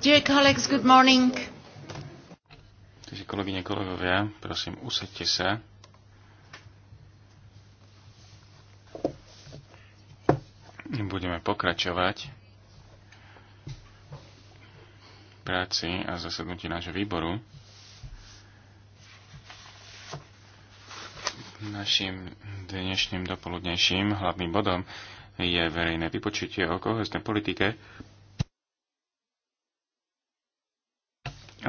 Dear colleagues, good morning. Takže kolegyne, kolegovia, prosím, usedte sa. Budeme pokračovať práci a zasadnutí nášho výboru. Našim dnešným dopoludnejším hlavným bodom je verejné vypočutie o kohezné politike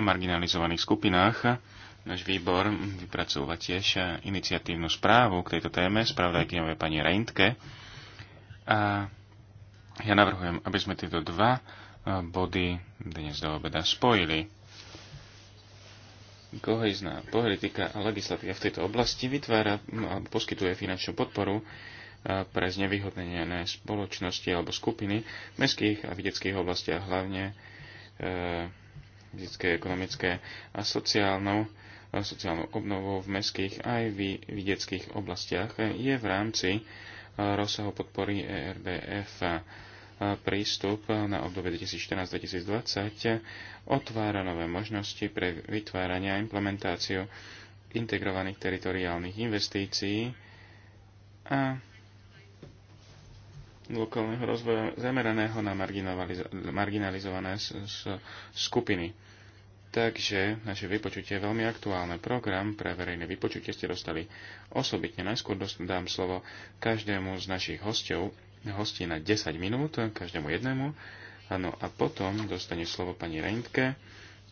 a marginalizovaných skupinách. Náš výbor vypracúva tiež iniciatívnu správu k tejto téme, spravodajkyňové pani Reintke. A ja navrhujem, aby sme tieto dva e, body dnes do obeda spojili. Kohezná politika a legislatíva v tejto oblasti vytvára no, a poskytuje finančnú podporu e, pre znevýhodnené spoločnosti alebo skupiny v mestských a vedeckých oblastiach hlavne e, fyzické, ekonomické a sociálnu, sociálnu obnovu v mestských aj v vidieckých oblastiach je v rámci rozsahu podpory ERDF prístup na obdobie 2014-2020 otvára nové možnosti pre vytváranie a implementáciu integrovaných teritoriálnych investícií a lokálneho rozvoja zameraného na marginalizované skupiny. Takže naše vypočutie je veľmi aktuálne. Program pre verejné vypočutie ste dostali osobitne. Najskôr dám slovo každému z našich hostov, hostí na 10 minút, každému jednému. Áno, a potom dostane slovo pani Reintke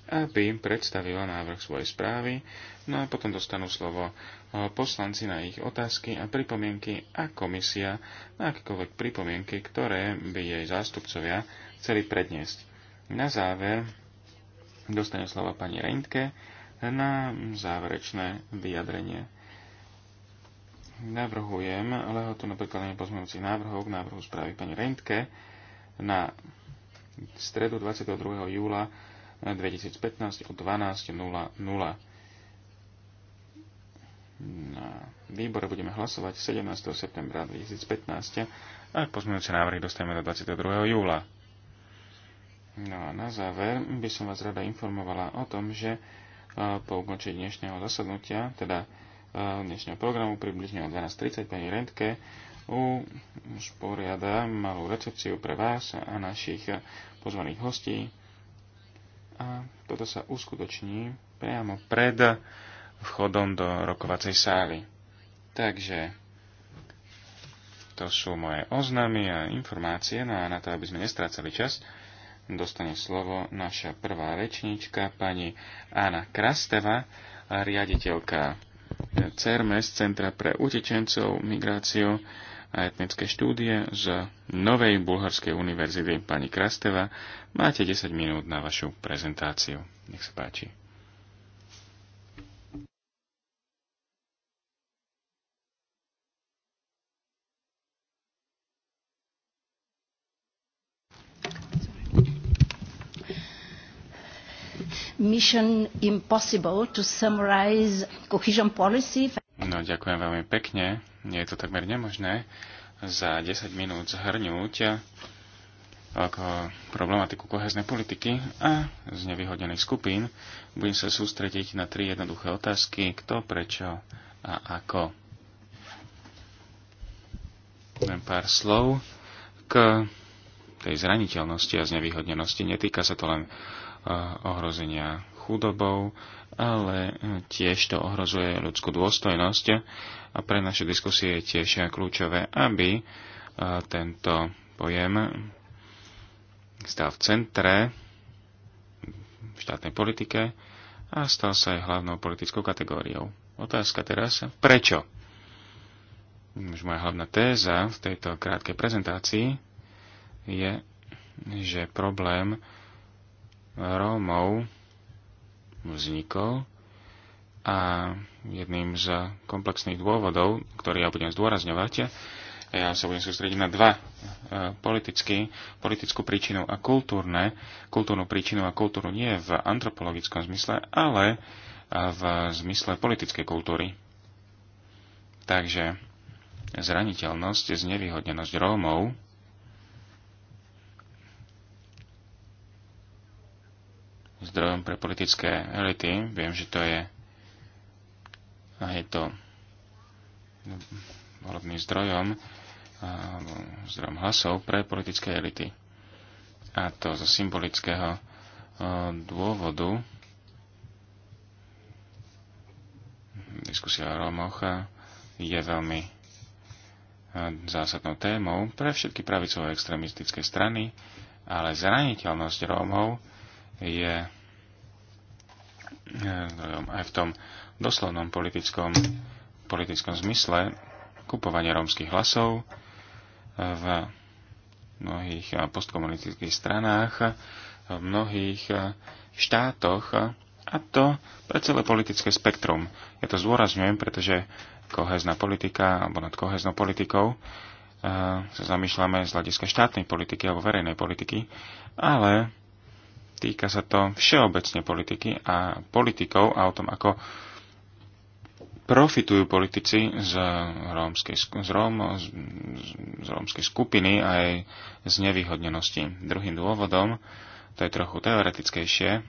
aby im predstavila návrh svojej správy, no a potom dostanú slovo poslanci na ich otázky a pripomienky a komisia na akékoľvek pripomienky, ktoré by jej zástupcovia chceli predniesť. Na záver dostane slovo pani Reintke na záverečné vyjadrenie. Navrhujem lehotu na prekladanie pozmeňujúcich návrhov k návrhu správy pani Reintke na stredu 22. júla 2015 o 12.00. Na výbore budeme hlasovať 17. septembra 2015 a pozmeňujúce návrhy dostaneme do 22. júla. No a na záver by som vás rada informovala o tom, že e, po ukončení dnešného zasadnutia, teda e, dnešného programu približne o 12.30 pani Rentke poriada malú recepciu pre vás a našich e, pozvaných hostí a toto sa uskutoční priamo pred vchodom do rokovacej sály. Takže to sú moje oznámy a informácie, no a na to, aby sme nestrácali čas, dostane slovo naša prvá rečníčka, pani Anna Krasteva, riaditeľka CERMES, Centra pre utečencov, migráciu, a etnické štúdie z Novej Bulharskej univerzity pani Krasteva. Máte 10 minút na vašu prezentáciu. Nech sa páči. Mission Impossible to summarize cohesion policy. No, ďakujem veľmi pekne nie je to takmer nemožné za 10 minút zhrňúť ako problematiku koheznej politiky a z nevyhodených skupín. Budem sa sústrediť na tri jednoduché otázky, kto, prečo a ako. Len pár slov k tej zraniteľnosti a znevýhodnenosti. Netýka sa to len eh, ohrozenia chudobou ale hm, tiež to ohrozuje ľudskú dôstojnosť a pre naše diskusie je tiež kľúčové, aby eh, tento pojem stal v centre v štátnej politike a stal sa aj hlavnou politickou kategóriou. Otázka teraz, prečo? Už moja hlavná téza v tejto krátkej prezentácii je, že problém Rómov vznikol a jedným z komplexných dôvodov, ktorý ja budem zdôrazňovať, ja sa budem sústrediť na dva e, politicky, politickú príčinu a kultúrne, kultúrnu príčinu a kultúru nie v antropologickom zmysle, ale v zmysle politickej kultúry. Takže zraniteľnosť, znevýhodnenosť Rómov zdrojom pre politické elity. Viem, že to je a je to volebným zdrojom alebo zdrojom hlasov pre politické elity. A to zo symbolického dôvodu diskusia o Rómoch je veľmi zásadnou témou pre všetky pravicové extremistické strany, ale zraniteľnosť Rómov je e, aj v tom doslovnom politickom, politickom zmysle kupovanie rómskych hlasov e, v mnohých e, postkomunistických stranách, v mnohých štátoch a to pre celé politické spektrum. Ja to zdôrazňujem, pretože kohezná politika alebo nad koheznou politikou sa zamýšľame z hľadiska štátnej politiky alebo verejnej politiky, ale Týka sa to všeobecne politiky a politikov a o tom, ako profitujú politici z rómskej, z, Róm, z, z rómskej skupiny a z nevýhodnenosti. Druhým dôvodom, to je trochu teoretickejšie,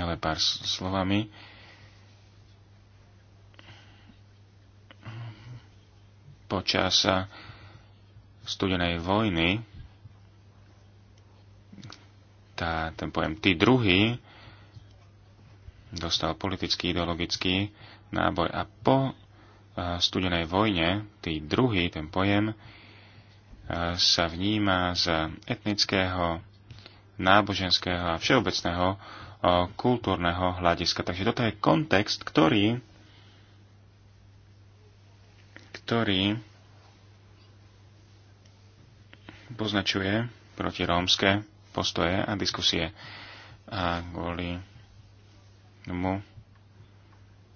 ale pár slovami, počas studenej vojny tá, ten pojem tí druhý dostal politický, ideologický náboj a po e, studenej vojne tí druhý, ten pojem, e, sa vníma z etnického, náboženského a všeobecného e, kultúrneho hľadiska. Takže toto je kontext, ktorý, ktorý poznačuje rómske postoje a diskusie. A kvôli mu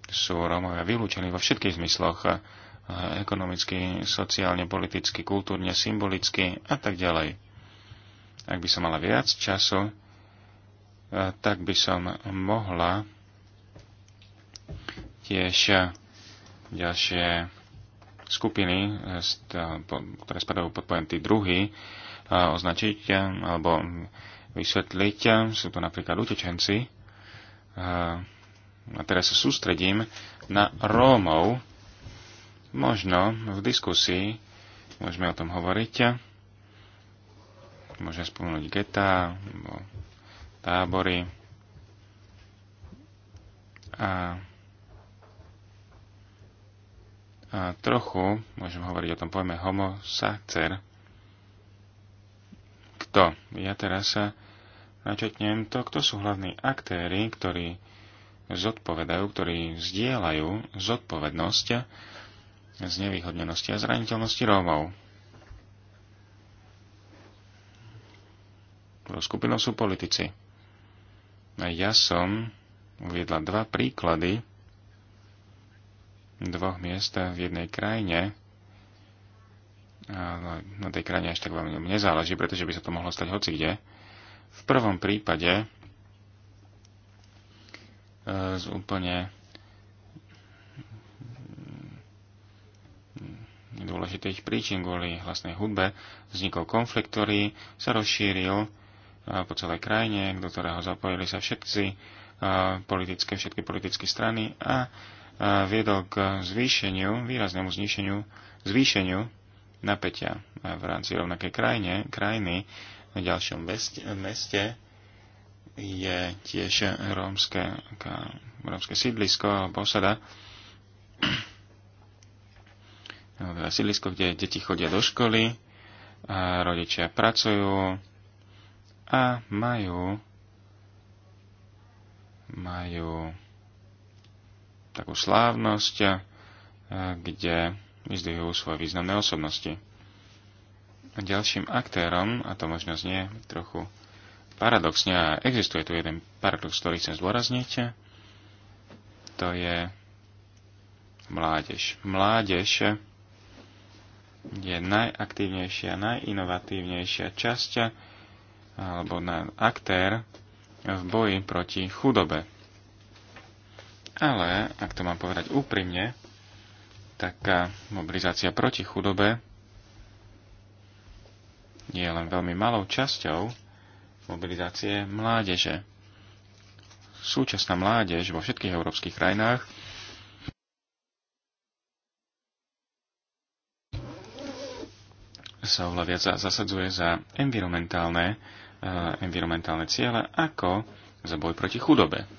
sú Rómovia vylúčení vo všetkých zmysloch ekonomicky, sociálne, politicky, kultúrne, symbolicky a tak ďalej. Ak by som mala viac času, tak by som mohla tiež ďalšie skupiny, e, ktoré spadajú pod pojem tí druhy, označiť alebo vysvetliť. Sú to napríklad utečenci. A teraz sa sústredím na Rómov. Možno v diskusii môžeme o tom hovoriť. Môžeme spomenúť geta, tábory. A a trochu môžem hovoriť o tom pojme homo sacer, kto. Ja teraz sa načetnem to, kto sú hlavní aktéry, ktorí zodpovedajú, ktorí zdieľajú zodpovednosť z nevýhodnenosti a zraniteľnosti Rómov. Prvou skupinou sú politici. A ja som uviedla dva príklady dvoch miest v jednej krajine, No, na tej krajine až tak veľmi nezáleží, pretože by sa to mohlo stať hoci kde. V prvom prípade e, z úplne mm, dôležitých príčin kvôli hlasnej hudbe vznikol konflikt, ktorý sa rozšíril e, po celej krajine, do ktorého zapojili sa všetci e, politické, všetky politické strany a viedol k zvýšeniu, výraznému znišeniu, zvýšeniu napätia v rámci rovnakej krajine, krajiny. V ďalšom meste, meste je tiež rómske, rómske sídlisko, posada, teda sídlisko, kde deti chodia do školy, a rodičia pracujú a majú majú takú slávnosť, kde vyzdvihujú svoje významné osobnosti. A ďalším aktérom, a to možno znie trochu paradoxne, a existuje tu jeden paradox, ktorý chcem zdôrazniť, to je mládež. Mládež je najaktívnejšia, najinovatívnejšia časť alebo na aktér v boji proti chudobe. Ale, ak to mám povedať úprimne, taká mobilizácia proti chudobe je len veľmi malou časťou mobilizácie mládeže. Súčasná mládež vo všetkých európskych krajinách sa oveľa viac zasadzuje za environmentálne, eh, environmentálne ciele ako za boj proti chudobe.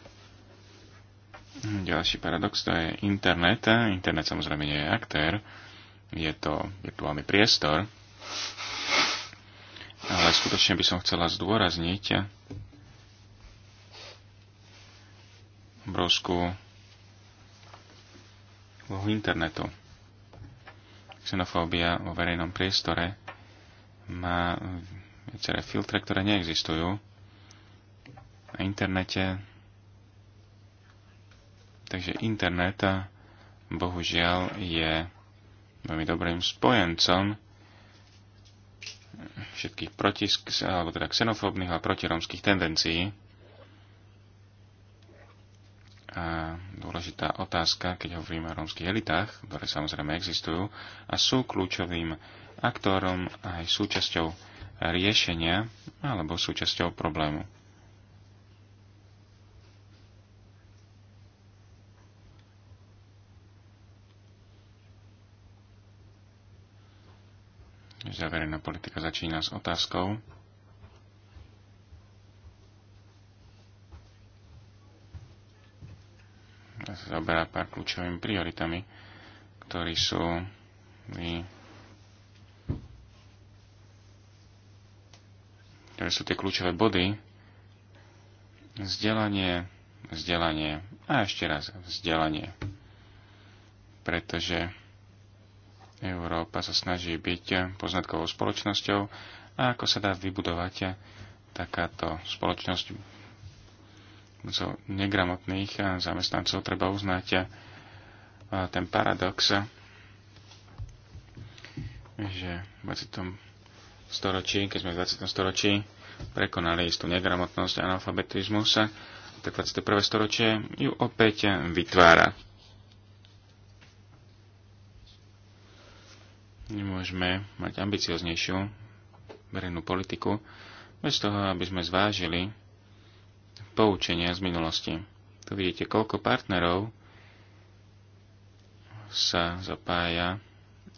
Ďalší paradox to je internet. Internet samozrejme nie je aktér, je to virtuálny priestor. Ale skutočne by som chcela zdôrazniť obrovskú úlohu internetu. Xenofóbia vo verejnom priestore má viaceré filtre, ktoré neexistujú. Na internete Takže internet eh, bohužiaľ je veľmi dobrým spojencom všetkých protisk, alebo teda xenofóbnych a protiromských tendencií. A dôležitá otázka, keď hovoríme o rómskych elitách, ktoré samozrejme existujú a sú kľúčovým aktorom aj súčasťou riešenia alebo súčasťou problému. že verejná politika začína s otázkou, sa zaoberá pár kľúčovými prioritami, ktorí sú ktoré sú tie kľúčové body, vzdelanie, vzdelanie a ešte raz vzdelanie. Pretože Európa sa snaží byť poznatkovou spoločnosťou a ako sa dá vybudovať takáto spoločnosť zo negramotných zamestnancov. Treba uznať ten paradox, že v 20. storočí, keď sme v 20. storočí prekonali istú negramotnosť a analfabetizmus, tak 21. storočie ju opäť vytvára. Nemôžeme mať ambicioznejšiu verejnú politiku bez toho, aby sme zvážili poučenia z minulosti. Tu vidíte, koľko partnerov sa zapája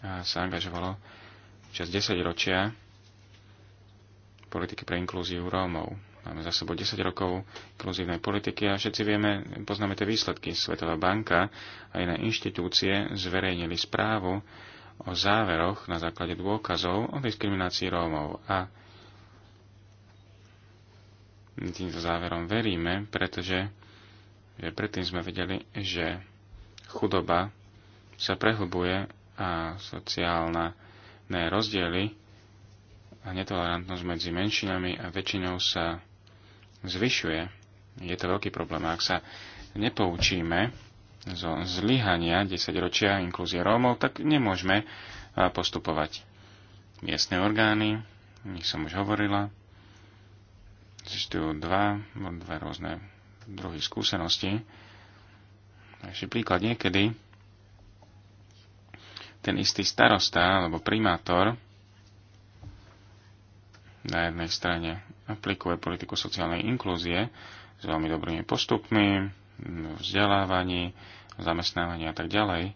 a sa angažovalo čas 10 ročia politiky pre inklúziu Rómov. Máme za sebou 10 rokov inkluzívnej politiky a všetci vieme, poznáme tie výsledky. Svetová banka a iné inštitúcie zverejnili správu o záveroch na základe dôkazov o diskriminácii Rómov a týmto záverom veríme, pretože že predtým sme vedeli, že chudoba sa prehlbuje a sociálne rozdiely a netolerantnosť medzi menšinami a väčšinou sa zvyšuje. Je to veľký problém. Ak sa nepoučíme, zo zlyhania 10 ročia inklúzie Rómov, tak nemôžeme postupovať. Miestne orgány, o nich som už hovorila, existujú dva, dva rôzne druhy skúsenosti. Takže príklad niekedy ten istý starosta alebo primátor na jednej strane aplikuje politiku sociálnej inklúzie s veľmi dobrými postupmi, vzdelávaní, zamestnávania a tak ďalej.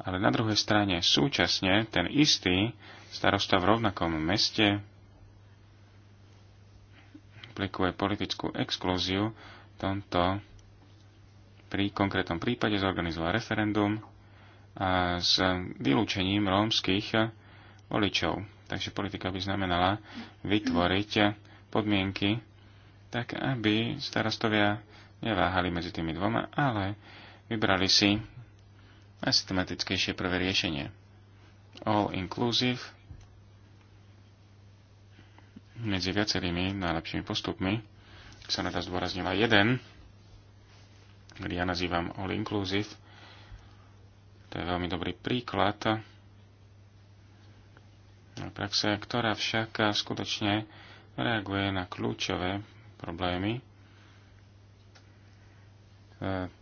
Ale na druhej strane súčasne ten istý starosta v rovnakom meste aplikuje politickú exklúziu tomto pri konkrétnom prípade zorganizoval referendum a s vylúčením rómskych voličov. Takže politika by znamenala vytvoriť podmienky tak, aby starostovia neváhali medzi tými dvoma, ale Vybrali si najsystematickejšie prvé riešenie. All inclusive medzi viacerými najlepšími postupmi sa na to zdôraznila jeden, ktorý ja nazývam all inclusive. To je veľmi dobrý príklad praxe, ktorá však skutočne reaguje na kľúčové problémy. E,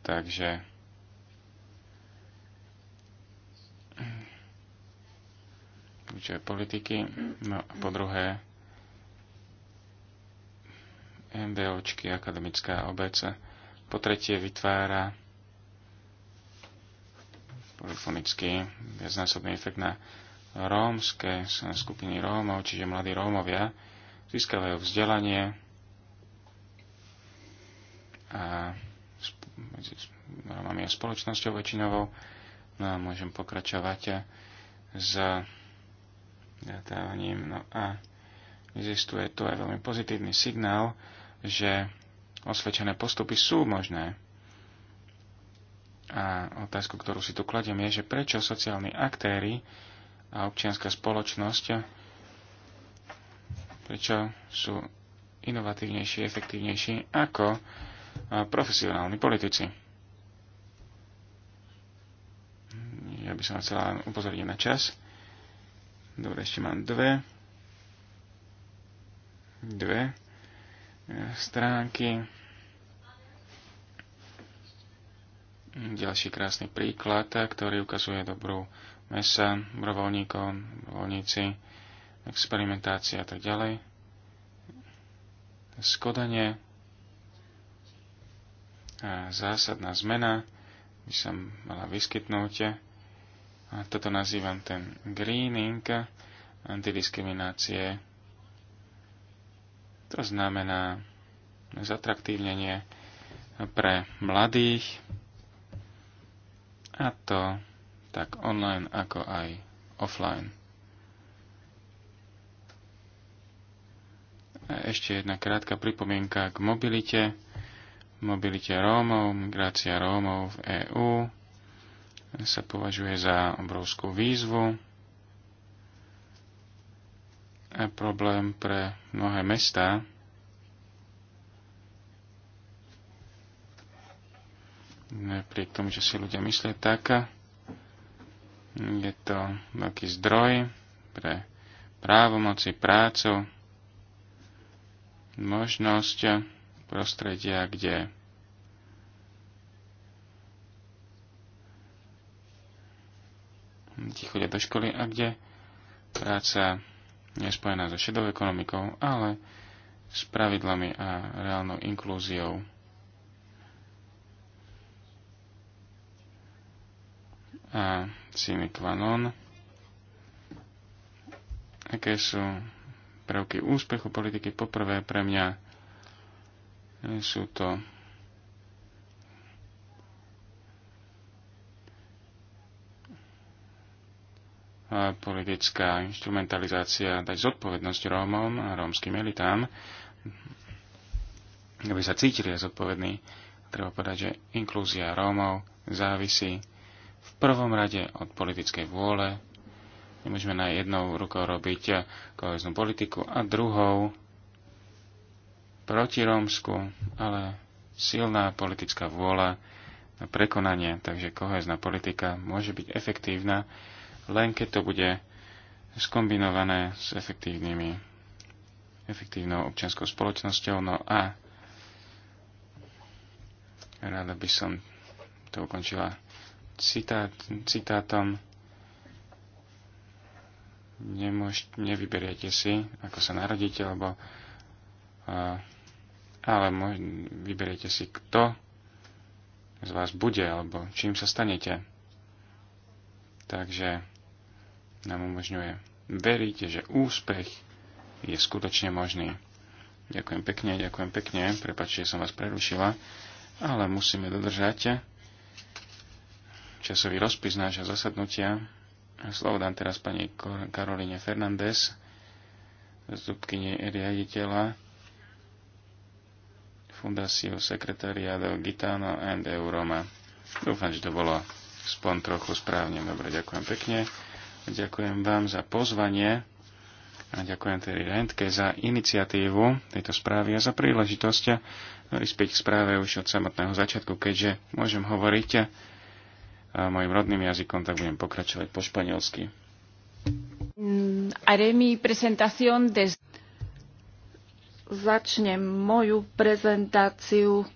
takže čiže politiky. No a po druhé, MVOčky, akademická obec. Po tretie vytvára polifonický viacnásobný efekt na rómske skupiny Rómov, čiže mladí Rómovia získavajú vzdelanie a medzi Rómami a spoločnosťou väčšinovou. No a môžem pokračovať za zatávaním. No a existuje tu aj veľmi pozitívny signál, že osvedčené postupy sú možné. A otázku, ktorú si tu kladiem, je, že prečo sociálni aktéry a občianská spoločnosť, prečo sú inovatívnejší, efektívnejší ako profesionálni politici. Ja by som chcela upozorniť na čas. Dobre, ešte mám dve. Dve eh, stránky. Ďalší krásny príklad, eh, ktorý ukazuje dobrú mesa, dobrovoľníkov, voľníci, experimentácia a tak ďalej. Skodanie a zásadná zmena by sa mala vyskytnúť eh, toto nazývam ten greening antidiskriminácie. To znamená zatraktívnenie pre mladých a to tak online ako aj offline. A ešte jedna krátka pripomienka k mobilite. Mobilite Rómov, migrácia Rómov v EÚ sa považuje za obrovskú výzvu a problém pre mnohé mesta. Napriek tomu, že si ľudia myslia tak, je to veľký zdroj pre právomoci, prácu, možnosť prostredia, kde ti chodia do školy a kde práca je spojená so šedou ekonomikou, ale s pravidlami a reálnou inklúziou. A sine qua non. Aké sú prvky úspechu politiky? Poprvé pre mňa sú to politická instrumentalizácia dať zodpovednosť Rómom a rómskym elitám, aby sa cítili zodpovední. Treba povedať, že inklúzia Rómov závisí v prvom rade od politickej vôle. Nemôžeme na jednou rukou robiť koheznú politiku a druhou proti Rómsku, ale silná politická vôľa na prekonanie, takže kohezná politika môže byť efektívna, len keď to bude skombinované s efektívnymi, efektívnou občianskou spoločnosťou. No a rada by som to ukončila citát, citátom. Nemôž, nevyberiete si, ako sa narodíte, alebo, ale môž, vyberiete si, kto z vás bude, alebo čím sa stanete. Takže nám umožňuje veriť, že úspech je skutočne možný. Ďakujem pekne, ďakujem pekne, prepačte, som vás prerušila, ale musíme dodržať časový rozpis nášho zasadnutia. Slovo dám teraz pani Karoline Fernández, zastupkyni riaditeľa Fundáciu do Gitano and Euroma. Dúfam, že to bolo spon trochu správne. Dobre, ďakujem pekne. Ďakujem vám za pozvanie a ďakujem tedy Rentke za iniciatívu tejto správy a za príležitosť prispieť k správe už od samotného začiatku, keďže môžem hovoriť mojim rodným jazykom, tak budem pokračovať po španielsky. Mm, Začnem moju prezentáciu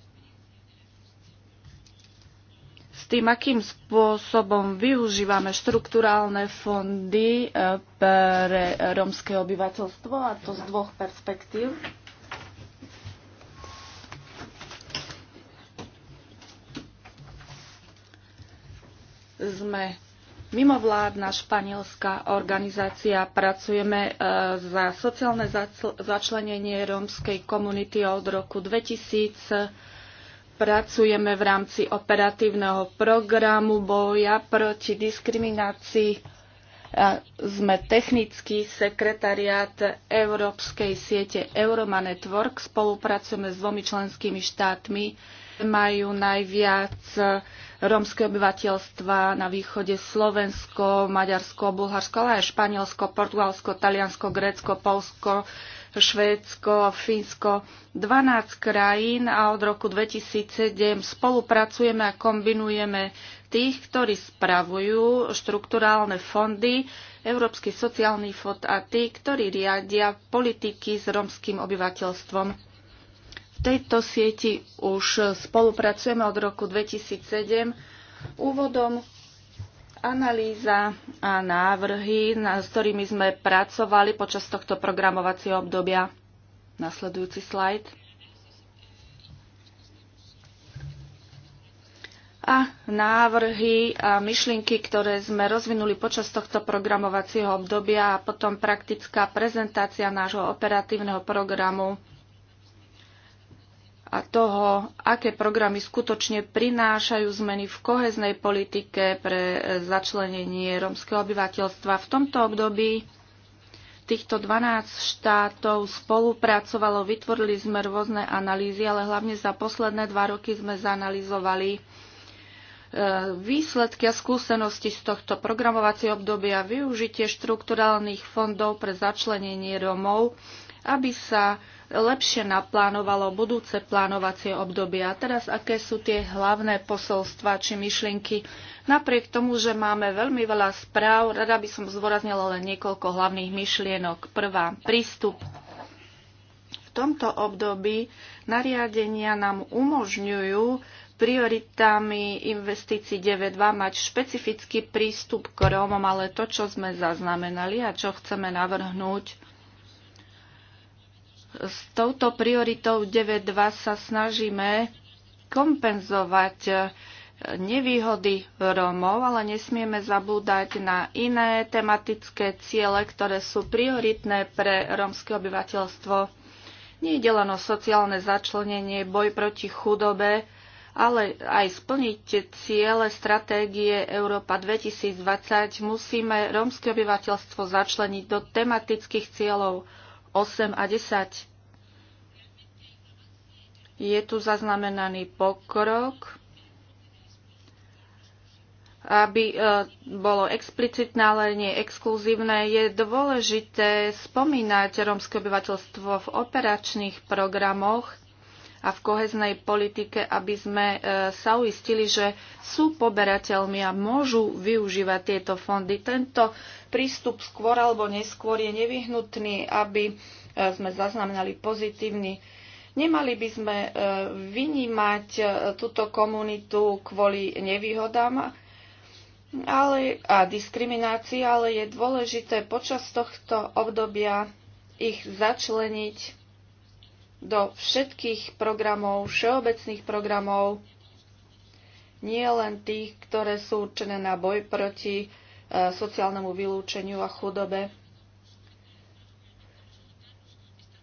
tým, akým spôsobom využívame štruktúrálne fondy eh, pre rómske obyvateľstvo, a to z dvoch perspektív. Sme mimovládna španielská organizácia, pracujeme eh, za sociálne začlenenie rómskej komunity od roku 2000 pracujeme v rámci operatívneho programu boja proti diskriminácii. Sme technický sekretariát Európskej siete Euroma Network. Spolupracujeme s dvomi členskými štátmi. Majú najviac rómske obyvateľstva na východe Slovensko, Maďarsko, Bulharsko, ale aj Španielsko, Portugalsko, Taliansko, Grécko, Polsko, Švédsko, Fínsko, 12 krajín a od roku 2007 spolupracujeme a kombinujeme tých, ktorí spravujú štrukturálne fondy, Európsky sociálny fond a tí, ktorí riadia politiky s romským obyvateľstvom V tejto sieti už spolupracujeme od roku 2007. Úvodom Analýza a návrhy, s ktorými sme pracovali počas tohto programovacieho obdobia. Nasledujúci slajd. A návrhy a myšlienky, ktoré sme rozvinuli počas tohto programovacieho obdobia a potom praktická prezentácia nášho operatívneho programu a toho, aké programy skutočne prinášajú zmeny v koheznej politike pre e, začlenenie rómskeho obyvateľstva. V tomto období týchto 12 štátov spolupracovalo, vytvorili sme rôzne analýzy, ale hlavne za posledné dva roky sme zanalizovali e, výsledky a skúsenosti z tohto programovacieho obdobia, využitie štrukturálnych fondov pre začlenenie Rómov, aby sa lepšie naplánovalo budúce plánovacie obdobia. Teraz aké sú tie hlavné posolstva či myšlienky? Napriek tomu, že máme veľmi veľa správ, rada by som zvoraznila len niekoľko hlavných myšlienok. Prvá, prístup. V tomto období nariadenia nám umožňujú prioritami investícií 9.2 mať špecifický prístup k Rómom, ale to, čo sme zaznamenali a čo chceme navrhnúť, s touto prioritou 9.2 sa snažíme kompenzovať e, nevýhody Rómov, ale nesmieme zabúdať na iné tematické ciele, ktoré sú prioritné pre rómske obyvateľstvo. Nie je len o sociálne začlenenie, boj proti chudobe, ale aj splniť ciele stratégie Európa 2020 musíme rómske obyvateľstvo začleniť do tematických cieľov 8 a 10. Je tu zaznamenaný pokrok, aby e, bolo explicitné, ale nie exkluzívne. Je dôležité spomínať romské obyvateľstvo v operačných programoch a v koheznej politike, aby sme e, sa uistili, že sú poberateľmi a môžu využívať tieto fondy. Tento prístup skôr alebo neskôr je nevyhnutný, aby e, sme zaznamenali pozitívny Nemali by sme e, vynímať túto komunitu kvôli nevýhodám ale, a diskriminácii, ale je dôležité počas tohto obdobia ich začleniť do všetkých programov, všeobecných programov, nie len tých, ktoré sú určené na boj proti e, sociálnemu vylúčeniu a chudobe.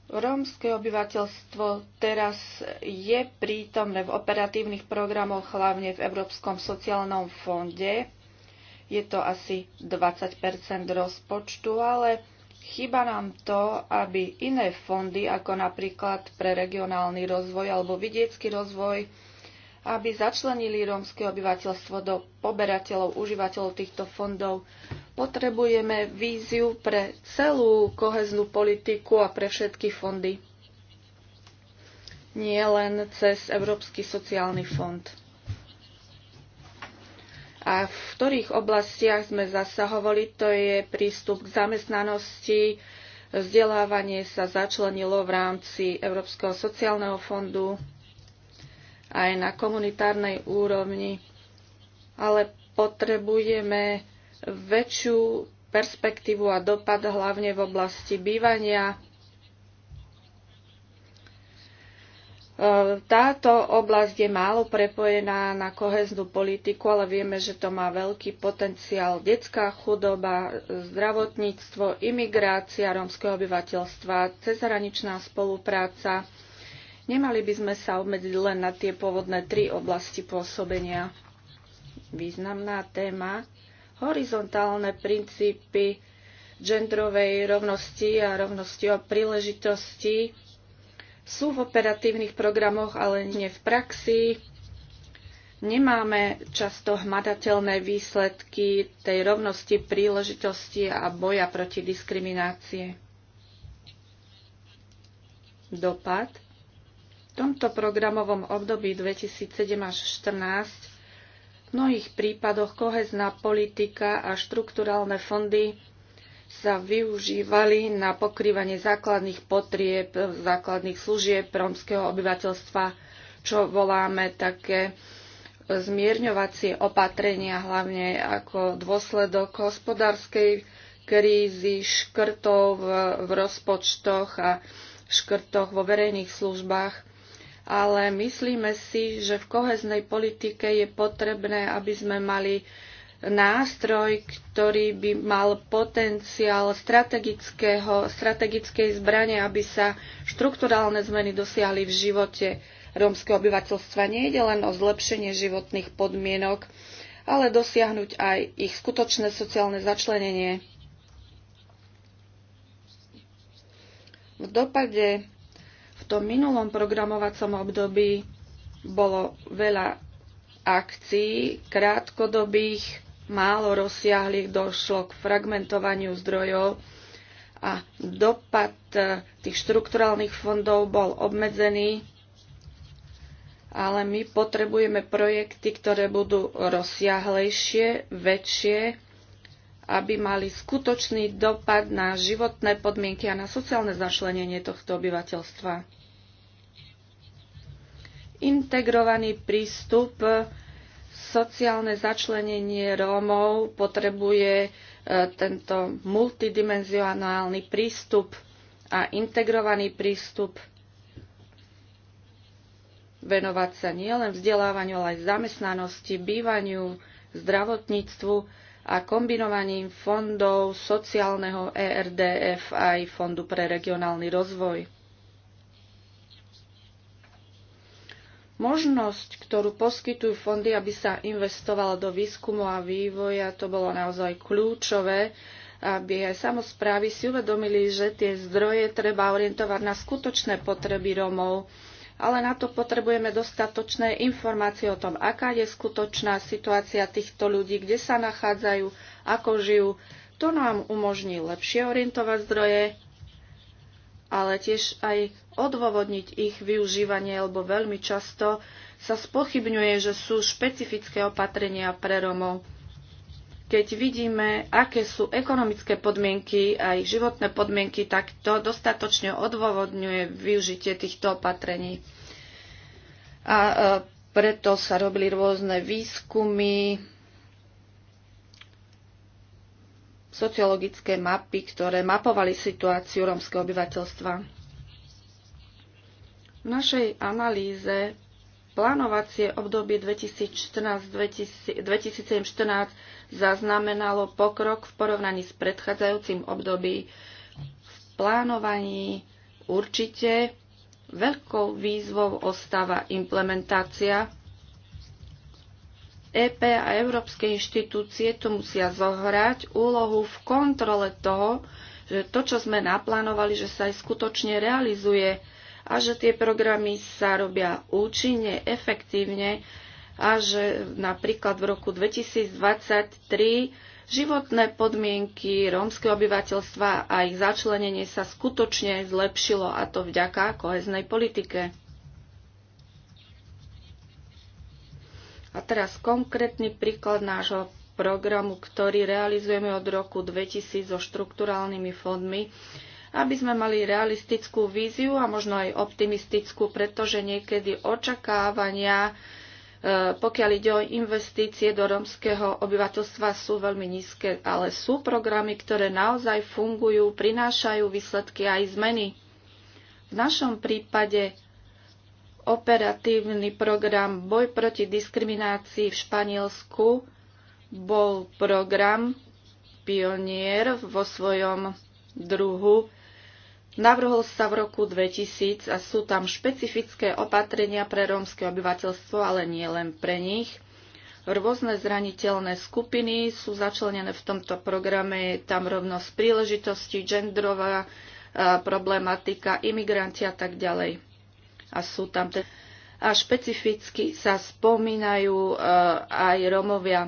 Rómske obyvateľstvo teraz je prítomné v operatívnych programoch, hlavne v Európskom sociálnom fonde. Je to asi 20 rozpočtu, ale Chýba nám to, aby iné fondy, ako napríklad pre regionálny rozvoj alebo vidiecký rozvoj, aby začlenili rómske obyvateľstvo do poberateľov, užívateľov týchto fondov. Potrebujeme víziu pre celú koheznú politiku a pre všetky fondy. Nie len cez Európsky sociálny fond a v ktorých oblastiach sme zasahovali, to je prístup k zamestnanosti, vzdelávanie sa začlenilo v rámci Európskeho sociálneho fondu aj na komunitárnej úrovni, ale potrebujeme väčšiu perspektívu a dopad hlavne v oblasti bývania, Táto oblasť je málo prepojená na koheznú politiku, ale vieme, že to má veľký potenciál. Detská chudoba, zdravotníctvo, imigrácia rómskeho obyvateľstva, cezhraničná spolupráca. Nemali by sme sa obmedziť len na tie pôvodné tri oblasti pôsobenia. Významná téma, horizontálne princípy gendrovej rovnosti a rovnosti o príležitosti sú v operatívnych programoch, ale nie v praxi. Nemáme často hmatateľné výsledky tej rovnosti príležitosti a boja proti diskriminácie. Dopad v tomto programovom období 2007 až 2014 v mnohých prípadoch kohezná politika a štrukturálne fondy sa využívali na pokrývanie základných potrieb, základných služieb rómskeho obyvateľstva, čo voláme také zmierňovacie opatrenia, hlavne ako dôsledok hospodárskej krízy, škrtov v rozpočtoch a škrtoch vo verejných službách. Ale myslíme si, že v koheznej politike je potrebné, aby sme mali nástroj, ktorý by mal potenciál strategickej zbrane, aby sa štrukturálne zmeny dosiahli v živote rómskeho obyvateľstva. Nie ide len o zlepšenie životných podmienok, ale dosiahnuť aj ich skutočné sociálne začlenenie. V dopade v tom minulom programovacom období bolo veľa akcií krátkodobých málo rozsiahlých, došlo k fragmentovaniu zdrojov a dopad e, tých štrukturálnych fondov bol obmedzený, ale my potrebujeme projekty, ktoré budú rozsiahlejšie, väčšie, aby mali skutočný dopad na životné podmienky a na sociálne začlenenie tohto obyvateľstva. Integrovaný prístup sociálne začlenenie Rómov potrebuje e, tento multidimenzionálny prístup a integrovaný prístup venovať sa nielen vzdelávaniu, ale aj zamestnanosti, bývaniu, zdravotníctvu a kombinovaním fondov sociálneho ERDF aj Fondu pre regionálny rozvoj. možnosť, ktorú poskytujú fondy, aby sa investovalo do výskumu a vývoja, to bolo naozaj kľúčové, aby aj samozprávy si uvedomili, že tie zdroje treba orientovať na skutočné potreby Rómov, ale na to potrebujeme dostatočné informácie o tom, aká je skutočná situácia týchto ľudí, kde sa nachádzajú, ako žijú. To nám umožní lepšie orientovať zdroje ale tiež aj odôvodniť ich využívanie, lebo veľmi často sa spochybňuje, že sú špecifické opatrenia pre Romov. Keď vidíme, aké sú ekonomické podmienky a ich životné podmienky, tak to dostatočne odôvodňuje využitie týchto opatrení. A e, preto sa robili rôzne výskumy, sociologické mapy, ktoré mapovali situáciu rómskeho obyvateľstva. V našej analýze plánovacie obdobie 2014-2014 zaznamenalo pokrok v porovnaní s predchádzajúcim období v plánovaní určite veľkou výzvou ostáva implementácia EP a európske inštitúcie tu musia zohrať úlohu v kontrole toho, že to, čo sme naplánovali, že sa aj skutočne realizuje a že tie programy sa robia účinne, efektívne a že napríklad v roku 2023 životné podmienky rómskeho obyvateľstva a ich začlenenie sa skutočne zlepšilo a to vďaka koheznej politike. A teraz konkrétny príklad nášho programu, ktorý realizujeme od roku 2000 so štrukturálnymi fondmi, aby sme mali realistickú víziu a možno aj optimistickú, pretože niekedy očakávania, e, pokiaľ ide o investície do romského obyvateľstva, sú veľmi nízke, ale sú programy, ktoré naozaj fungujú, prinášajú výsledky aj zmeny. V našom prípade operatívny program Boj proti diskriminácii v Španielsku bol program pionier vo svojom druhu. Navrhol sa v roku 2000 a sú tam špecifické opatrenia pre rómske obyvateľstvo, ale nie len pre nich. Rôzne zraniteľné skupiny sú začlenené v tomto programe. Je tam rovnosť príležitosti, genderová problematika, imigranti a tak ďalej a sú tam te- a špecificky sa spomínajú e, aj Romovia.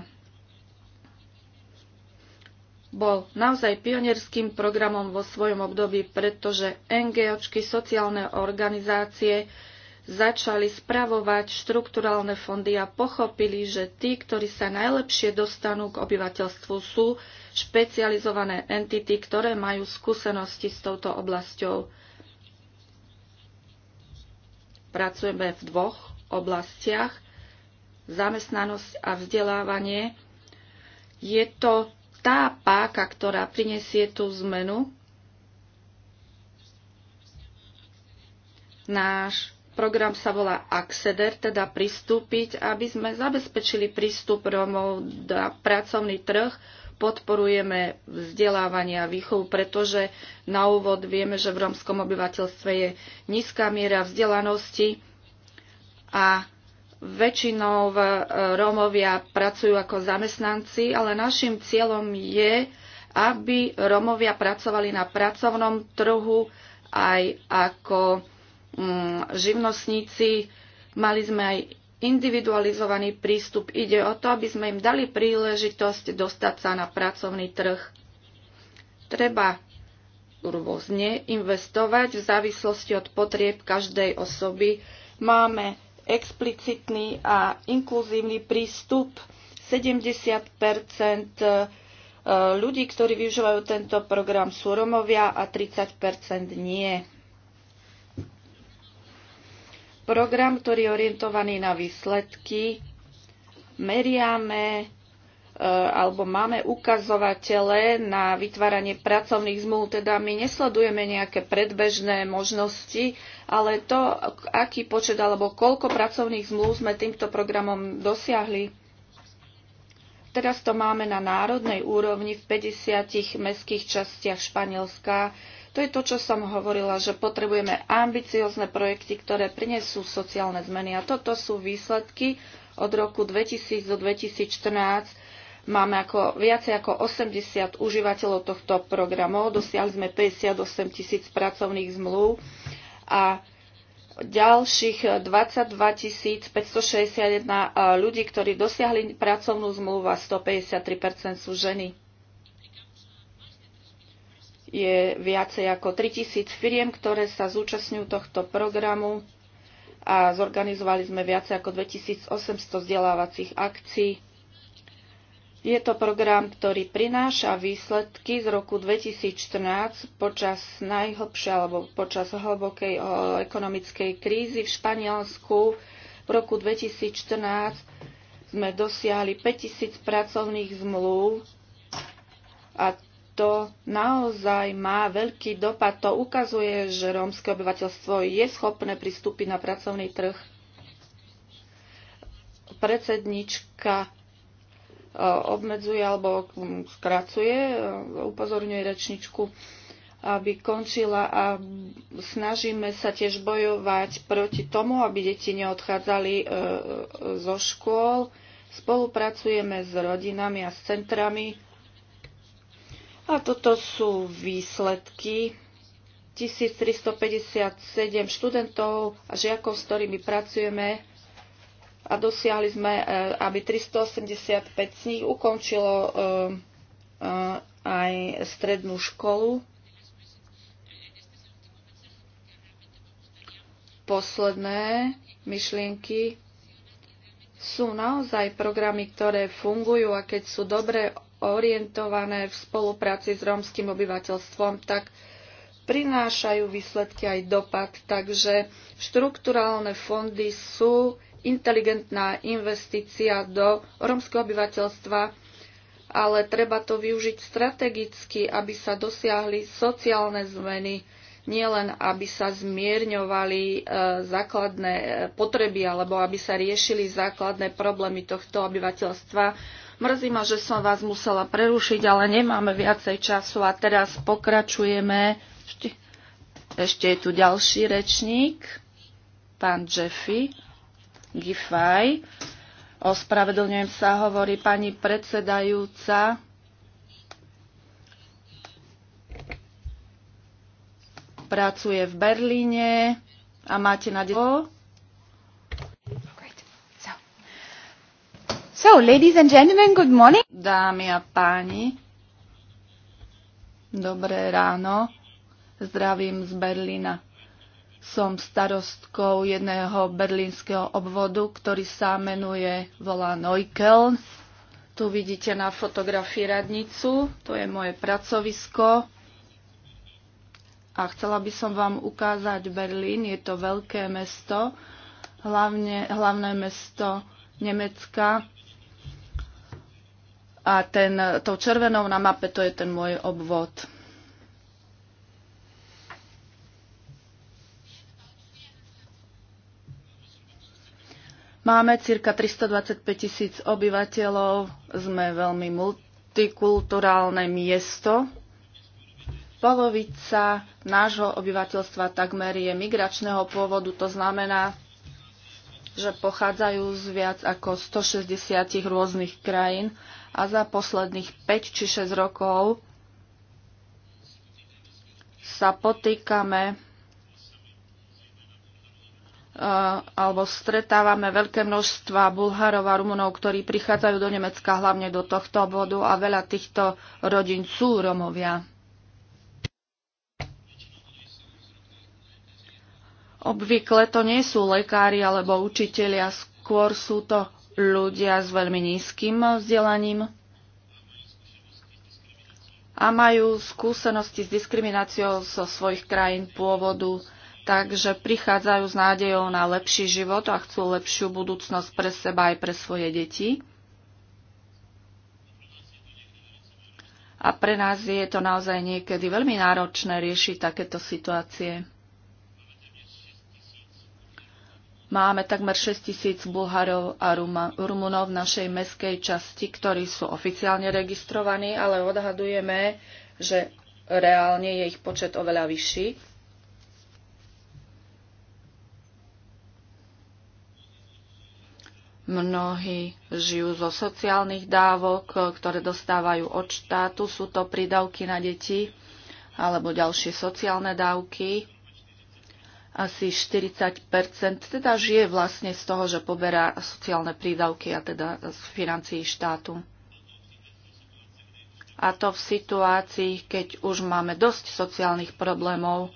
Bol naozaj pionierským programom vo svojom období, pretože NGOčky, sociálne organizácie začali spravovať štrukturálne fondy a pochopili, že tí, ktorí sa najlepšie dostanú k obyvateľstvu, sú špecializované entity, ktoré majú skúsenosti s touto oblasťou. Pracujeme v dvoch oblastiach. Zamestnanosť a vzdelávanie. Je to tá páka, ktorá prinesie tú zmenu. Náš program sa volá Acceder, teda pristúpiť, aby sme zabezpečili prístup Romov na pracovný trh podporujeme vzdelávanie a výchovu, pretože na úvod vieme, že v romskom obyvateľstve je nízka miera vzdelanosti a väčšinou e, Rómovia pracujú ako zamestnanci, ale našim cieľom je, aby Rómovia pracovali na pracovnom trhu aj ako mm, živnostníci. Mali sme aj individualizovaný prístup. Ide o to, aby sme im dali príležitosť dostať sa na pracovný trh. Treba rôzne investovať v závislosti od potrieb každej osoby. Máme explicitný a inkluzívny prístup. 70 e, ľudí, ktorí využívajú tento program, sú Romovia a 30 nie program, ktorý je orientovaný na výsledky. Meriame e, alebo máme ukazovatele na vytváranie pracovných zmluv, teda my nesledujeme nejaké predbežné možnosti, ale to, aký počet alebo koľko pracovných zmluv sme týmto programom dosiahli. Teraz to máme na národnej úrovni v 50 mestských častiach Španielska to je to, čo som hovorila, že potrebujeme ambiciozne projekty, ktoré prinesú sociálne zmeny. A toto sú výsledky od roku 2000 do 2014. Máme ako, viacej ako 80 užívateľov tohto programu. Dosiahli sme 58 tisíc pracovných zmluv a ďalších 22 561 eh, ľudí, ktorí dosiahli pracovnú zmluvu a 153 sú ženy je viacej ako 3000 firiem, ktoré sa zúčastňujú tohto programu a zorganizovali sme viacej ako 2800 vzdelávacích akcií. Je to program, ktorý prináša výsledky z roku 2014 počas najhlbšej alebo počas hlbokej ekonomickej krízy v Španielsku. V roku 2014 sme dosiahli 5000 pracovných zmluv a to naozaj má veľký dopad. To ukazuje, že rómske obyvateľstvo je schopné pristúpiť na pracovný trh. Predsednička e, obmedzuje alebo mm, skracuje, e, upozorňuje rečničku, aby končila a snažíme sa tiež bojovať proti tomu, aby deti neodchádzali e, zo škôl. Spolupracujeme s rodinami a s centrami a toto sú výsledky 1357 študentov a žiakov, s ktorými pracujeme a dosiahli sme, e, aby 385 z nich ukončilo e, e, aj strednú školu. Posledné myšlienky sú naozaj programy, ktoré fungujú a keď sú dobre orientované v spolupráci s rómskym obyvateľstvom, tak prinášajú výsledky aj dopad. Takže štrukturálne fondy sú inteligentná investícia do rómskeho obyvateľstva, ale treba to využiť strategicky, aby sa dosiahli sociálne zmeny, nielen aby sa zmierňovali e, základné e, potreby alebo aby sa riešili základné problémy tohto obyvateľstva, Mrzí ma, že som vás musela prerušiť, ale nemáme viacej času a teraz pokračujeme. Ešte, ešte je tu ďalší rečník, pán Jeffy Giffaj. Ospravedlňujem sa, hovorí pani predsedajúca. Pracuje v Berlíne a máte na dielo So, ladies and gentlemen, good morning. Dámy a páni, dobré ráno. Zdravím z Berlína. Som starostkou jedného berlínskeho obvodu, ktorý sa menuje, volá Neukel. Tu vidíte na fotografii radnicu, to je moje pracovisko. A chcela by som vám ukázať Berlín, je to veľké mesto, hlavne, hlavné mesto Nemecka a ten, tou červenou na mape to je ten môj obvod. Máme cirka 325 tisíc obyvateľov, sme veľmi multikulturálne miesto. Polovica nášho obyvateľstva takmer je migračného pôvodu, to znamená, že pochádzajú z viac ako 160 rôznych krajín a za posledných 5 či 6 rokov sa potýkame e, alebo stretávame veľké množstva Bulharov a Rumunov, ktorí prichádzajú do Nemecka, hlavne do tohto obvodu a veľa týchto rodín sú Romovia. Obvykle to nie sú lekári alebo učitelia, skôr sú to ľudia s veľmi nízkym vzdelaním a majú skúsenosti s diskrimináciou zo svojich krajín pôvodu, takže prichádzajú s nádejou na lepší život a chcú lepšiu budúcnosť pre seba aj pre svoje deti. A pre nás je to naozaj niekedy veľmi náročné riešiť takéto situácie. Máme takmer 6 tisíc Bulharov a Rumunov v našej meskej časti, ktorí sú oficiálne registrovaní, ale odhadujeme, že reálne je ich počet oveľa vyšší. Mnohí žijú zo sociálnych dávok, ktoré dostávajú od štátu. Sú to prídavky na deti alebo ďalšie sociálne dávky asi 40 teda žije vlastne z toho, že poberá sociálne prídavky a teda z financií štátu. A to v situácii, keď už máme dosť sociálnych problémov.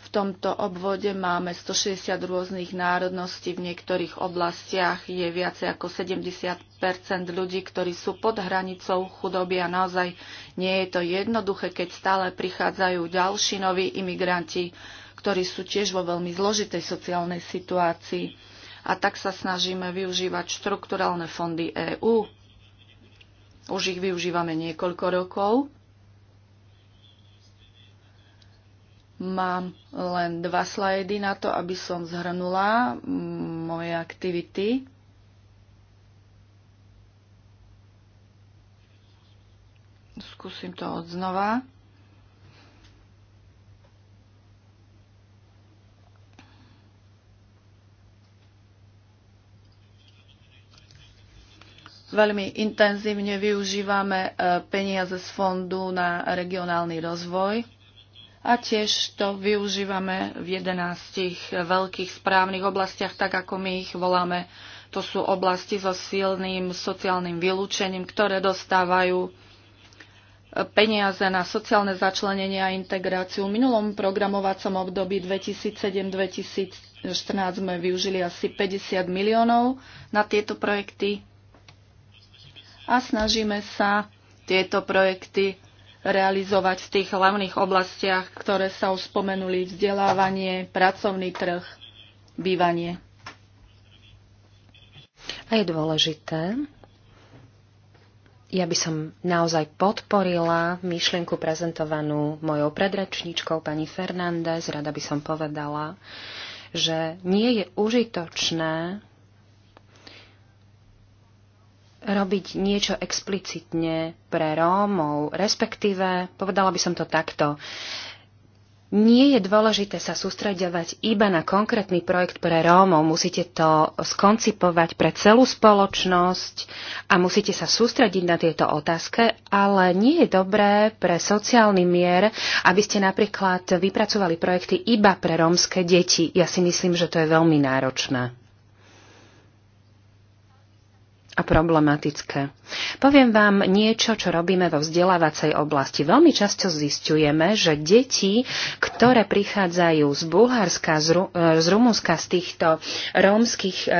V tomto obvode máme 160 rôznych národností, v niektorých oblastiach je viacej ako 70 ľudí, ktorí sú pod hranicou chudoby a naozaj nie je to jednoduché, keď stále prichádzajú ďalší noví imigranti ktorí sú tiež vo veľmi zložitej sociálnej situácii. A tak sa snažíme využívať štrukturálne fondy EÚ. Už ich využívame niekoľko rokov. Mám len dva slajdy na to, aby som zhrnula mm, moje aktivity. Skúsim to odznova. znova. Veľmi intenzívne využívame e, peniaze z fondu na regionálny rozvoj a tiež to využívame v 11 veľkých správnych oblastiach, tak ako my ich voláme. To sú oblasti so silným sociálnym vylúčením, ktoré dostávajú e, peniaze na sociálne začlenenie a integráciu. V minulom programovacom období 2007-2014 sme využili asi 50 miliónov na tieto projekty a snažíme sa tieto projekty realizovať v tých hlavných oblastiach, ktoré sa už spomenuli, vzdelávanie, pracovný trh, bývanie. A je dôležité, ja by som naozaj podporila myšlienku prezentovanú mojou predračníčkou pani Fernández. Rada by som povedala, že nie je užitočné robiť niečo explicitne pre Rómov, respektíve, povedala by som to takto, nie je dôležité sa sústreďovať iba na konkrétny projekt pre Rómov. Musíte to skoncipovať pre celú spoločnosť a musíte sa sústrediť na tieto otázke, ale nie je dobré pre sociálny mier, aby ste napríklad vypracovali projekty iba pre rómske deti. Ja si myslím, že to je veľmi náročné a problematické. Poviem vám niečo, čo robíme vo vzdelávacej oblasti. Veľmi často zistujeme, že deti, ktoré prichádzajú z Bulharska, z, Ru- e, z Rumunska, z týchto rómskych e,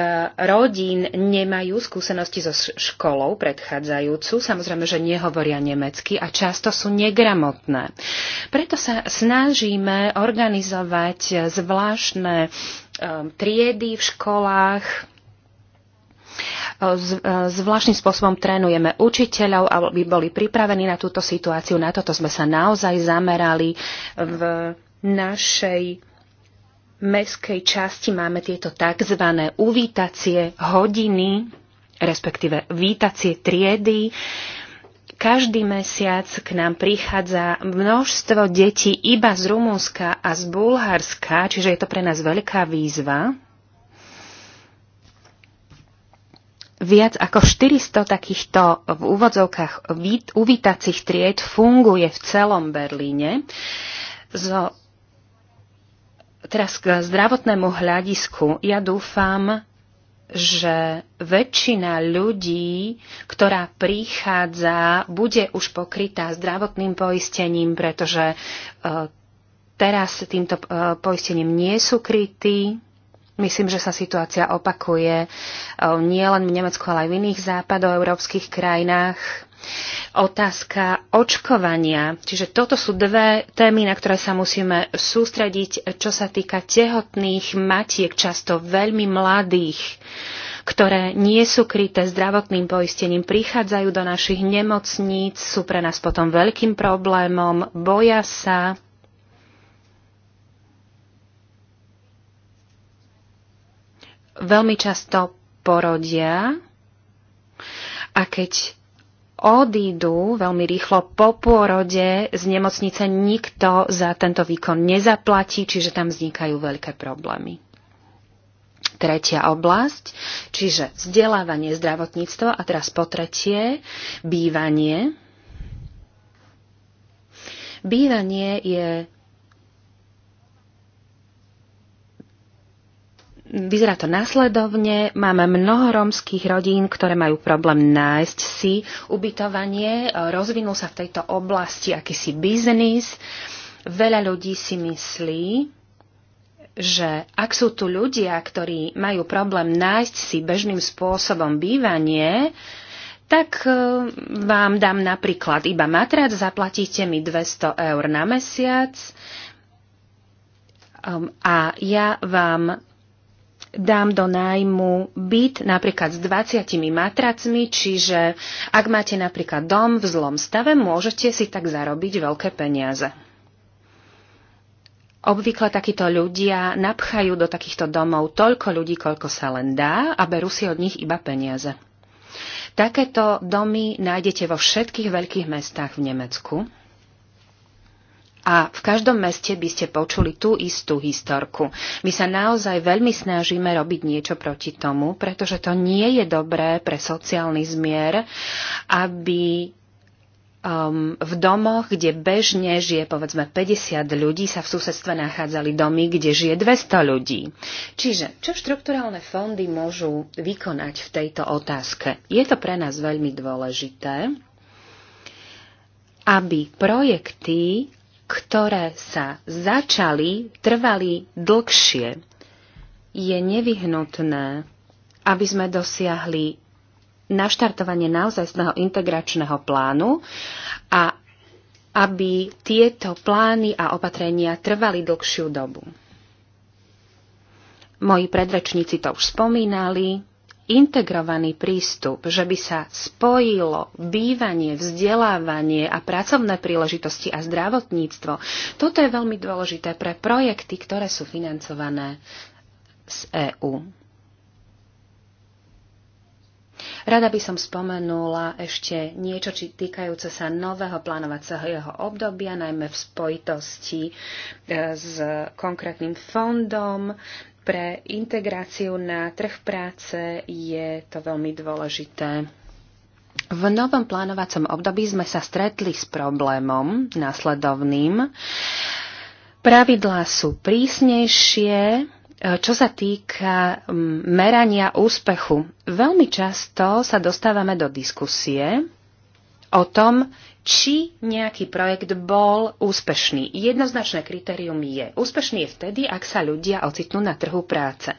rodín, nemajú skúsenosti so školou predchádzajúcu. Samozrejme, že nehovoria nemecky a často sú negramotné. Preto sa snažíme organizovať e, zvláštne e, triedy v školách, E, zvláštnym spôsobom trénujeme učiteľov, aby boli pripravení na túto situáciu. Na toto sme sa naozaj zamerali v našej mestskej časti máme tieto tzv. uvítacie hodiny, respektíve vítacie triedy. Každý mesiac k nám prichádza množstvo detí iba z Rumunska a z Bulharska, čiže je to pre nás veľká výzva. Viac ako 400 takýchto v úvodzovkách uvítacích tried funguje v celom Berlíne. Zo, teraz k zdravotnému hľadisku. Ja dúfam, že väčšina ľudí, ktorá prichádza, bude už pokrytá zdravotným poistením, pretože e, teraz týmto e, poistením nie sú krytí Myslím, že sa situácia opakuje eh, nie len v Nemecku, ale aj v iných západoeurópskych krajinách. Otázka očkovania. Čiže toto sú dve témy, na ktoré sa musíme sústrediť, čo sa týka tehotných matiek, často veľmi mladých ktoré nie sú kryté zdravotným poistením, prichádzajú do našich nemocníc, sú pre nás potom veľkým problémom, boja sa, veľmi často porodia a keď odídu veľmi rýchlo po pôrode z nemocnice, nikto za tento výkon nezaplatí, čiže tam vznikajú veľké problémy. Tretia oblasť, čiže vzdelávanie zdravotníctvo a teraz po tretie bývanie. Bývanie je Vyzerá to následovne. Máme mnoho rómskych rodín, ktoré majú problém nájsť si ubytovanie. Rozvinul sa v tejto oblasti akýsi biznis. Veľa ľudí si myslí, že ak sú tu ľudia, ktorí majú problém nájsť si bežným spôsobom bývanie, tak e, vám dám napríklad iba matrac, zaplatíte mi 200 eur na mesiac a ja vám dám do nájmu byt napríklad s 20 matracmi, čiže ak máte napríklad dom v zlom stave, môžete si tak zarobiť veľké peniaze. Obvykle takíto ľudia napchajú do takýchto domov toľko ľudí, koľko sa len dá a berú si od nich iba peniaze. Takéto domy nájdete vo všetkých veľkých mestách v Nemecku. A v každom meste by ste počuli tú istú historku. My sa naozaj veľmi snažíme robiť niečo proti tomu, pretože to nie je dobré pre sociálny zmier, aby um, v domoch, kde bežne žije povedzme 50 ľudí, sa v susedstve nachádzali domy, kde žije 200 ľudí. Čiže čo štrukturálne fondy môžu vykonať v tejto otázke? Je to pre nás veľmi dôležité, aby projekty ktoré sa začali, trvali dlhšie, je nevyhnutné, aby sme dosiahli naštartovanie naozajstného integračného plánu a aby tieto plány a opatrenia trvali dlhšiu dobu. Moji predrečníci to už spomínali integrovaný prístup, že by sa spojilo bývanie, vzdelávanie a pracovné príležitosti a zdravotníctvo. Toto je veľmi dôležité pre projekty, ktoré sú financované z EÚ. Rada by som spomenula ešte niečo či týkajúce sa nového plánovacieho jeho obdobia, najmä v spojitosti e, s konkrétnym fondom. Pre integráciu na trh práce je to veľmi dôležité. V novom plánovacom období sme sa stretli s problémom následovným. Pravidlá sú prísnejšie, čo sa týka merania úspechu. Veľmi často sa dostávame do diskusie o tom, či nejaký projekt bol úspešný. Jednoznačné kritérium je, úspešný je vtedy, ak sa ľudia ocitnú na trhu práce.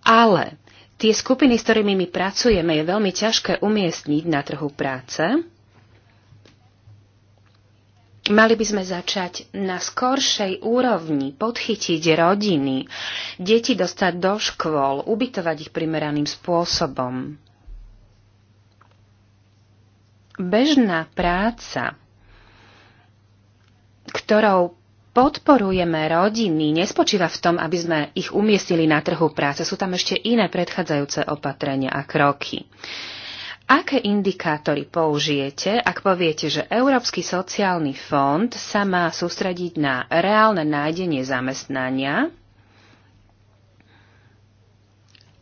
Ale tie skupiny, s ktorými my pracujeme, je veľmi ťažké umiestniť na trhu práce. Mali by sme začať na skoršej úrovni podchytiť rodiny, deti dostať do škôl, ubytovať ich primeraným spôsobom bežná práca, ktorou podporujeme rodiny, nespočíva v tom, aby sme ich umiestnili na trhu práce. Sú tam ešte iné predchádzajúce opatrenia a kroky. Aké indikátory použijete, ak poviete, že Európsky sociálny fond sa má sústrediť na reálne nájdenie zamestnania,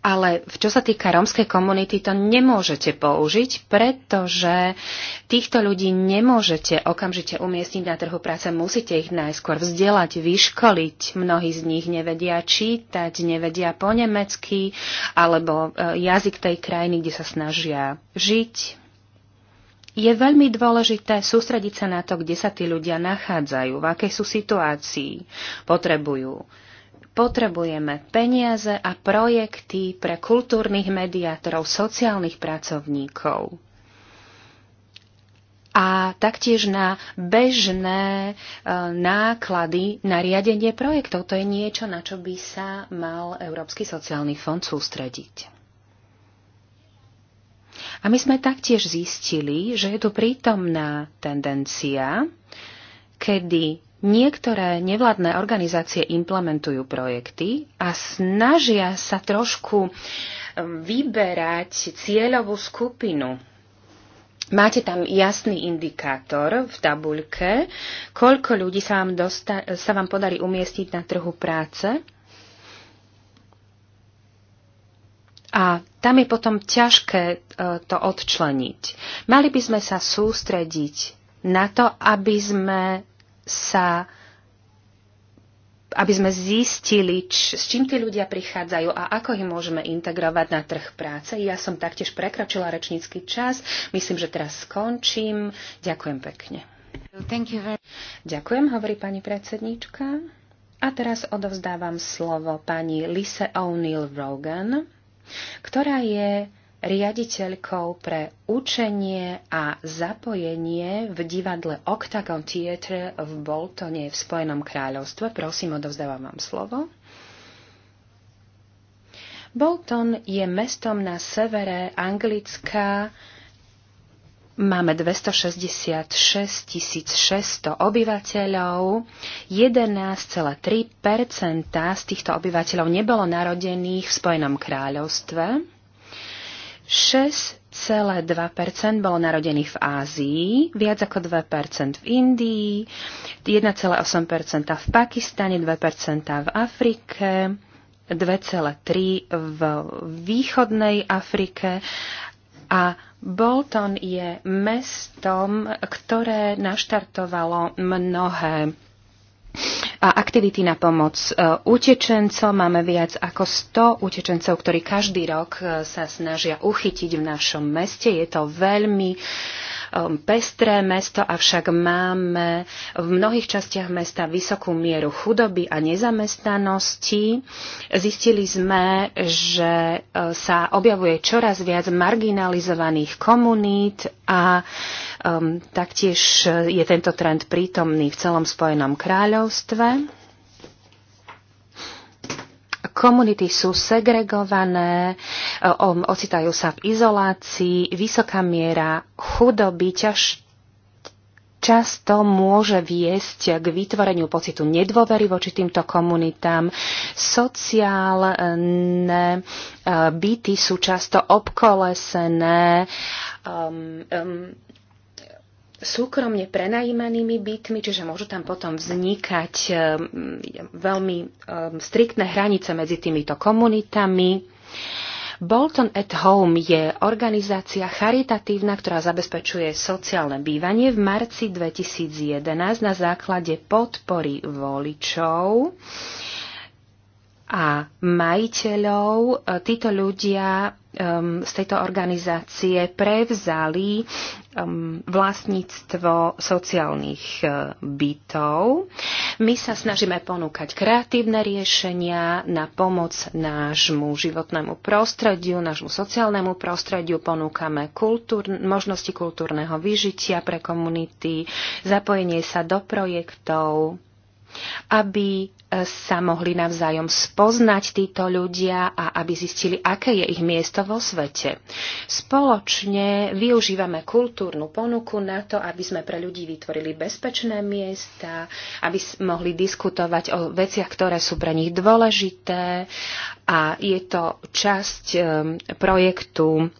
ale v čo sa týka rómskej komunity, to nemôžete použiť, pretože týchto ľudí nemôžete okamžite umiestniť na trhu práce, musíte ich najskôr vzdelať, vyškoliť. Mnohí z nich nevedia čítať, nevedia po nemecky alebo e, jazyk tej krajiny, kde sa snažia žiť. Je veľmi dôležité sústrediť sa na to, kde sa tí ľudia nachádzajú, v akej sú situácii, potrebujú Potrebujeme peniaze a projekty pre kultúrnych mediátorov, sociálnych pracovníkov a taktiež na bežné e, náklady na riadenie projektov. To je niečo, na čo by sa mal Európsky sociálny fond sústrediť. A my sme taktiež zistili, že je tu prítomná tendencia, kedy Niektoré nevládne organizácie implementujú projekty a snažia sa trošku um, vyberať cieľovú skupinu. Máte tam jasný indikátor v tabuľke, koľko ľudí sa vám, dosta- sa vám podarí umiestniť na trhu práce. A tam je potom ťažké e, to odčleniť. Mali by sme sa sústrediť na to, aby sme sa aby sme zistili, č, s čím tí ľudia prichádzajú a ako ich môžeme integrovať na trh práce. Ja som taktiež prekročila rečnícky čas. Myslím, že teraz skončím. Ďakujem pekne. Very... Ďakujem, hovorí pani predsedníčka. A teraz odovzdávam slovo pani Lise O'Neill Rogan, ktorá je riaditeľkou pre učenie a zapojenie v divadle Octagon Theatre v Boltone v Spojenom kráľovstve. Prosím, odovzdávam vám slovo. Bolton je mestom na severe Anglická. Máme 266 600 obyvateľov. 11,3 z týchto obyvateľov nebolo narodených v Spojenom kráľovstve. 6,2% bolo narodených v Ázii, viac ako 2% v Indii, 1,8% v Pakistane, 2% v Afrike, 2,3 v východnej Afrike a Bolton je mestom, ktoré naštartovalo mnohé a aktivity na pomoc e, utečencom. Máme viac ako 100 utečencov, ktorí každý rok e, sa snažia uchytiť v našom meste. Je to veľmi Ehm, pestré mesto, avšak máme v mnohých častiach mesta vysokú mieru chudoby a nezamestnanosti. Zistili sme, že ehm, sa objavuje čoraz viac marginalizovaných komunít a um, taktiež je tento trend prítomný v celom Spojenom kráľovstve komunity sú segregované, ocitajú sa v izolácii, vysoká miera chudoby, ťaž, často môže viesť k vytvoreniu pocitu nedôvery voči týmto komunitám. Sociálne e, byty sú často obkolesené um, um, súkromne prenajímanými bytmi, čiže môžu tam potom vznikať eh, veľmi eh, striktné hranice medzi týmito komunitami. Bolton at Home je organizácia charitatívna, ktorá zabezpečuje sociálne bývanie. V marci 2011 na základe podpory voličov a majiteľov. E, títo ľudia um, z tejto organizácie prevzali um, vlastníctvo sociálnych uh, bytov. My sa snažíme ponúkať kreatívne riešenia na pomoc nášmu životnému prostrediu, nášmu sociálnemu prostrediu. Ponúkame kultúr, možnosti kultúrneho vyžitia pre komunity, zapojenie sa do projektov aby e, sa mohli navzájom spoznať títo ľudia a aby zistili, aké je ich miesto vo svete. Spoločne využívame kultúrnu ponuku na to, aby sme pre ľudí vytvorili bezpečné miesta, aby mohli diskutovať o veciach, ktoré sú pre nich dôležité a je to časť e, projektu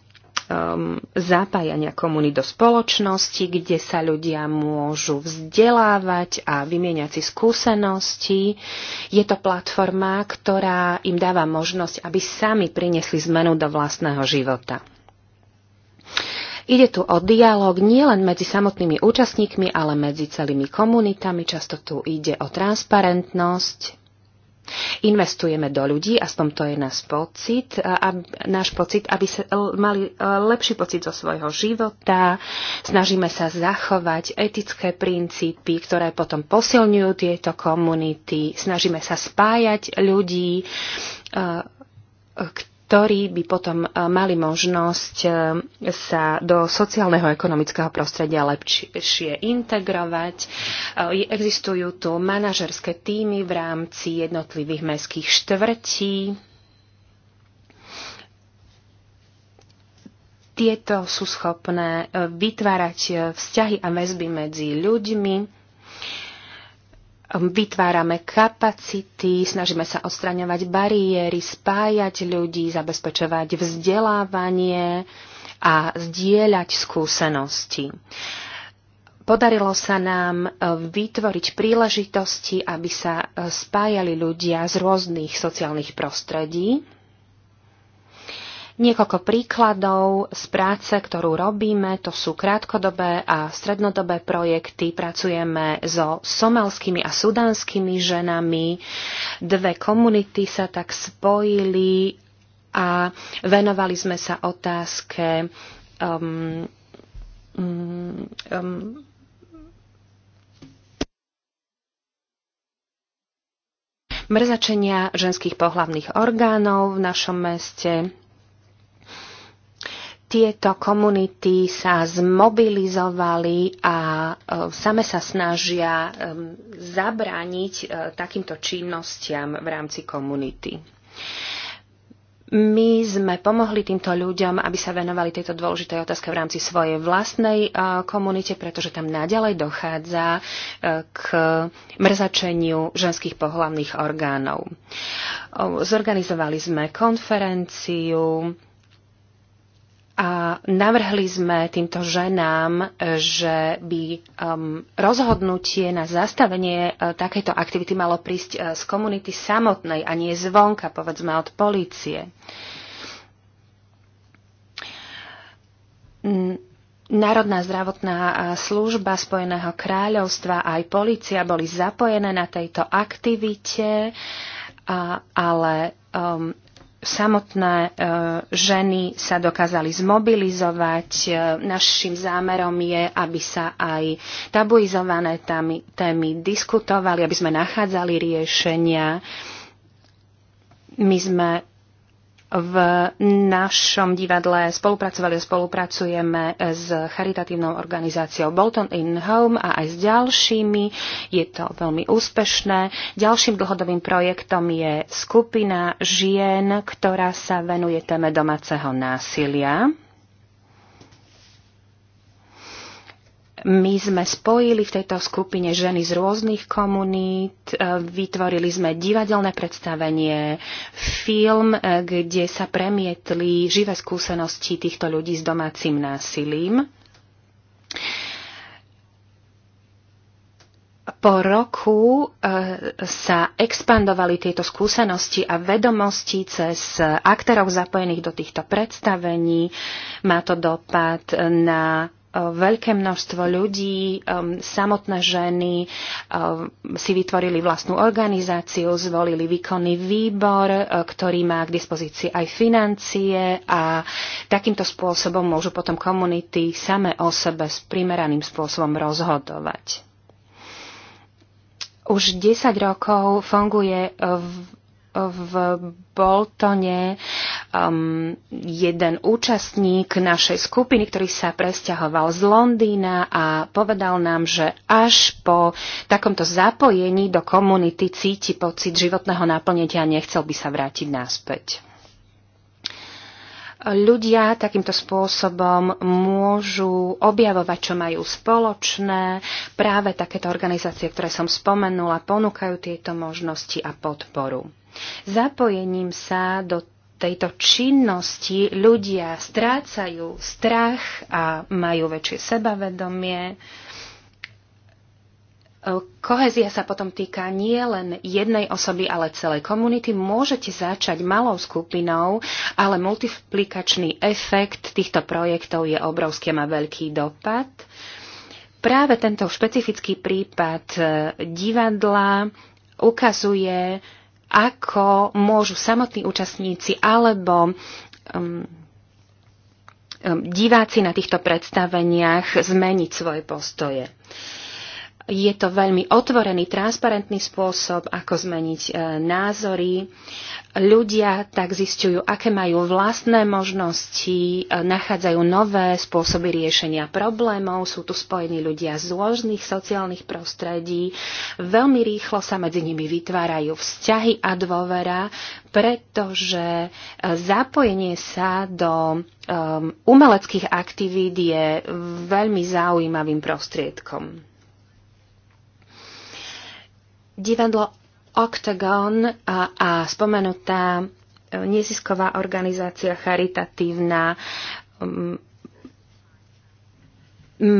um, zapájania komunít do spoločnosti, kde sa ľudia môžu vzdelávať a vymieňať si skúsenosti. Je to platforma, ktorá im dáva možnosť, aby sami priniesli zmenu do vlastného života. Ide tu o dialog nielen medzi samotnými účastníkmi, ale medzi celými komunitami. Často tu ide o transparentnosť, Investujeme do ľudí, a s tomto je náš pocit, a, náš pocit aby sa, e, mali e, lepší pocit zo svojho života. Snažíme sa zachovať etické princípy, ktoré potom posilňujú tieto komunity. Snažíme sa spájať ľudí, a, e, ktorí by potom e, mali možnosť e, sa do sociálneho ekonomického prostredia lepšie integrovať. E, existujú tu manažerské týmy v rámci jednotlivých mestských štvrtí. Tieto sú schopné vytvárať vzťahy a väzby medzi ľuďmi Ehm, vytvárame kapacity, snažíme sa odstraňovať bariéry, spájať ľudí, zabezpečovať vzdelávanie a zdieľať skúsenosti. Podarilo sa nám ehm, vytvoriť príležitosti, aby sa ehm, spájali ľudia z rôznych sociálnych prostredí, Niekoľko príkladov z práce, ktorú robíme, to sú krátkodobé a strednodobé projekty. Pracujeme so somalskými a sudánskymi ženami. Dve komunity sa tak spojili a venovali sme sa otázke um, um, um, mrzačenia ženských pohlavných orgánov v našom meste tieto komunity sa zmobilizovali a e, same sa snažia zabrániť e, takýmto činnostiam v rámci komunity. My sme pomohli týmto ľuďom, aby sa venovali tejto dôležitej otázke v rámci svojej vlastnej e, komunite, pretože tam naďalej dochádza k mrzačeniu ženských pohlavných orgánov. Zorganizovali sme konferenciu, a navrhli sme týmto ženám, že by um, rozhodnutie na zastavenie uh, takejto aktivity malo prísť uh, z komunity samotnej a nie zvonka, povedzme od polície. Národná zdravotná uh, služba Spojeného kráľovstva a aj policia boli zapojené na tejto aktivite, a, ale um, samotné e, ženy sa dokázali zmobilizovať. E, našim zámerom je, aby sa aj tabuizované témy diskutovali, aby sme nachádzali riešenia. My sme v našom divadle spolupracovali a spolupracujeme s charitatívnou organizáciou Bolton in Home a aj s ďalšími. Je to veľmi úspešné. Ďalším dlhodobým projektom je skupina žien, ktorá sa venuje téme domáceho násilia. my sme spojili v tejto skupine ženy z rôznych komunít, e, vytvorili sme divadelné predstavenie, film, e, kde sa premietli živé skúsenosti týchto ľudí s domácim násilím. po roku e, sa expandovali tieto skúsenosti a vedomosti cez aktérov zapojených do týchto predstavení. Má to dopad na veľké množstvo ľudí, um, samotné ženy um, si vytvorili vlastnú organizáciu, zvolili výkonný výbor, uh, ktorý má k dispozícii aj financie a takýmto spôsobom môžu potom komunity same o sebe s primeraným spôsobom rozhodovať. Už 10 rokov funguje v v Boltone um, jeden účastník našej skupiny, ktorý sa presťahoval z Londýna a povedal nám, že až po takomto zapojení do komunity cíti pocit životného naplnenia a nechcel by sa vrátiť naspäť. Ľudia takýmto spôsobom môžu objavovať, čo majú spoločné. Práve takéto organizácie, ktoré som spomenula, ponúkajú tieto možnosti a podporu. Zapojením sa do tejto činnosti ľudia strácajú strach a majú väčšie sebavedomie. Kohezia sa potom týka nie len jednej osoby, ale celej komunity. Môžete začať malou skupinou, ale multiplikačný efekt týchto projektov je obrovský a má veľký dopad. Práve tento špecifický prípad eh, divadla ukazuje, ako môžu samotní účastníci alebo um, um, diváci na týchto predstaveniach zmeniť svoje postoje. Uh, je to veľmi otvorený, transparentný spôsob, ako zmeniť e, názory. Ľudia tak zistujú, aké majú vlastné možnosti, e, nachádzajú nové spôsoby riešenia problémov, sú tu spojení ľudia z rôznych sociálnych prostredí. Veľmi rýchlo sa medzi nimi vytvárajú vzťahy a dôvera, pretože e, zapojenie sa do umeleckých aktivít je veľmi zaujímavým prostriedkom. Divadlo Octagon a, a spomenutá e, nezisková organizácia charitatívna mm,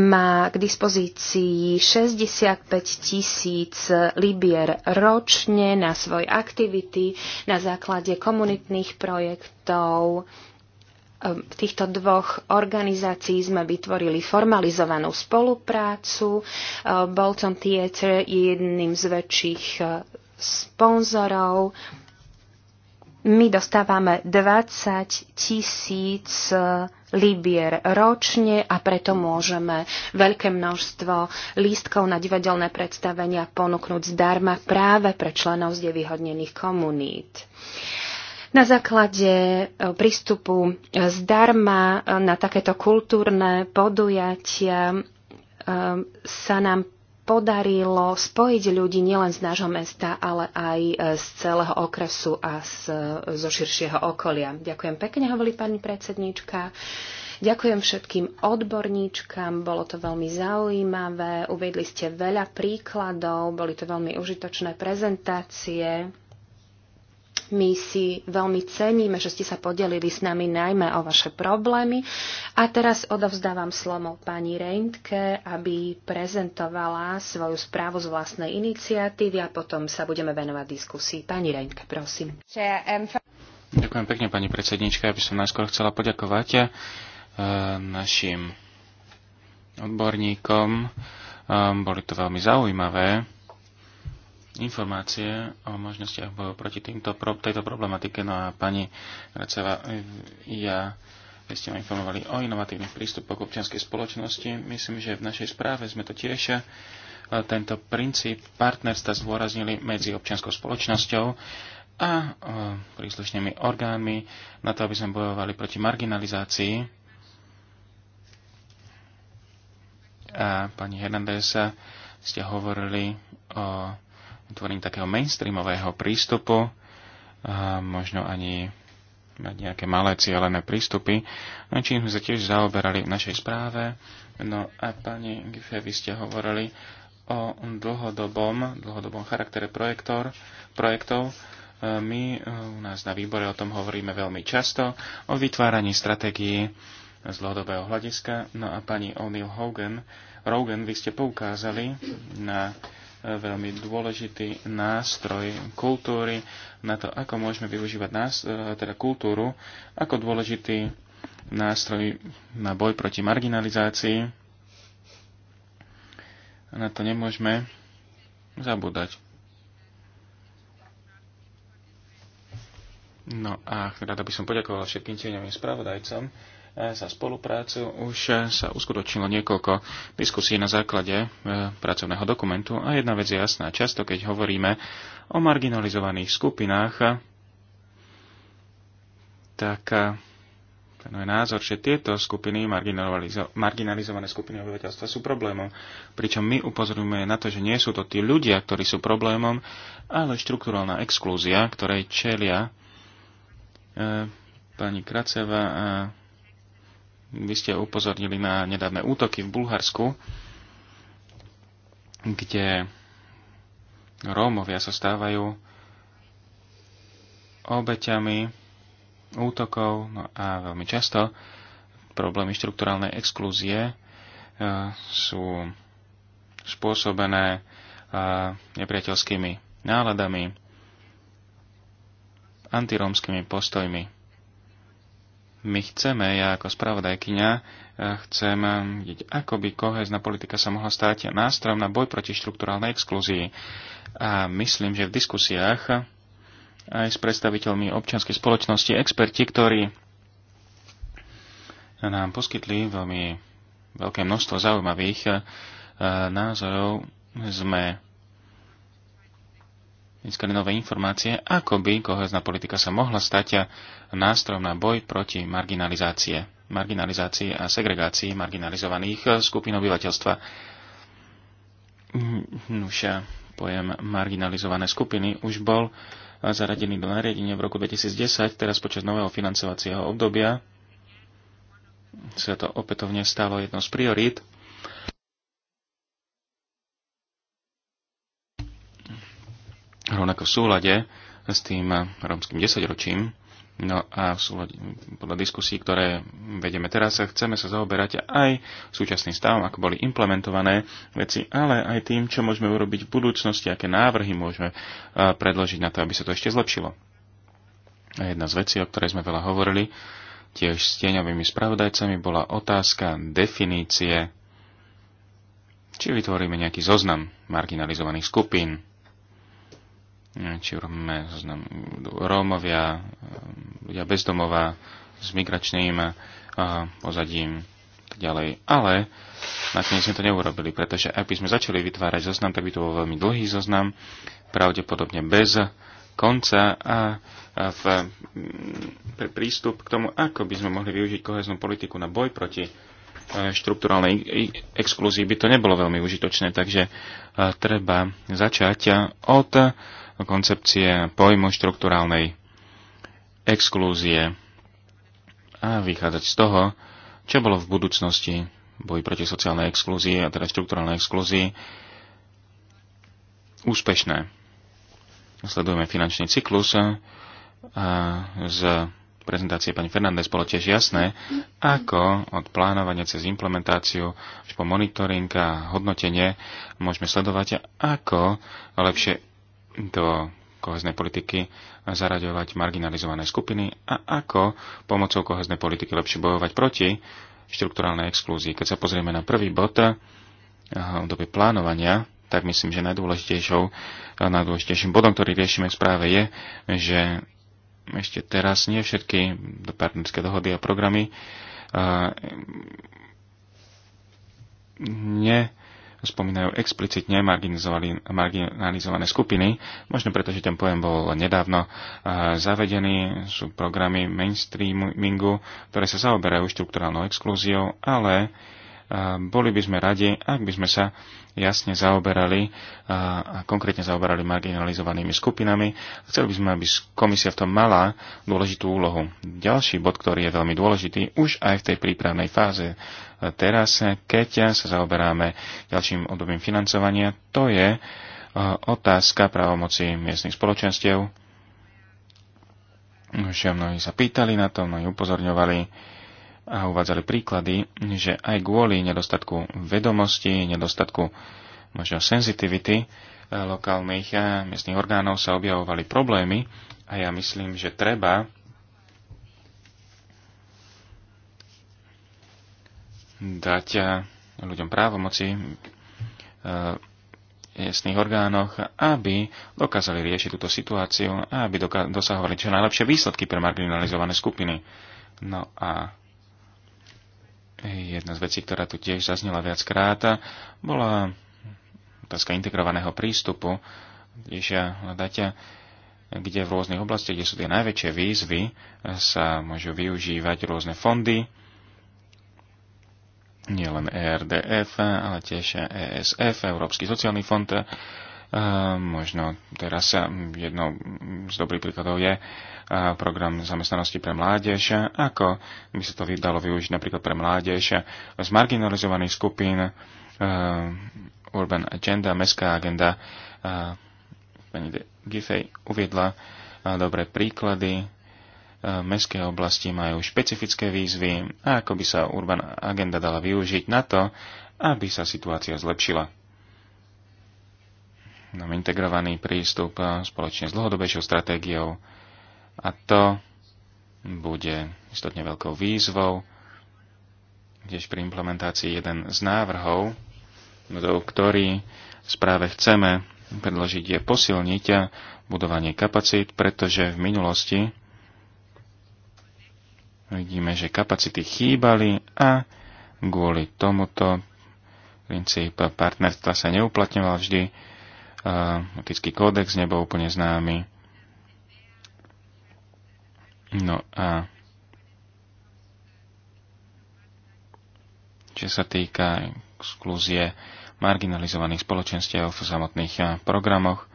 má k dispozícii 65 tisíc libier ročne na svoje aktivity na základe komunitných projektov Ehm, v týchto dvoch organizácií sme vytvorili formalizovanú spoluprácu. Ehm, Bolton Theatre je jedným z väčších ehm, sponzorov. My dostávame 20 tisíc libier ročne a preto môžeme veľké množstvo lístkov na divadelné predstavenia ponúknuť zdarma práve pre členov z nevyhodnených komunít. Uh, na základe e, prístupu e, zdarma e, na takéto kultúrne podujatia sa nám podarilo spojiť ľudí nielen z nášho mesta, ale aj z celého okresu a z, zo širšieho okolia. Ďakujem pekne, hovorí pani predsedníčka. Ďakujem všetkým odborníčkam, bolo to veľmi zaujímavé, uvedli ste veľa príkladov, boli to veľmi užitočné prezentácie. My si veľmi ceníme, že ste sa podelili s nami najmä o vaše problémy. A teraz odovzdávam slovo pani Reintke, aby prezentovala svoju správu z vlastnej iniciatívy a potom sa budeme venovať diskusii. Pani Reintke, prosím. Ďakujem pekne, pani predsednička. Ja by som najskôr chcela poďakovať eh, našim odborníkom. Ehm, boli to veľmi zaujímavé informácie o možnostiach boju proti týmto, tejto problematike. No a pani Receva, ja vy ste ma informovali o inovatívnych prístupoch občianskej spoločnosti. Myslím, že v našej správe sme to tiež e, tento princíp partnerstva zdôraznili medzi občianskou spoločnosťou a e, príslušnými orgánmi na to, aby sme bojovali proti marginalizácii. A pani Hernandez, ste hovorili o vytvorením takého mainstreamového prístupu, a možno ani mať nejaké malé cieľené prístupy, no, čím sme sa tiež zaoberali v našej správe. No a pani Gife, vy ste hovorili o dlhodobom, dlhodobom charaktere projektor, projektov. E, my e, u nás na výbore o tom hovoríme veľmi často, o vytváraní stratégií z dlhodobého hľadiska. No a pani O'Neill Hogan, Rogan, vy ste poukázali na veľmi dôležitý nástroj kultúry na to, ako môžeme využívať nás, e, teda kultúru ako dôležitý nástroj na boj proti marginalizácii. Na to nemôžeme zabúdať. No a rada by som poďakovala všetkým tieňovým spravodajcom, za spoluprácu. Už eh, sa uskutočnilo niekoľko diskusí na základe eh, pracovného dokumentu a jedna vec je jasná. Často, keď hovoríme o marginalizovaných skupinách, tak eh, ten je názor, že tieto skupiny, marginalizované skupiny obyvateľstva sú problémom. Pričom my upozorujeme na to, že nie sú to tí ľudia, ktorí sú problémom, ale štruktúralná exklúzia, ktorej čelia e, pani Kraceva a vy ste upozornili na nedávne útoky v Bulharsku, kde Rómovia sa stávajú obeťami útokov no a veľmi často problémy štruktúrálnej exklúzie e, sú spôsobené e, nepriateľskými náladami, antirómskymi postojmi my chceme, ja ako spravodajkyňa, eh, chcem eh, vidieť, ako by kohezná politika sa mohla stať nástrojom na boj proti štruktúrálnej exklúzii. A myslím, že v diskusiách eh, aj s predstaviteľmi občianskej spoločnosti, experti, ktorí nám poskytli veľmi veľké množstvo zaujímavých názorov, sme získali nové informácie, ako by kohezná politika sa mohla stať nástrojom na boj proti marginalizácie, marginalizácii a segregácii marginalizovaných skupín obyvateľstva. Už pojem marginalizované skupiny už bol zaradený do nariadenia v roku 2010, teraz počas nového financovacieho obdobia sa to opätovne stalo jednou z priorít rovnako v súlade s tým rómskym desaťročím. No a v súlade, podľa diskusí, ktoré vedeme teraz, chceme sa zaoberať aj súčasným stavom, ako boli implementované veci, ale aj tým, čo môžeme urobiť v budúcnosti, aké návrhy môžeme predložiť na to, aby sa to ešte zlepšilo. A jedna z vecí, o ktorej sme veľa hovorili, tiež s tieňovými spravodajcami, bola otázka definície, či vytvoríme nejaký zoznam marginalizovaných skupín. E, či robíme zoznam Rómovia, e, ľudia bezdomová s migračným e, pozadím tak ďalej. Ale nakoniec sme to neurobili, pretože ak by sme začali vytvárať zoznam, tak by to bol veľmi dlhý zoznam, pravdepodobne bez konca a v, pre prístup k tomu, ako by sme mohli využiť koheznú politiku na boj proti štruktúralnej exkluzii by to nebolo veľmi užitočné, takže treba začať od koncepcie pojmu štruktúrálnej exklúzie a vychádzať z toho, čo bolo v budúcnosti boj proti sociálnej exklúzii a teda štruktúrálnej exklúzii úspešné. Sledujeme finančný cyklus a z prezentácie pani Fernández bolo tiež jasné, ako od plánovania cez implementáciu až po monitoring a hodnotenie môžeme sledovať, ako lepšie do koheznej politiky zaraďovať marginalizované skupiny a ako pomocou koheznej politiky lepšie bojovať proti štruktúrálnej exklúzii. Keď sa pozrieme na prvý bod eh, v dobe plánovania, tak myslím, že najdôležitejšou, eh, najdôležitejším bodom, ktorý riešime v správe je, že ešte teraz nie všetky partnerské dohody a programy eh, ne spomínajú explicitne marginalizované skupiny, možno preto, že ten pojem bol nedávno eh, zavedený, sú programy mainstreamingu, ktoré sa zaoberajú štruktúrálnou exklúziou, ale boli by sme radi, ak by sme sa jasne zaoberali a konkrétne zaoberali marginalizovanými skupinami. Chceli by sme, aby komisia v tom mala dôležitú úlohu. Ďalší bod, ktorý je veľmi dôležitý, už aj v tej prípravnej fáze teraz, keď sa zaoberáme ďalším obdobím financovania, to je otázka právomoci miestnych spoločenstiev. Už mnohí sa pýtali na to, mnohí upozorňovali a uvádzali príklady, že aj kvôli nedostatku vedomosti, nedostatku možno senzitivity eh, lokálnych a eh, miestnych orgánov sa objavovali problémy a ja myslím, že treba dať eh, ľuďom právomoci miestnych orgánoch, aby dokázali riešiť túto situáciu a aby dosahovali čo najlepšie výsledky pre marginalizované skupiny. No a Jedna z vecí, ktorá tu tiež zaznela viackrát, bola otázka integrovaného prístupu, tiež hľadáte, kde v rôznych oblastiach, kde sú tie najväčšie výzvy, sa môžu využívať rôzne fondy, nielen ERDF, ale tiež ESF, Európsky sociálny fond, Možno teraz jednou z dobrých príkladov je program zamestnanosti pre mládež. Ako by sa to vydalo využiť napríklad pre mládež z marginalizovaných skupín Urban Agenda, Mestská agenda. Pani Giffey uviedla dobré príklady mestské oblasti majú špecifické výzvy a ako by sa urban agenda dala využiť na to, aby sa situácia zlepšila nám integrovaný prístup e, spoločne s dlhodobejšou stratégiou a to bude istotne veľkou výzvou, tiež pri implementácii jeden z návrhov, ktorý správe chceme predložiť, je posilniť a budovanie kapacít, pretože v minulosti vidíme, že kapacity chýbali a kvôli tomuto princíp partnerstva sa neuplatňoval vždy etický kódex nebol úplne známy. No a čo sa týka exklúzie marginalizovaných spoločenstiev v samotných programoch,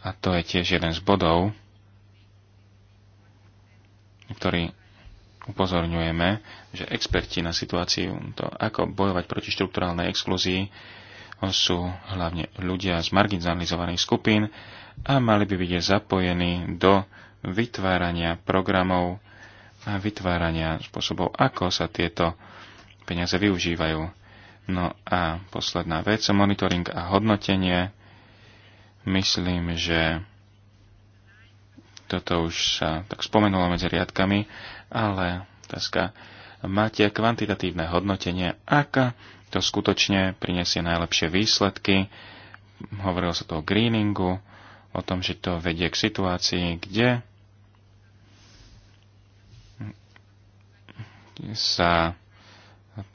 a to je tiež jeden z bodov, ktorý upozorňujeme, že experti na situáciu, to ako bojovať proti štruktúrálnej exklúzii, sú hlavne ľudia z marginalizovaných skupín a mali by byť zapojení do vytvárania programov a vytvárania spôsobov, ako sa tieto peniaze využívajú. No a posledná vec, monitoring a hodnotenie. Myslím, že toto už sa tak spomenulo medzi riadkami, ale otázka, máte kvantitatívne hodnotenie, aká to skutočne prinesie najlepšie výsledky. Hovorilo sa to o greeningu, o tom, že to vedie k situácii, kde sa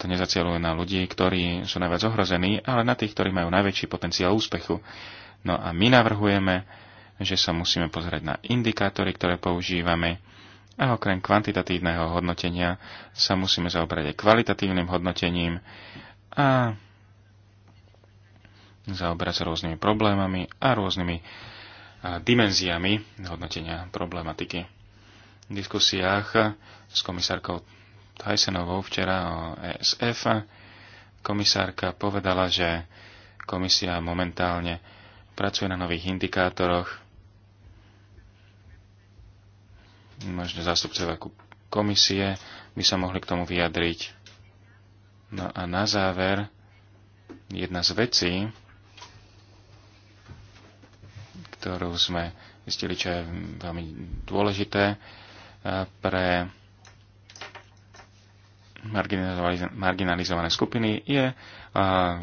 to nezacieluje na ľudí, ktorí sú najviac ohrození, ale na tých, ktorí majú najväčší potenciál úspechu. No a my navrhujeme, že sa musíme pozrieť na indikátory, ktoré používame a okrem kvantitatívneho hodnotenia sa musíme zaobrať aj kvalitatívnym hodnotením, a zaoberať sa rôznymi problémami a rôznymi dimenziami hodnotenia problematiky. V diskusiách s komisárkou Tysonovou včera o ESF komisárka povedala, že komisia momentálne pracuje na nových indikátoroch. Možno zástupcovia komisie by sa mohli k tomu vyjadriť. No a na záver, jedna z vecí, ktorú sme zistili, čo je veľmi dôležité eh, pre marginalizované skupiny, je eh,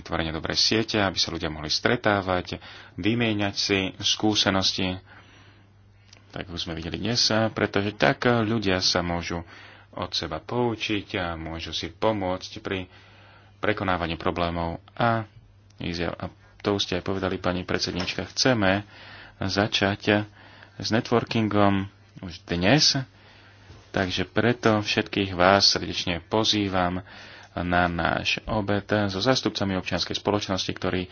vytvorenie dobrej siete, aby sa ľudia mohli stretávať, vymieňať si skúsenosti, tak už sme videli dnes, eh, pretože tak ľudia sa môžu od seba poučiť a môžu si pomôcť pri prekonávaní problémov a A to už ste aj povedali, pani predsednička, chceme začať s networkingom už dnes, takže preto všetkých vás srdečne pozývam na náš obed so zástupcami občianskej spoločnosti, ktorí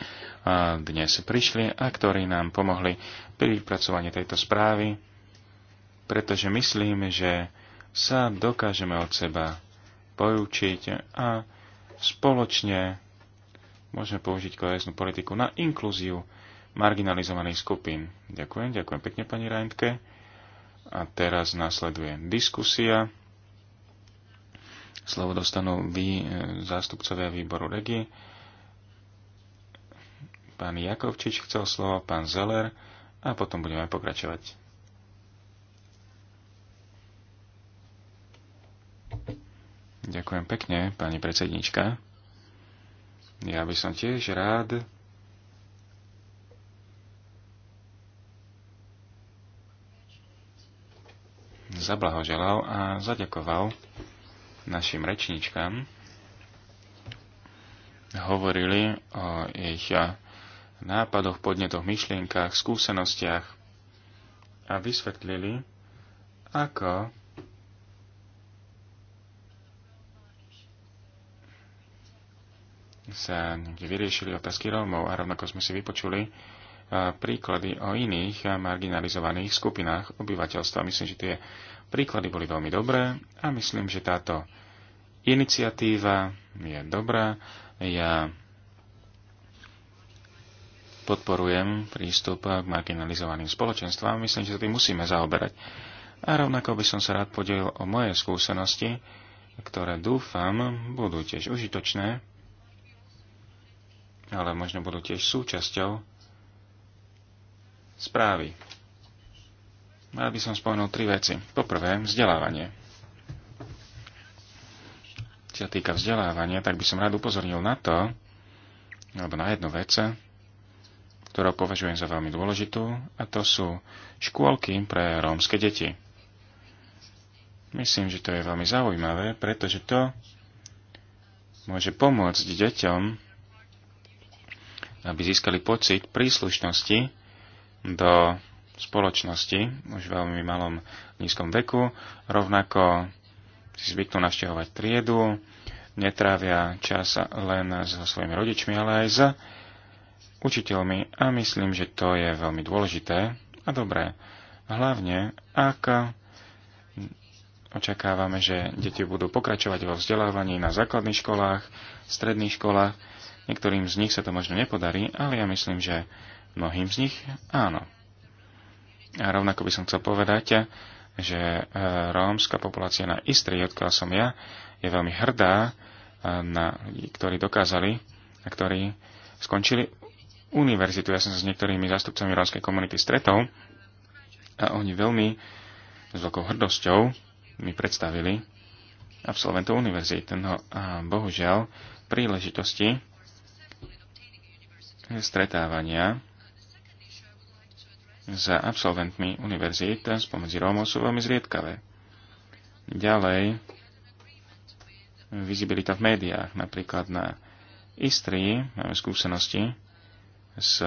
dnes prišli a ktorí nám pomohli pri vypracovaní tejto správy, pretože myslím, že sa dokážeme od seba poučiť a spoločne môžeme použiť kohesnú politiku na inklúziu marginalizovaných skupín. Ďakujem, ďakujem pekne pani Rajntke. A teraz nasleduje diskusia. Slovo dostanú vy, e, zástupcovia výboru Regi. Pán Jakovčič chcel slovo, pán Zeller a potom budeme pokračovať. Ďakujem pekne, pani predsednička. Ja by som tiež rád zablahoželal a zaďakoval našim rečníčkam. Hovorili o ich nápadoch, podnetoch, myšlienkach, skúsenostiach a vysvetlili, ako sa niekde vyriešili otázky Rómov a rovnako sme si vypočuli e, príklady o iných marginalizovaných skupinách obyvateľstva. Myslím, že tie príklady boli veľmi dobré a myslím, že táto iniciatíva je dobrá. Ja podporujem prístup k marginalizovaným spoločenstvám. Myslím, že sa tým musíme zaoberať. A rovnako by som sa rád podelil o moje skúsenosti, ktoré dúfam budú tiež užitočné ale možno budú tiež súčasťou správy. Mal by som spomenul tri veci. Poprvé, vzdelávanie. Čo sa týka vzdelávania, tak by som rád upozornil na to, alebo na jednu vec, ktorú považujem za veľmi dôležitú, a to sú škôlky pre rómske deti. Myslím, že to je veľmi zaujímavé, pretože to môže pomôcť deťom aby získali pocit príslušnosti do spoločnosti už v veľmi malom nízkom veku, rovnako si zvyknú navštevovať triedu, netrávia čas len so svojimi rodičmi, ale aj s učiteľmi a myslím, že to je veľmi dôležité a dobré. Hlavne, ak očakávame, že deti budú pokračovať vo vzdelávaní na základných školách, stredných školách Niektorým z nich sa to možno nepodarí, ale ja myslím, že mnohým z nich áno. A rovnako by som chcel povedať, že e, rómska populácia na Istrii, odkiaľ som ja, je veľmi hrdá e, na ľudí, ktorí dokázali a ktorí skončili univerzitu. Ja som sa s niektorými zástupcami rómskej komunity stretol a oni veľmi s veľkou hrdosťou mi predstavili absolventov univerzity. No a bohužiaľ príležitosti stretávania za absolventmi univerzít spomedzi Rómov sú veľmi zriedkavé. Ďalej, vizibilita v médiách, napríklad na Istrii máme skúsenosti s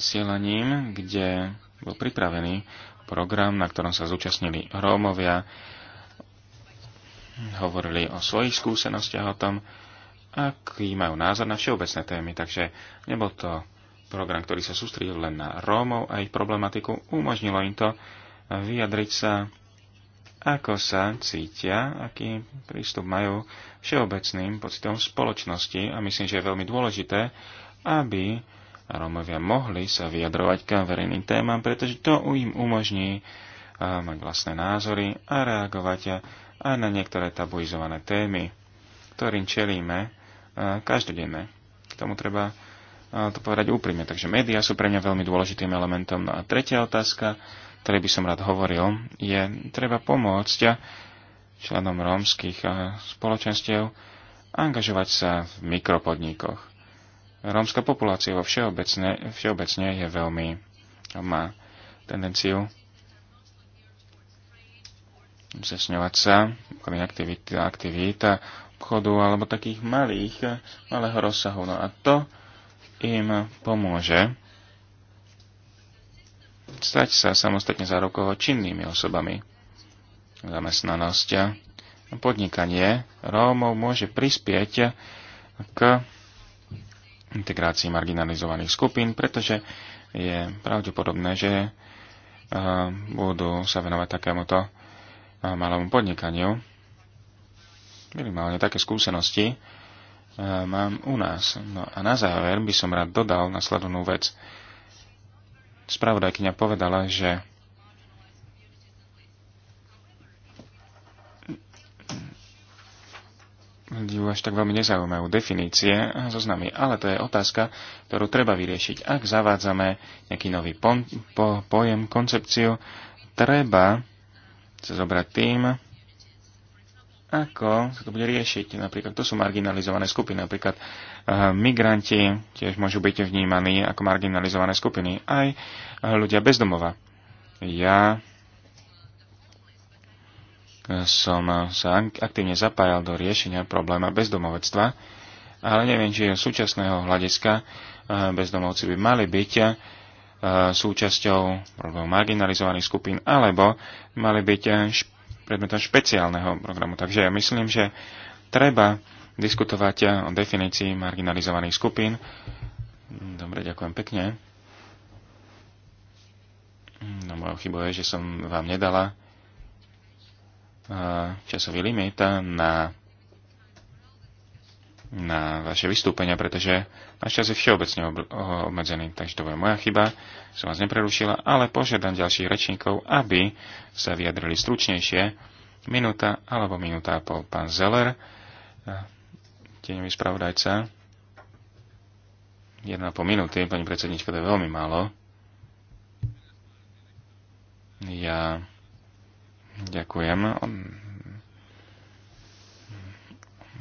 sielaním, kde bol pripravený program, na ktorom sa zúčastnili Rómovia, hovorili o svojich skúsenostiach o tom, aký majú názor na všeobecné témy, takže nebol to program, ktorý sa sústredil len na Rómov a ich problematiku, umožnilo im to vyjadriť sa, ako sa cítia, aký prístup majú všeobecným pocitom spoločnosti a myslím, že je veľmi dôležité, aby Rómovia mohli sa vyjadrovať k verejným témam, pretože to im umožní eh, mať vlastné názory a reagovať aj na niektoré tabuizované témy, ktorým čelíme každodenne. K tomu treba to povedať úprimne. Takže médiá sú pre mňa veľmi dôležitým elementom. No a tretia otázka, ktorej by som rád hovoril, je treba pomôcť členom rómskych spoločenstiev angažovať sa v mikropodnikoch. Rómska populácia vo všeobecne, všeobecne je veľmi, má tendenciu zesňovať sa, aktivita, aktivita obchodov alebo takých malých, malého rozsahu. No a to im pomôže stať sa samostatne zárokovo činnými osobami. Zamestnanosť a podnikanie Rómov môže prispieť k integrácii marginalizovaných skupín, pretože je pravdepodobné, že eh, budú sa venovať takémuto eh, malému podnikaniu minimálne také skúsenosti eh, mám u nás. No a na záver by som rád dodal nasledovnú vec. Spravodajkyňa povedala, že ľudí až tak veľmi nezaujímajú definície a zoznamy, ale to je otázka, ktorú treba vyriešiť. Ak zavádzame nejaký nový pon, po, pojem, koncepciu, treba sa zobrať tým, ako sa to bude riešiť. Napríklad to sú marginalizované skupiny. Napríklad uh, migranti tiež môžu byť vnímaní ako marginalizované skupiny. Aj uh, ľudia bezdomova. Ja eh, som sa aktívne zapájal do riešenia probléma bezdomovectva, ale neviem, či z súčasného hľadiska bezdomovci by mali byť súčasťou problémov marginalizovaných skupín, alebo mali byť špe- predmetom špeciálneho programu. Takže ja myslím, že treba diskutovať o definícii marginalizovaných skupín. Dobre, ďakujem pekne. No mojou chybou je, že som vám nedala časový limit na, na vaše vystúpenia, pretože náš čas je všeobecne obmedzený, takže to bola moja chyba, som vás neprerušila, ale požiadam ďalších rečníkov, aby sa vyjadrili stručnejšie. Minúta alebo minúta a pol. Pán Zeller, tieňový spravodajca. po minúty, pani predsednička, to je veľmi málo. Ja ďakujem mm,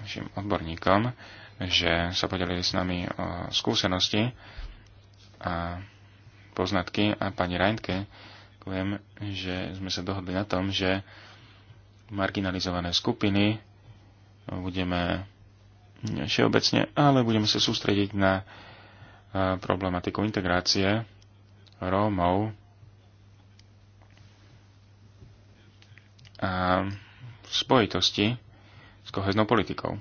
našim odborníkom že sa podelili s nami o skúsenosti a poznatky a pani Reintke poviem, že sme sa dohodli na tom, že marginalizované skupiny budeme všeobecne, ale budeme sa sústrediť na e, problematiku integrácie Rómov a spojitosti s koheznou politikou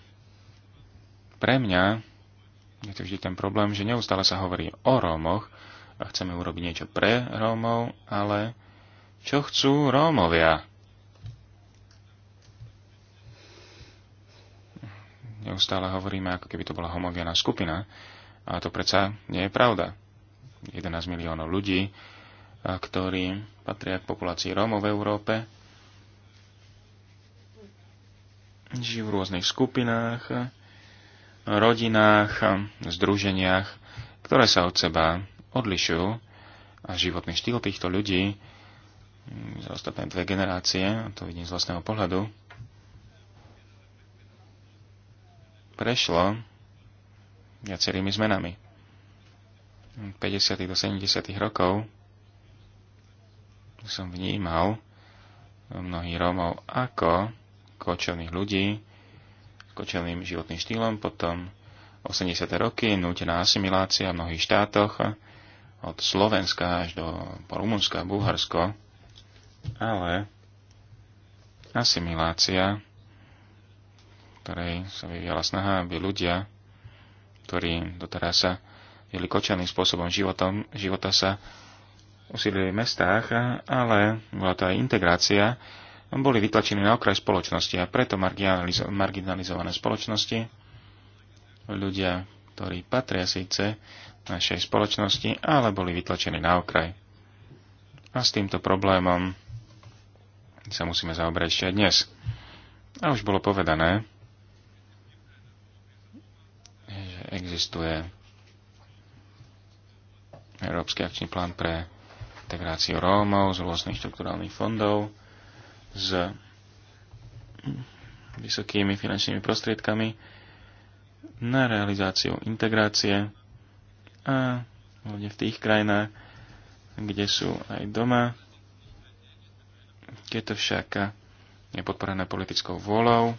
pre mňa je to vždy ten problém, že neustále sa hovorí o Rómoch a chceme urobiť niečo pre Rómov, ale čo chcú Rómovia? Neustále hovoríme, ako keby to bola homogénna skupina, a to predsa nie je pravda. 11 miliónov ľudí, ktorí patria k populácii Rómov v Európe, žijú v rôznych skupinách, rodinách, združeniach, ktoré sa od seba odlišujú a životný štýl týchto ľudí mm, za ostatné dve generácie, to vidím z vlastného pohľadu, prešlo viacerými zmenami. 50. do 70. rokov som vnímal mnohých Rómov ako kočovných ľudí, kočelným životným štýlom, potom 80. roky, nútená asimilácia v mnohých štátoch, od Slovenska až do Rumunska, Bulharsko, ale asimilácia, ktorej sa vyvíjala snaha, aby ľudia, ktorí doteraz sa žili kočelným spôsobom životom, života sa usilili v mestách, ale bola to aj integrácia boli vytlačení na okraj spoločnosti a preto marginalizované spoločnosti, ľudia, ktorí patria síce našej spoločnosti, ale boli vytlačení na okraj. A s týmto problémom sa musíme zaoberať ešte aj dnes. A už bolo povedané, že existuje Európsky akčný plán pre integráciu Rómov z rôznych štruktúrálnych fondov, s vysokými finančnými prostriedkami na realizáciu integrácie a hlavne v tých krajinách, kde sú aj doma, keď to však je podporené politickou vôľou,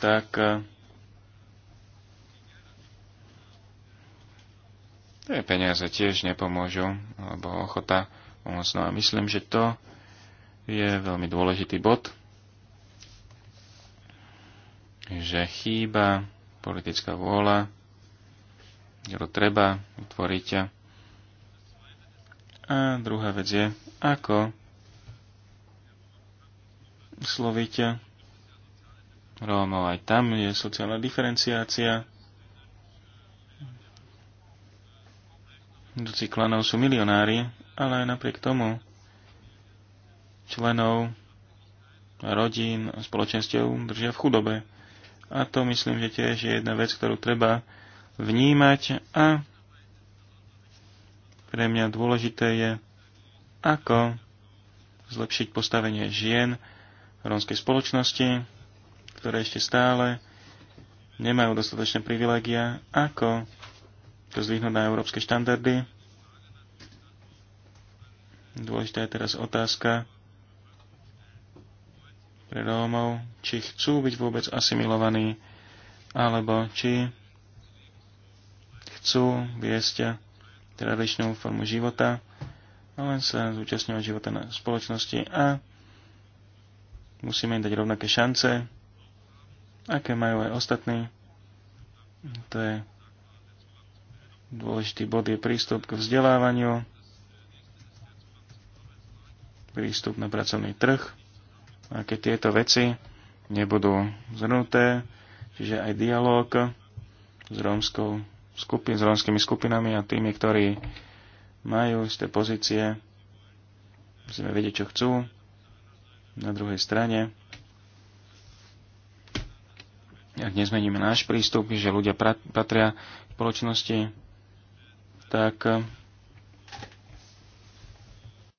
tak eh, tie peniaze tiež nepomôžu, alebo ochota pomôcť. No a myslím, že to je veľmi dôležitý bod, že chýba politická vôľa, ktorú treba utvoriť. A druhá vec je, ako sloviť Rómov. Aj tam je sociálna diferenciácia. Do cyklanov sú milionári, ale aj napriek tomu členov rodín, spoločenstiev držia v chudobe. A to myslím, že tiež je jedna vec, ktorú treba vnímať a pre mňa dôležité je, ako zlepšiť postavenie žien v rómskej spoločnosti, ktoré ešte stále nemajú dostatočné privilégia, ako to zvyhnúť na európske štandardy. Dôležitá je teraz otázka pre Rómov, či chcú byť vôbec asimilovaní, alebo či chcú viesť tradičnú formu života len sa zúčastňovať života na spoločnosti a musíme im dať rovnaké šance, aké majú aj ostatní. To je dôležitý bod je prístup k vzdelávaniu, prístup na pracovný trh, a keď tieto veci nebudú zhrnuté, čiže aj dialog s, rómskou skupin, s rómskymi skupinami a tými, ktorí majú isté pozície, musíme vedieť, čo chcú. Na druhej strane, ak nezmeníme náš prístup, že ľudia patria v spoločnosti, tak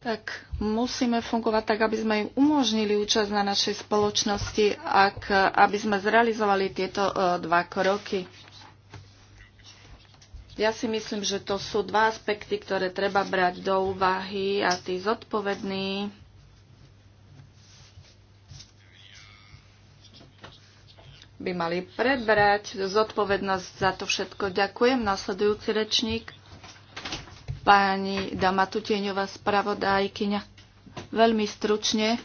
tak musíme fungovať tak, aby sme im umožnili účasť na našej spoločnosti, ak, aby sme zrealizovali tieto e, dva kroky. Ja si myslím, že to sú dva aspekty, ktoré treba brať do úvahy a tí zodpovední by mali prebrať zodpovednosť za to všetko. Ďakujem. Nasledujúci rečník. Pani Dama Tutieňová, spravodajkyňa, veľmi stručne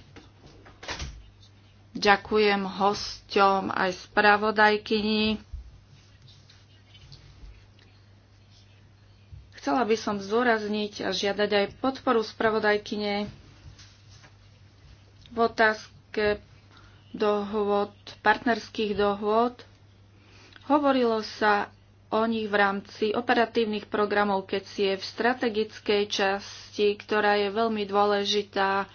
ďakujem hosťom aj spravodajkyni. Chcela by som zdôrazniť a žiadať aj podporu spravodajkyne v otázke dohôd, partnerských dohôd. Hovorilo sa o nich v rámci operatívnych programov, keď si je v strategickej časti, ktorá je veľmi dôležitá,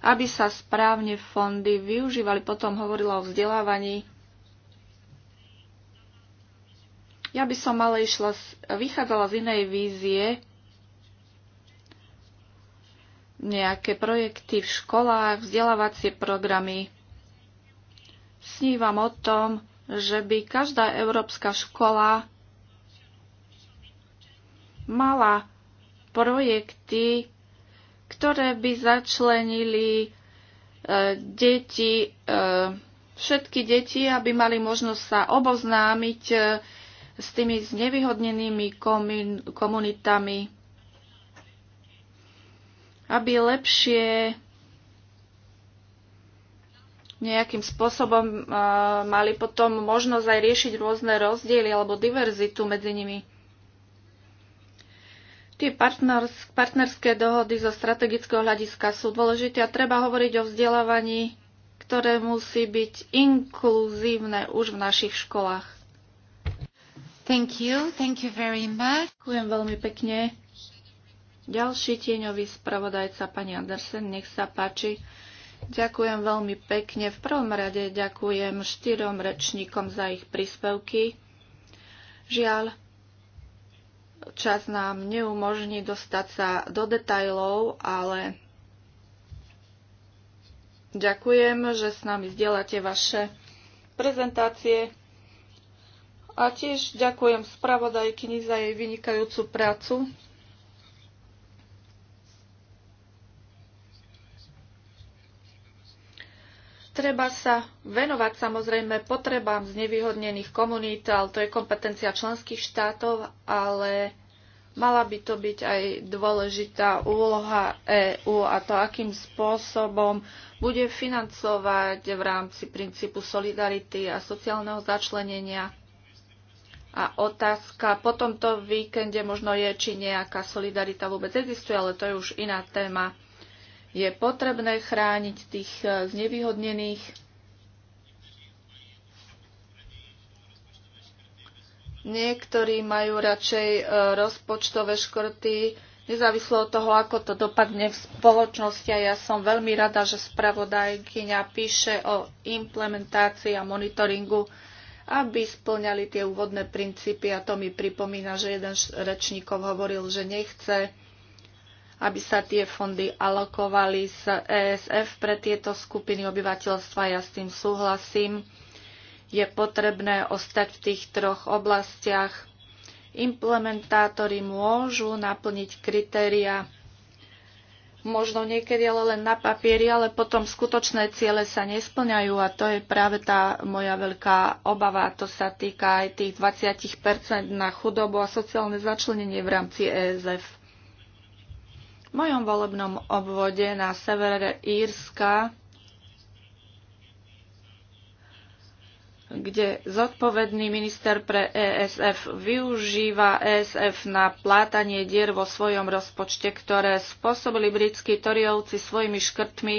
aby sa správne fondy využívali. Potom hovorila o vzdelávaní. Ja by som ale išla, vychádzala z inej vízie, nejaké projekty v školách, vzdelávacie programy. Snívam o tom, že by každá európska škola mala projekty, ktoré by začlenili e, deti, e, všetky deti, aby mali možnosť sa oboznámiť e, s tými znevýhodnenými komunitami, aby lepšie nejakým spôsobom mali potom možnosť aj riešiť rôzne rozdiely alebo diverzitu medzi nimi. Tie partnerské dohody zo strategického hľadiska sú dôležité a treba hovoriť o vzdelávaní, ktoré musí byť inkluzívne už v našich školách. Thank you. Thank you very much. Ďakujem veľmi pekne. Ďalší tieňový spravodajca, pani Andersen, nech sa páči. Ďakujem veľmi pekne. V prvom rade ďakujem štyrom rečníkom za ich príspevky. Žiaľ, Čas nám neumožní dostať sa do detajlov, ale ďakujem, že s nami zdieľate vaše prezentácie. A tiež ďakujem spravodajkyni za jej vynikajúcu prácu. Treba sa venovať samozrejme potrebám znevýhodnených komunít, ale to je kompetencia členských štátov, ale mala by to byť aj dôležitá úloha EÚ a to, akým spôsobom bude financovať v rámci princípu solidarity a sociálneho začlenenia. A otázka po tomto víkende možno je, či nejaká solidarita vôbec existuje, ale to je už iná téma. Je potrebné chrániť tých e, znevýhodnených. Niektorí majú radšej e, rozpočtové škrty, nezávislo od toho, ako to dopadne v spoločnosti. A ja som veľmi rada, že spravodajkyňa píše o implementácii a monitoringu, aby splňali tie úvodné princípy. A to mi pripomína, že jeden z rečníkov hovoril, že nechce aby sa tie fondy alokovali z ESF pre tieto skupiny obyvateľstva. Ja s tým súhlasím. Je potrebné ostať v tých troch oblastiach. Implementátori môžu naplniť kritéria možno niekedy ale len na papieri, ale potom skutočné ciele sa nesplňajú a to je práve tá moja veľká obava. To sa týka aj tých 20% na chudobu a sociálne začlenenie v rámci ESF mojom volebnom obvode na severe Írska, kde zodpovedný minister pre ESF využíva ESF na plátanie dier vo svojom rozpočte, ktoré spôsobili britskí toriovci svojimi škrtmi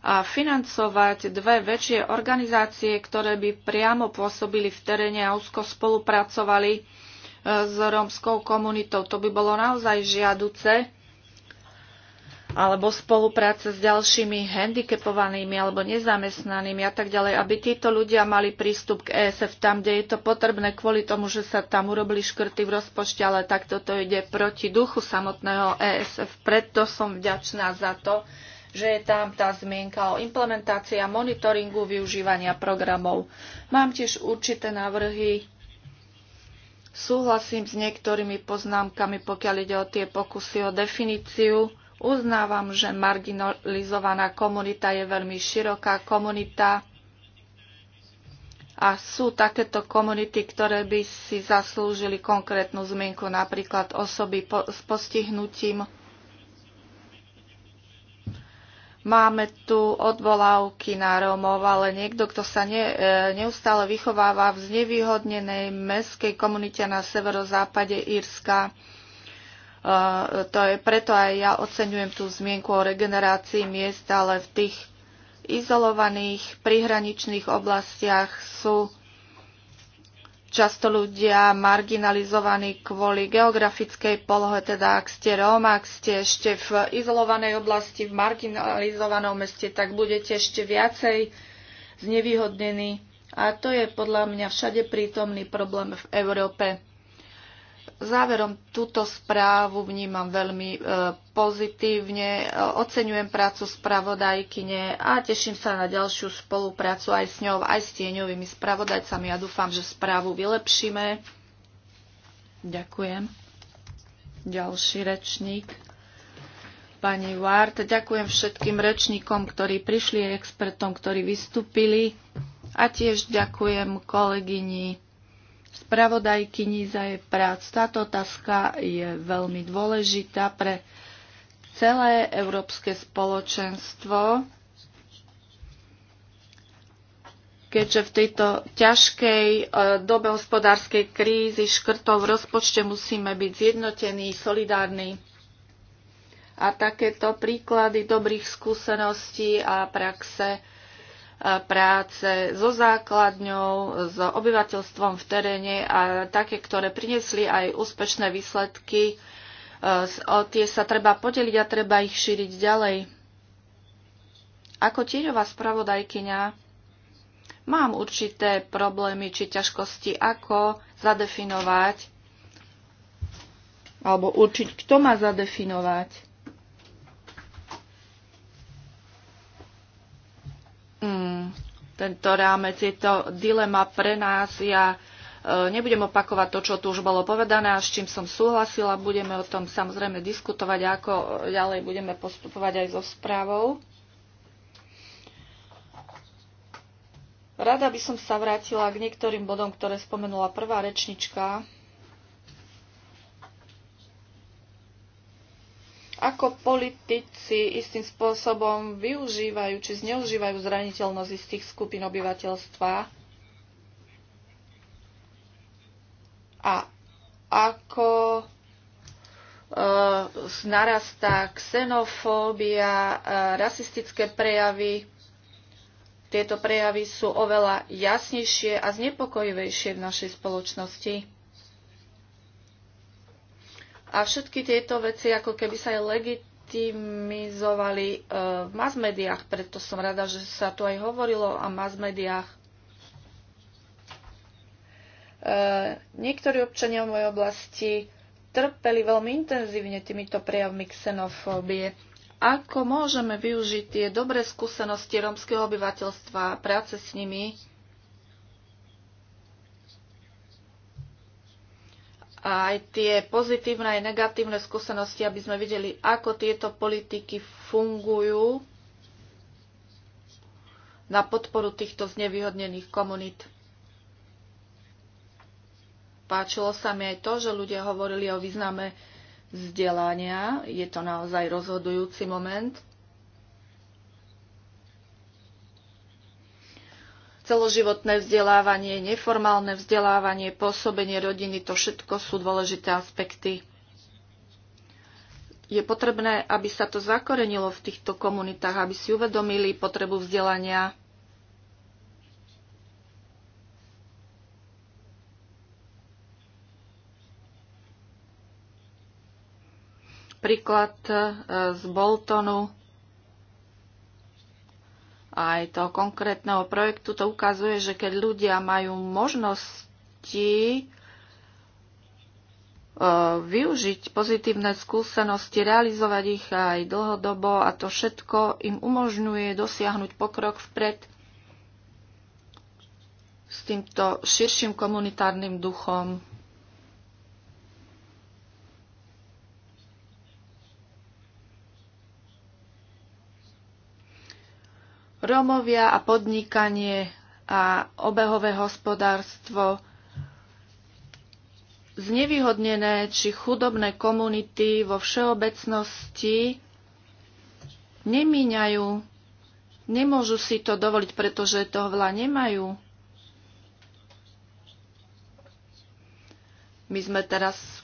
a financovať dve väčšie organizácie, ktoré by priamo pôsobili v teréne a úzko spolupracovali eh, s rómskou komunitou. To by bolo naozaj žiaduce alebo spolupráce s ďalšími handicapovanými alebo nezamestnanými a tak ďalej, aby títo ľudia mali prístup k ESF tam, kde je to potrebné kvôli tomu, že sa tam urobili škrty v rozpočte, ale tak toto ide proti duchu samotného ESF. Preto som vďačná za to, že je tam tá zmienka o implementácii a monitoringu využívania programov. Mám tiež určité návrhy Súhlasím s niektorými poznámkami, pokiaľ ide o tie pokusy o definíciu Uznávam, že marginalizovaná komunita je veľmi široká komunita a sú takéto komunity, ktoré by si zaslúžili konkrétnu zmienku, napríklad osoby po, s postihnutím. Máme tu odvolávky na Rómov, ale niekto, kto sa ne, e, neustále vychováva v znevýhodnenej meskej komunite na severozápade Írska, E, to je preto aj ja oceňujem tú zmienku o regenerácii miest, ale v tých izolovaných prihraničných oblastiach sú často ľudia marginalizovaní kvôli geografickej polohe, teda ak ste Róm, ak ste ešte v izolovanej oblasti, v marginalizovanom meste, tak budete ešte viacej znevýhodnení. A to je podľa mňa všade prítomný problém v Európe. Záverom túto správu vnímam veľmi e, pozitívne, e, oceňujem prácu spravodajkyne a teším sa na ďalšiu spoluprácu aj s ňou, aj s tieňovými spravodajcami a ja dúfam, že správu vylepšíme. Ďakujem. Ďalší rečník. Pani Ward, ďakujem všetkým rečníkom, ktorí prišli, expertom, ktorí vystúpili a tiež ďakujem kolegyni spravodajkyni za jej prác. Táto otázka je veľmi dôležitá pre celé európske spoločenstvo, keďže v tejto ťažkej e, dobe hospodárskej krízy škrtov v rozpočte musíme byť zjednotení, solidárni. A takéto príklady dobrých skúseností a praxe práce so základňou, s obyvateľstvom v teréne a také, ktoré priniesli aj úspešné výsledky. E, o tie sa treba podeliť a treba ich šíriť ďalej. Ako tieňová spravodajkyňa mám určité problémy či ťažkosti, ako zadefinovať alebo určiť, kto má zadefinovať mm, tento rámec, je to dilema pre nás. Ja e, nebudem opakovať to, čo tu už bolo povedané a s čím som súhlasila. Budeme o tom samozrejme diskutovať, ako ďalej budeme postupovať aj so správou. Rada by som sa vrátila k niektorým bodom, ktoré spomenula prvá rečnička. ako politici istým spôsobom využívajú či zneužívajú zraniteľnosť istých skupín obyvateľstva a ako uh, narastá xenofóbia, uh, rasistické prejavy. Tieto prejavy sú oveľa jasnejšie a znepokojivejšie v našej spoločnosti. A všetky tieto veci ako keby sa aj legitimizovali eh, v mass médiách, preto som rada, že sa tu aj hovorilo o mass médiách. Eh, niektorí občania v mojej oblasti trpeli veľmi intenzívne týmito prejavmi xenofóbie. Ako môžeme využiť tie dobré skúsenosti rómskeho obyvateľstva a práce s nimi aj tie pozitívne aj negatívne skúsenosti, aby sme videli, ako tieto politiky fungujú na podporu týchto znevýhodnených komunít. Páčilo sa mi aj to, že ľudia hovorili o význame vzdelania. Je to naozaj rozhodujúci moment. Celoživotné vzdelávanie, neformálne vzdelávanie, pôsobenie rodiny, to všetko sú dôležité aspekty. Je potrebné, aby sa to zakorenilo v týchto komunitách, aby si uvedomili potrebu vzdelania, príklad eh, z Boltonu aj toho konkrétneho projektu, to ukazuje, že keď ľudia majú možnosti e, využiť pozitívne skúsenosti, realizovať ich aj dlhodobo a to všetko im umožňuje dosiahnuť pokrok vpred s týmto širším komunitárnym duchom. Romovia a podnikanie a obehové hospodárstvo, znevýhodnené či chudobné komunity vo všeobecnosti nemíňajú, nemôžu si to dovoliť, pretože toho veľa nemajú. My sme teraz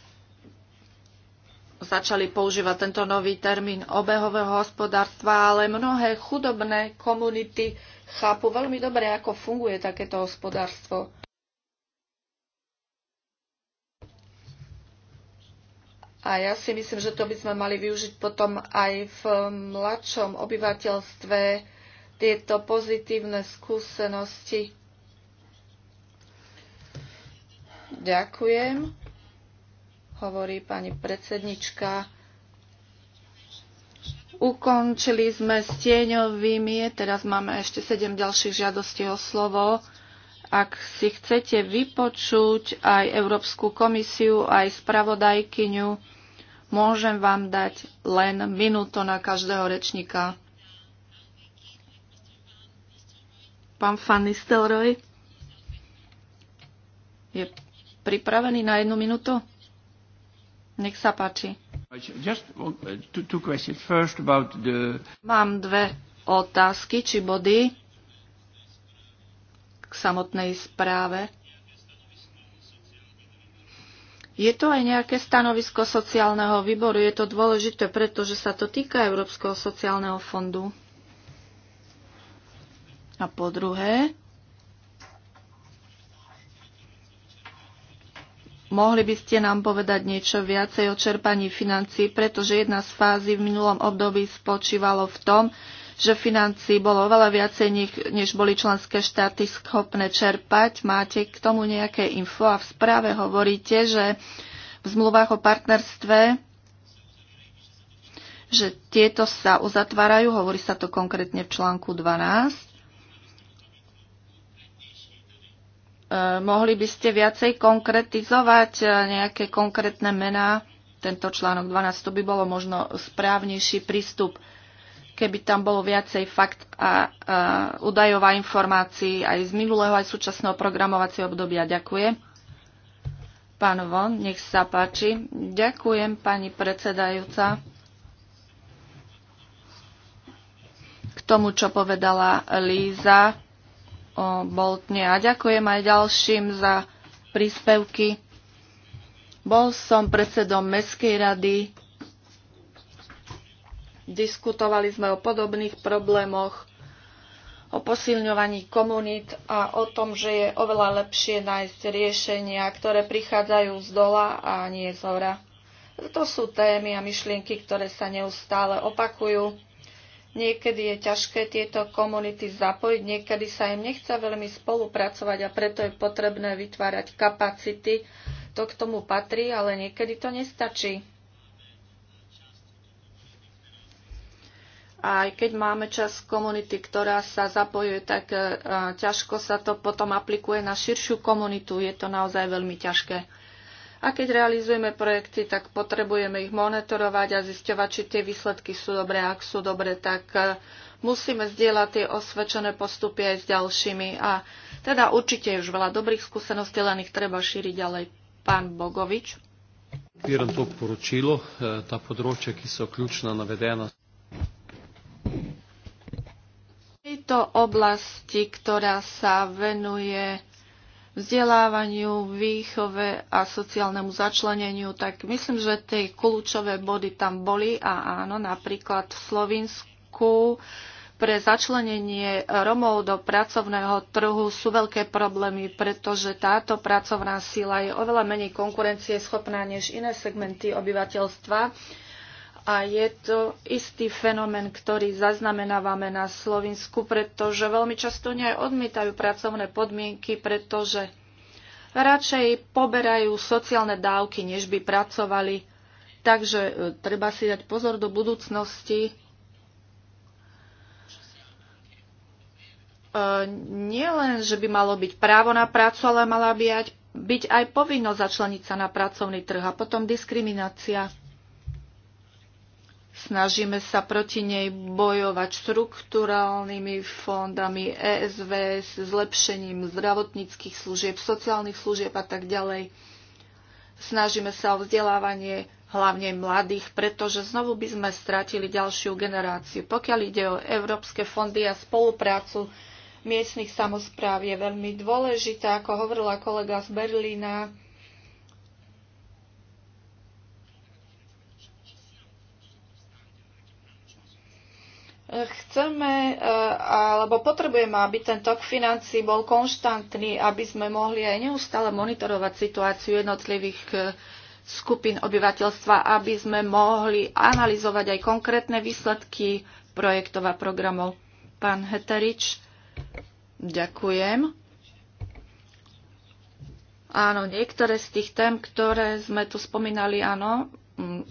začali používať tento nový termín obehového hospodárstva, ale mnohé chudobné komunity chápu veľmi dobre, ako funguje takéto hospodárstvo. A ja si myslím, že to by sme mali využiť potom aj v mladšom obyvateľstve tieto pozitívne skúsenosti. Ďakujem hovorí pani predsednička. Ukončili sme s tieňovými, teraz máme ešte sedem ďalších žiadostí o slovo. Ak si chcete vypočuť aj Európsku komisiu, aj spravodajkyňu, môžem vám dať len minúto na každého rečníka. Pán Fanny Stelroy je pripravený na jednu minútu? Nech sa páči. Uh, Mám dve otázky či body k samotnej správe. Je to aj nejaké stanovisko sociálneho výboru. Je to dôležité, pretože sa to týka Európskeho sociálneho fondu. A po druhé, Mohli by ste nám povedať niečo viacej o čerpaní financií, pretože jedna z fází v minulom období spočívalo v tom, že financií bolo oveľa viacej, než boli členské štáty schopné čerpať. Máte k tomu nejaké info a v správe hovoríte, že v zmluvách o partnerstve že tieto sa uzatvárajú, hovorí sa to konkrétne v článku 12 Eh, mohli by ste viacej konkretizovať eh, nejaké konkrétne mená? Tento článok 12 to by bolo možno správnejší prístup, keby tam bolo viacej fakt a, a eh, údajov a informácií aj z minulého, aj súčasného programovacieho obdobia. Ďakujem. Pán Von, nech sa páči. Ďakujem, pani predsedajúca. K tomu, čo povedala Líza, Boltne a ďakujem aj ďalším za príspevky. Bol som predsedom Mestskej rady. Diskutovali sme o podobných problémoch, o posilňovaní komunít a o tom, že je oveľa lepšie nájsť riešenia, ktoré prichádzajú z dola a nie z hora. To sú témy a myšlienky, ktoré sa neustále opakujú. Niekedy je ťažké tieto komunity zapojiť, niekedy sa im nechce veľmi spolupracovať a preto je potrebné vytvárať kapacity. To k tomu patrí, ale niekedy to nestačí. A aj keď máme čas komunity, ktorá sa zapojuje, tak e, ťažko sa to potom aplikuje na širšiu komunitu. Je to naozaj veľmi ťažké. A keď realizujeme projekty, tak potrebujeme ich monitorovať a zisťovať, či tie výsledky sú dobré. Ak sú dobré, tak eh, musíme zdieľať tie osvedčené postupy aj s ďalšími. A teda určite je už veľa dobrých skúseností, len ich treba šíriť ďalej. Pán Bogovič. Podpiram to poročilo, eh, ta področja, ki so ključna navedena. V tejto oblasti, ktorá sa venuje vzdelávaniu, výchove a sociálnemu začleneniu, tak myslím, že tie kľúčové body tam boli a áno, napríklad v Slovinsku pre začlenenie Romov do pracovného trhu sú veľké problémy, pretože táto pracovná sila je oveľa menej konkurencieschopná než iné segmenty obyvateľstva a je to istý fenomén, ktorý zaznamenávame na Slovensku, pretože veľmi často odmietajú pracovné podmienky, pretože radšej poberajú sociálne dávky, než by pracovali. Takže e, treba si dať pozor do budúcnosti. E, nie len, že by malo byť právo na prácu, ale mala by byť aj povinnosť začleniť sa na pracovný trh a potom diskriminácia. Snažíme sa proti nej bojovať štruktúrálnymi fondami e s zlepšením zdravotníckých služieb, sociálnych služieb a tak ďalej. Snažíme sa o vzdelávanie hlavne mladých, pretože znovu by sme stratili ďalšiu generáciu. Pokiaľ ide o európske fondy a spoluprácu miestnych samozpráv, je veľmi dôležitá, ako hovorila kolega z Berlína, chceme eh, alebo potrebujeme, aby ten tok financí bol konštantný, aby sme mohli aj neustále monitorovať situáciu jednotlivých eh, skupín obyvateľstva, aby sme mohli analyzovať aj konkrétne výsledky projektov a programov. Pán Heterič, ďakujem. Áno, niektoré z tých tém, ktoré sme tu spomínali, áno, mm,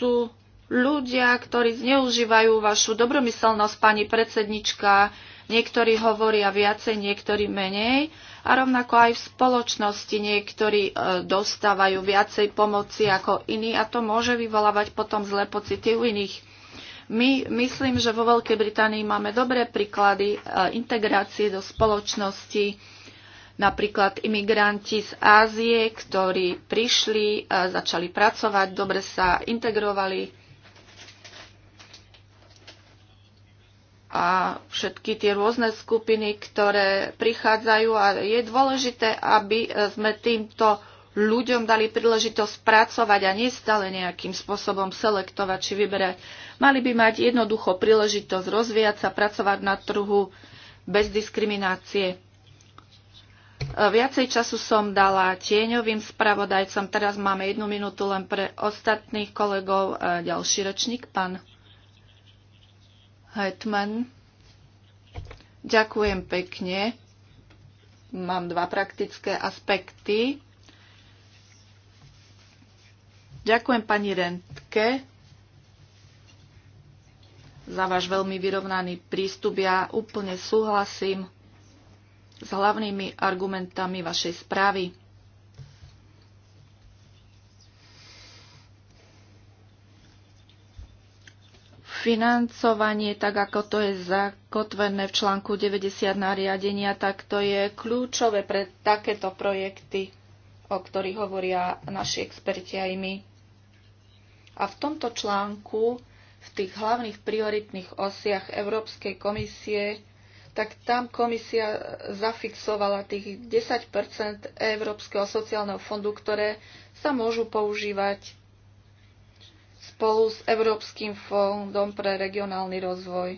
sú ľudia, ktorí zneužívajú vašu dobromyselnosť, pani predsednička. Niektorí hovoria viacej, niektorí menej. A rovnako aj v spoločnosti niektorí e, dostávajú viacej pomoci ako iní a to môže vyvolávať potom zlé pocity u iných. My myslím, že vo Veľkej Británii máme dobré príklady e, integrácie do spoločnosti napríklad imigranti z Ázie, ktorí prišli, začali pracovať, dobre sa integrovali a všetky tie rôzne skupiny, ktoré prichádzajú a je dôležité, aby sme týmto ľuďom dali príležitosť pracovať a nestále nejakým spôsobom selektovať či vyberať. Mali by mať jednoducho príležitosť rozvíjať sa, pracovať na trhu bez diskriminácie. Viacej času som dala tieňovým spravodajcom. Teraz máme jednu minútu len pre ostatných kolegov. E, ďalší ročník. pán Hetman. Ďakujem pekne. Mám dva praktické aspekty. Ďakujem pani Rentke za váš veľmi vyrovnaný prístup. Ja úplne súhlasím s hlavnými argumentami vašej správy. Financovanie, tak ako to je zakotvené v článku 90 nariadenia, tak to je kľúčové pre takéto projekty, o ktorých hovoria naši experti aj my. A v tomto článku, v tých hlavných prioritných osiach Európskej komisie, tak tam komisia zafixovala tých 10 Európskeho sociálneho fondu, ktoré sa môžu používať spolu s Európskym fondom pre regionálny rozvoj.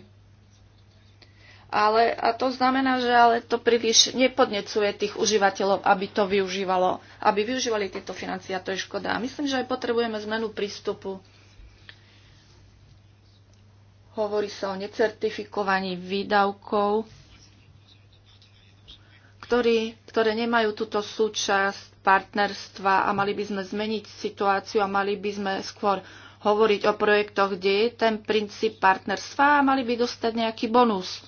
Ale, a to znamená, že ale to príliš nepodnecuje tých užívateľov, aby to využívalo, aby využívali tieto financie a to je škoda. A myslím, že aj potrebujeme zmenu prístupu Hovorí sa o necertifikovaní výdavkov, ktorý, ktoré nemajú túto súčasť partnerstva a mali by sme zmeniť situáciu a mali by sme skôr hovoriť o projektoch, kde je ten princíp partnerstva a mali by dostať nejaký bonus.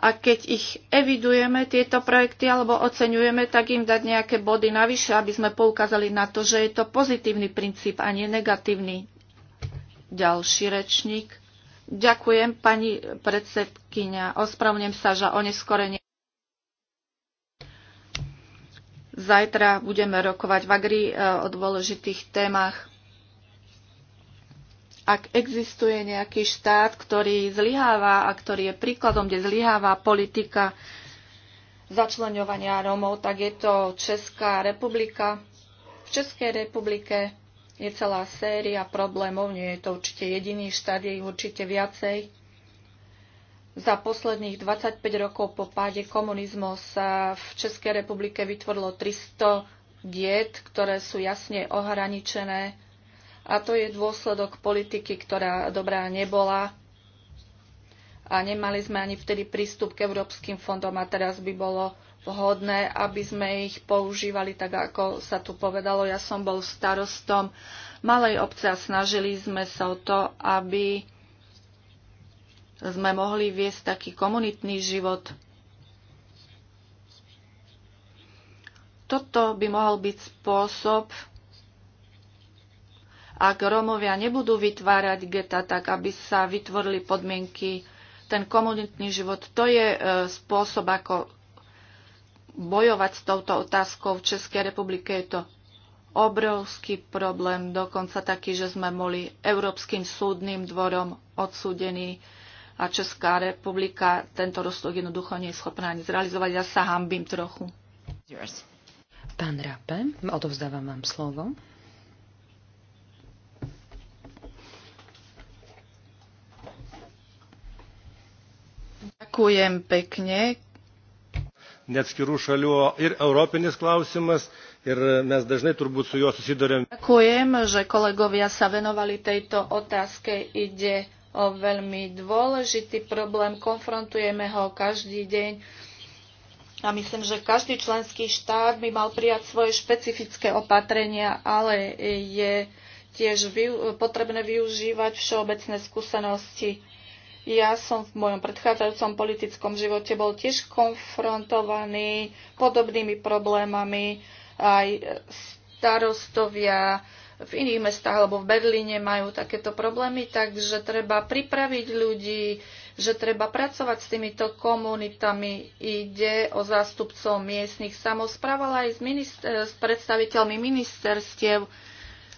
A keď ich evidujeme, tieto projekty, alebo oceňujeme, tak im dať nejaké body navyše, aby sme poukázali na to, že je to pozitívny princíp a nie negatívny ďalší rečník. Ďakujem, pani predsedkynia. Ospravnem sa, že o neskorenie. Zajtra budeme rokovať v Agri e, o dôležitých témach. Ak existuje nejaký štát, ktorý zlyháva a ktorý je príkladom, kde zlyháva politika začlenovania Rómov, tak je to Česká republika. V Českej republike je celá séria problémov, nie je to určite jediný štát, je ich určite viacej. Za posledných 25 rokov po páde komunizmu sa v Českej republike vytvorilo 300 diet, ktoré sú jasne ohraničené a to je dôsledok politiky, ktorá dobrá nebola a nemali sme ani vtedy prístup k európskym fondom a teraz by bolo vhodné, aby sme ich používali tak, ako sa tu povedalo. Ja som bol starostom malej obce a snažili sme sa o to, aby sme mohli viesť taký komunitný život. Toto by mohol byť spôsob, ak Rómovia nebudú vytvárať geta, tak aby sa vytvorili podmienky ten komunitný život, to je e, spôsob, ako bojovať s touto otázkou. V Českej republike je to obrovský problém, dokonca taký, že sme boli Európskym súdnym dvorom odsúdení a Česká republika tento rozsudok jednoducho nie je schopná ani zrealizovať. Ja sa hambím trochu. Pán Rape, odovzdávam vám slovo. Ďakujem pekne neatskirų šalių ir europinis klausimas ir mes dažnai turbūt su juo susidurėm. Ďakujem, že kolegovia sa venovali tejto otázke. Ide o veľmi dôležitý problém, konfrontujeme ho každý deň. A myslím, že každý členský štát by mal prijať svoje špecifické opatrenia, ale je tiež potrebné využívať všeobecné skúsenosti ja som v mojom predchádzajúcom politickom živote bol tiež konfrontovaný podobnými problémami. Aj starostovia v iných mestách alebo v Berlíne majú takéto problémy, takže treba pripraviť ľudí, že treba pracovať s týmito komunitami. Ide o zástupcov miestnych samozpráv, ale aj s, minister, s predstaviteľmi ministerstiev,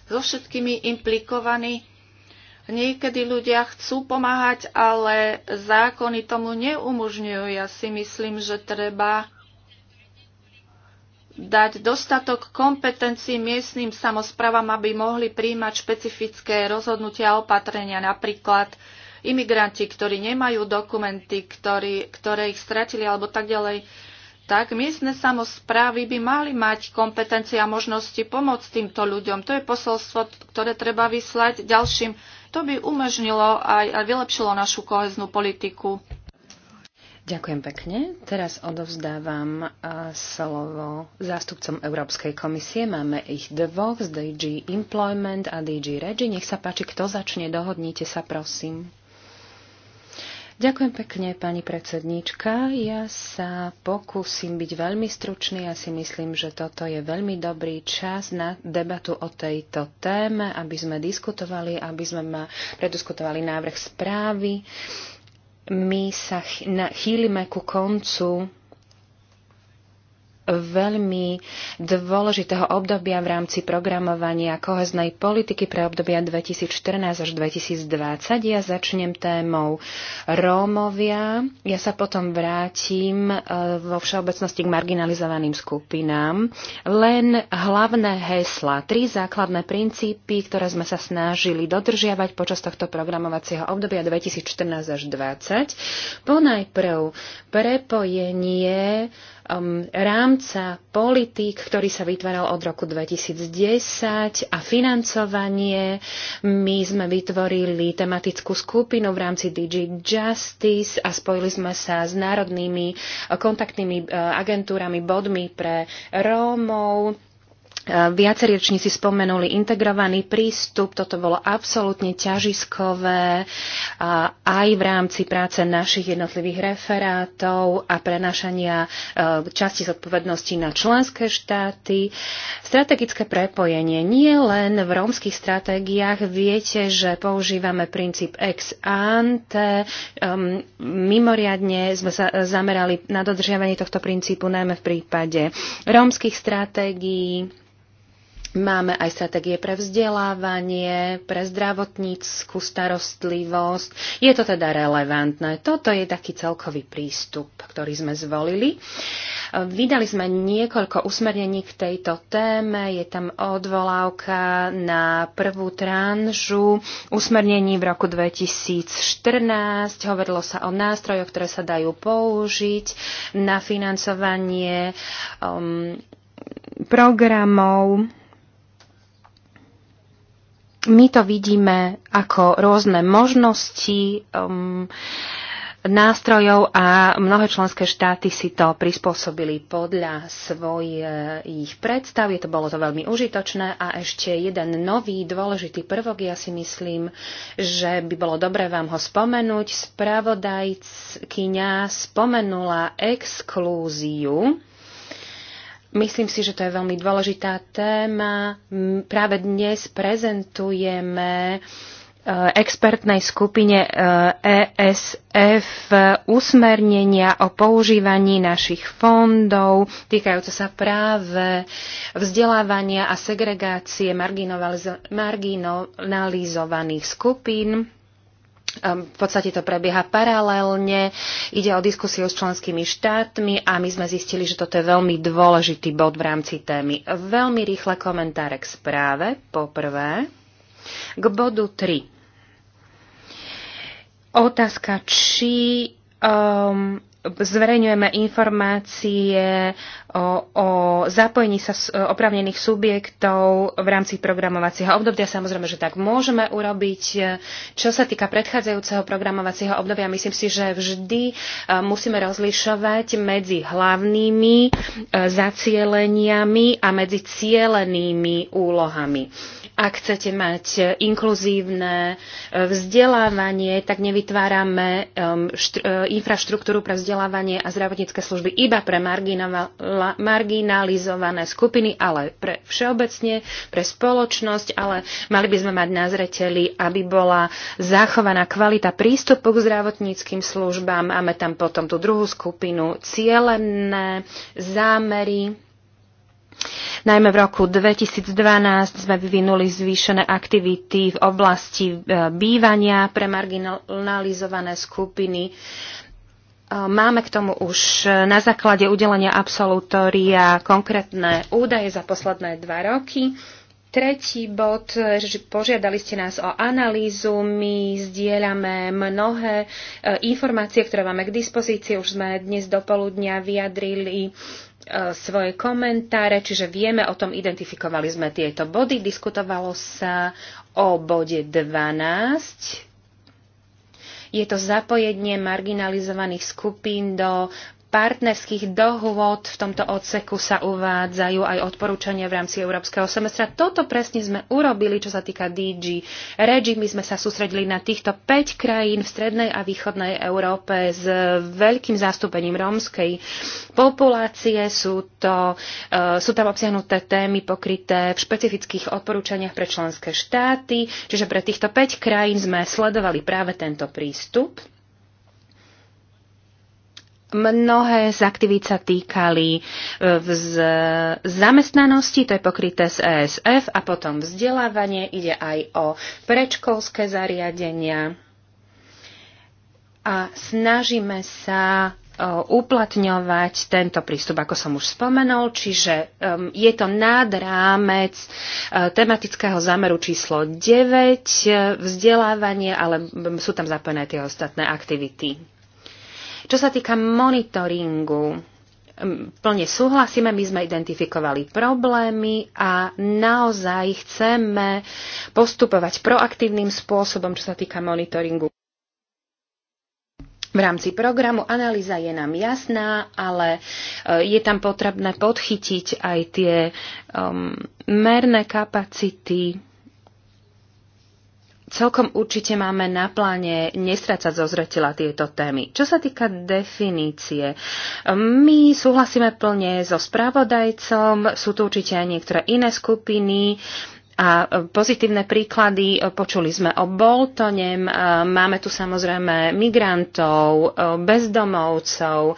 so všetkými implikovanými. Niekedy ľudia chcú pomáhať, ale zákony tomu neumožňujú. Ja si myslím, že treba dať dostatok kompetencií miestnym samozprávam, aby mohli príjmať špecifické rozhodnutia a opatrenia. Napríklad imigranti, ktorí nemajú dokumenty, ktorí, ktoré ich stratili alebo tak ďalej tak miestne samozprávy by mali mať kompetencie a možnosti pomôcť týmto ľuďom. To je posolstvo, ktoré treba vyslať ďalším to by umožnilo aj a vylepšilo našu koheznú politiku. Ďakujem pekne. Teraz odovzdávam slovo zástupcom Európskej komisie. Máme ich dvoch z DG Employment a DG Regi. Nech sa páči, kto začne, dohodnite sa, prosím. Ďakujem pekne, pani predsedníčka. Ja sa pokúsim byť veľmi stručný. Ja si myslím, že toto je veľmi dobrý čas na debatu o tejto téme, aby sme diskutovali, aby sme ma prediskutovali návrh správy. My sa chýlime ku koncu veľmi dôležitého obdobia v rámci programovania koheznej politiky pre obdobia 2014 až 2020. Ja začnem témou Rómovia. Ja sa potom vrátim e, vo všeobecnosti k marginalizovaným skupinám. Len hlavné hesla, tri základné princípy, ktoré sme sa snažili dodržiavať počas tohto programovacieho obdobia 2014 až 2020. Ponajprv prepojenie um, rámca politík, ktorý sa vytváral od roku 2010 a financovanie. My sme vytvorili tematickú skupinu v rámci DG Justice a spojili sme sa s národnými kontaktnými uh, agentúrami, bodmi pre Rómov E, viacerí si spomenuli integrovaný prístup, toto bolo absolútne ťažiskové e, aj v rámci práce našich jednotlivých referátov a prenašania e, časti zodpovednosti na členské štáty. Strategické prepojenie nie len v rómskych stratégiách. Viete, že používame princíp ex ante. Ehm, mimoriadne sme sa zamerali na dodržiavanie tohto princípu najmä v prípade rómskych stratégií Máme aj stratégie pre vzdelávanie, pre zdravotníckú starostlivosť. Je to teda relevantné. Toto je taký celkový prístup, ktorý sme zvolili. Vydali sme niekoľko usmernení k tejto téme. Je tam odvolávka na prvú tranžu usmernení v roku 2014. Hovorilo sa o nástrojoch, ktoré sa dajú použiť na financovanie um, programov my to vidíme ako rôzne možnosti um, nástrojov a mnohé členské štáty si to prispôsobili podľa svojich predstav. Je to bolo to veľmi užitočné a ešte jeden nový dôležitý prvok, ja si myslím, že by bolo dobré vám ho spomenúť. Spravodajkyňa spomenula exklúziu Myslím si, že to je veľmi dôležitá téma. Práve dnes prezentujeme e, expertnej skupine ESF e usmernenia o používaní našich fondov týkajúce sa práve vzdelávania a segregácie marginalizovaných skupín Ehm, v podstate to prebieha paralelne, ide o diskusiu s členskými štátmi a my sme zistili, že toto je veľmi dôležitý bod v rámci témy. Veľmi rýchle komentáre k správe, poprvé. K bodu 3. Otázka, či um, zverejňujeme informácie o, o zapojení sa opravnených subjektov v rámci programovacieho obdobia. Samozrejme, že tak môžeme urobiť. Čo sa týka predchádzajúceho programovacieho obdobia, myslím si, že vždy e, musíme rozlišovať medzi hlavnými e, zacieleniami a medzi cielenými úlohami ak chcete mať e, inkluzívne e, vzdelávanie, tak nevytvárame e, infraštruktúru pre vzdelávanie a zdravotnícke služby iba pre marginalizované skupiny, ale pre všeobecne, pre spoločnosť, ale mali by sme mať na zreteli, aby bola zachovaná kvalita prístupu k zdravotníckým službám. Máme tam potom tú druhú skupinu, cieľené zámery Najmä v roku 2012 sme vyvinuli zvýšené aktivity v oblasti e, bývania pre marginalizované skupiny. E, máme k tomu už e, na základe udelenia absolutória konkrétne údaje za posledné dva roky. Tretí bod, že požiadali ste nás o analýzu, my zdieľame mnohé informácie, ktoré máme k dispozícii. Už sme dnes do poludnia vyjadrili E, svoje komentáre, čiže vieme o tom, identifikovali sme tieto body, diskutovalo sa o bode 12. Je to zapojenie marginalizovaných skupín do partnerských dohôd v tomto odseku sa uvádzajú aj odporúčania v rámci Európskeho semestra. Toto presne sme urobili, čo sa týka DG. Regi, my sme sa sústredili na týchto 5 krajín v strednej a východnej Európe s veľkým zastúpením rómskej populácie. Sú, to, eh, sú tam obsiahnuté témy pokryté v špecifických odporúčaniach pre členské štáty, čiže pre týchto 5 krajín sme sledovali práve tento prístup. Mnohé z aktivít sa týkali e, z zamestnanosti, to je pokryté z ESF, a potom vzdelávanie, ide aj o predškolské zariadenia. A snažíme sa e, uplatňovať tento prístup, ako som už spomenul, čiže je to nad rámec e, tematického zámeru číslo 9, vzdelávanie, ale sú tam zapojené tie ostatné aktivity. Čo sa týka monitoringu, plne súhlasíme, my sme identifikovali problémy a naozaj chceme postupovať proaktívnym spôsobom, čo sa týka monitoringu. V rámci programu analýza je nám jasná, ale e, je tam potrebné podchytiť aj tie um, merné kapacity celkom určite máme na pláne nestrácať zo zretela tieto témy. Čo sa týka definície, my súhlasíme plne so správodajcom, sú tu určite aj niektoré iné skupiny, a pozitívne príklady počuli sme o boltonem, máme tu samozrejme migrantov, bezdomovcov,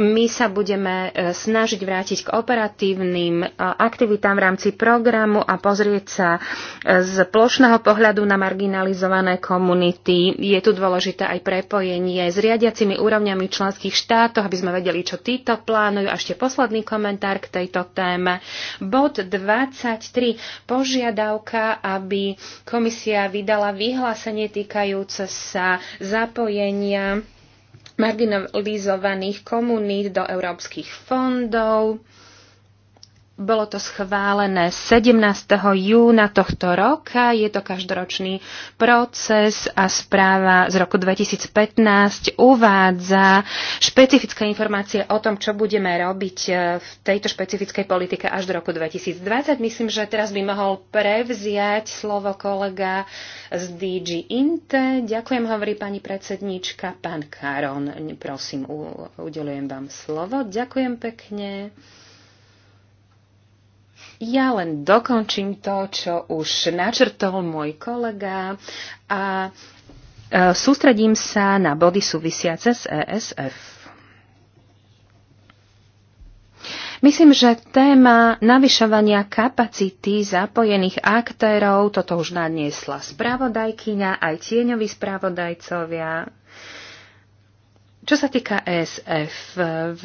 my sa budeme e, snažiť vrátiť k operatívnym e, aktivitám v rámci programu a pozrieť sa e, z plošného pohľadu na marginalizované komunity. Je tu dôležité aj prepojenie s riadiacimi úrovňami členských štátov, aby sme vedeli, čo títo plánujú. A ešte posledný komentár k tejto téme. Bod 23. Požiadavka, aby komisia vydala vyhlásenie týkajúce sa zapojenia marginalizovaných komunít do európskych fondov, bolo to schválené 17. júna tohto roka. Je to každoročný proces a správa z roku 2015 uvádza špecifické informácie o tom, čo budeme robiť e, v tejto špecifickej politike až do roku 2020. Myslím, že teraz by mohol prevziať slovo kolega z DG Inte. Ďakujem, hovorí pani predsednička. Pán Karon, prosím, udelujem vám slovo. Ďakujem pekne. Ja len dokončím to, čo už načrtol môj kolega a e, sústredím sa na body súvisiace s ESF. Myslím, že téma navyšovania kapacity zapojených aktérov, toto už nadniesla spravodajkyňa, aj tieňoví spravodajcovia. Čo sa týka ESF, v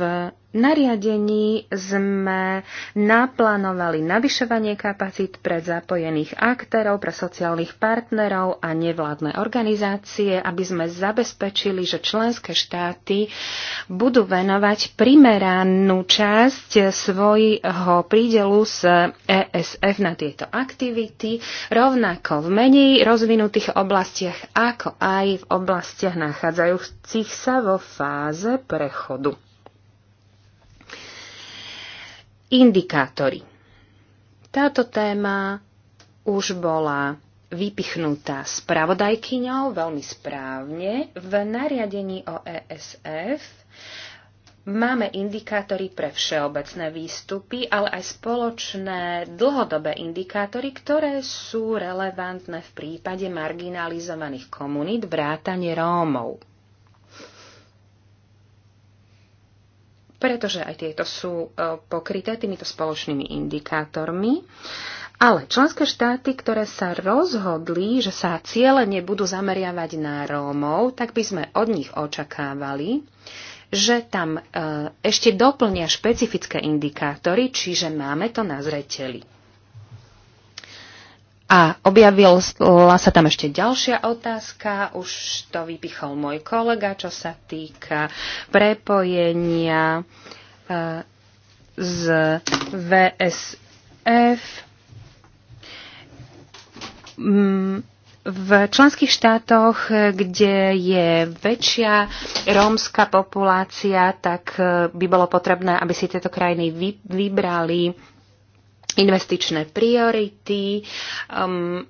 nariadení sme naplánovali navyšovanie kapacít pre zapojených aktérov, pre sociálnych partnerov a nevládne organizácie, aby sme zabezpečili, že členské štáty budú venovať primeranú časť svojho prídelu z ESF na tieto aktivity, rovnako v menej rozvinutých oblastiach, ako aj v oblastiach nachádzajúcich sa vo fáze prechodu. Indikátory. Táto téma už bola vypichnutá spravodajkyňou veľmi správne. V nariadení o ESF máme indikátory pre všeobecné výstupy, ale aj spoločné dlhodobé indikátory, ktoré sú relevantné v prípade marginalizovaných komunít vrátane Rómov. pretože aj tieto sú e, pokryté týmito spoločnými indikátormi. Ale členské štáty, ktoré sa rozhodli, že sa ciele nebudú zameriavať na Rómov, tak by sme od nich očakávali, že tam e, ešte doplnia špecifické indikátory, čiže máme to na zreteli. A objavila sa tam ešte ďalšia otázka, už to vypichol môj kolega, čo sa týka prepojenia eh, z VSF. Mm, v členských štátoch, kde je väčšia rómska populácia, tak eh, by bolo potrebné, aby si tieto krajiny vybrali investičné priority, um,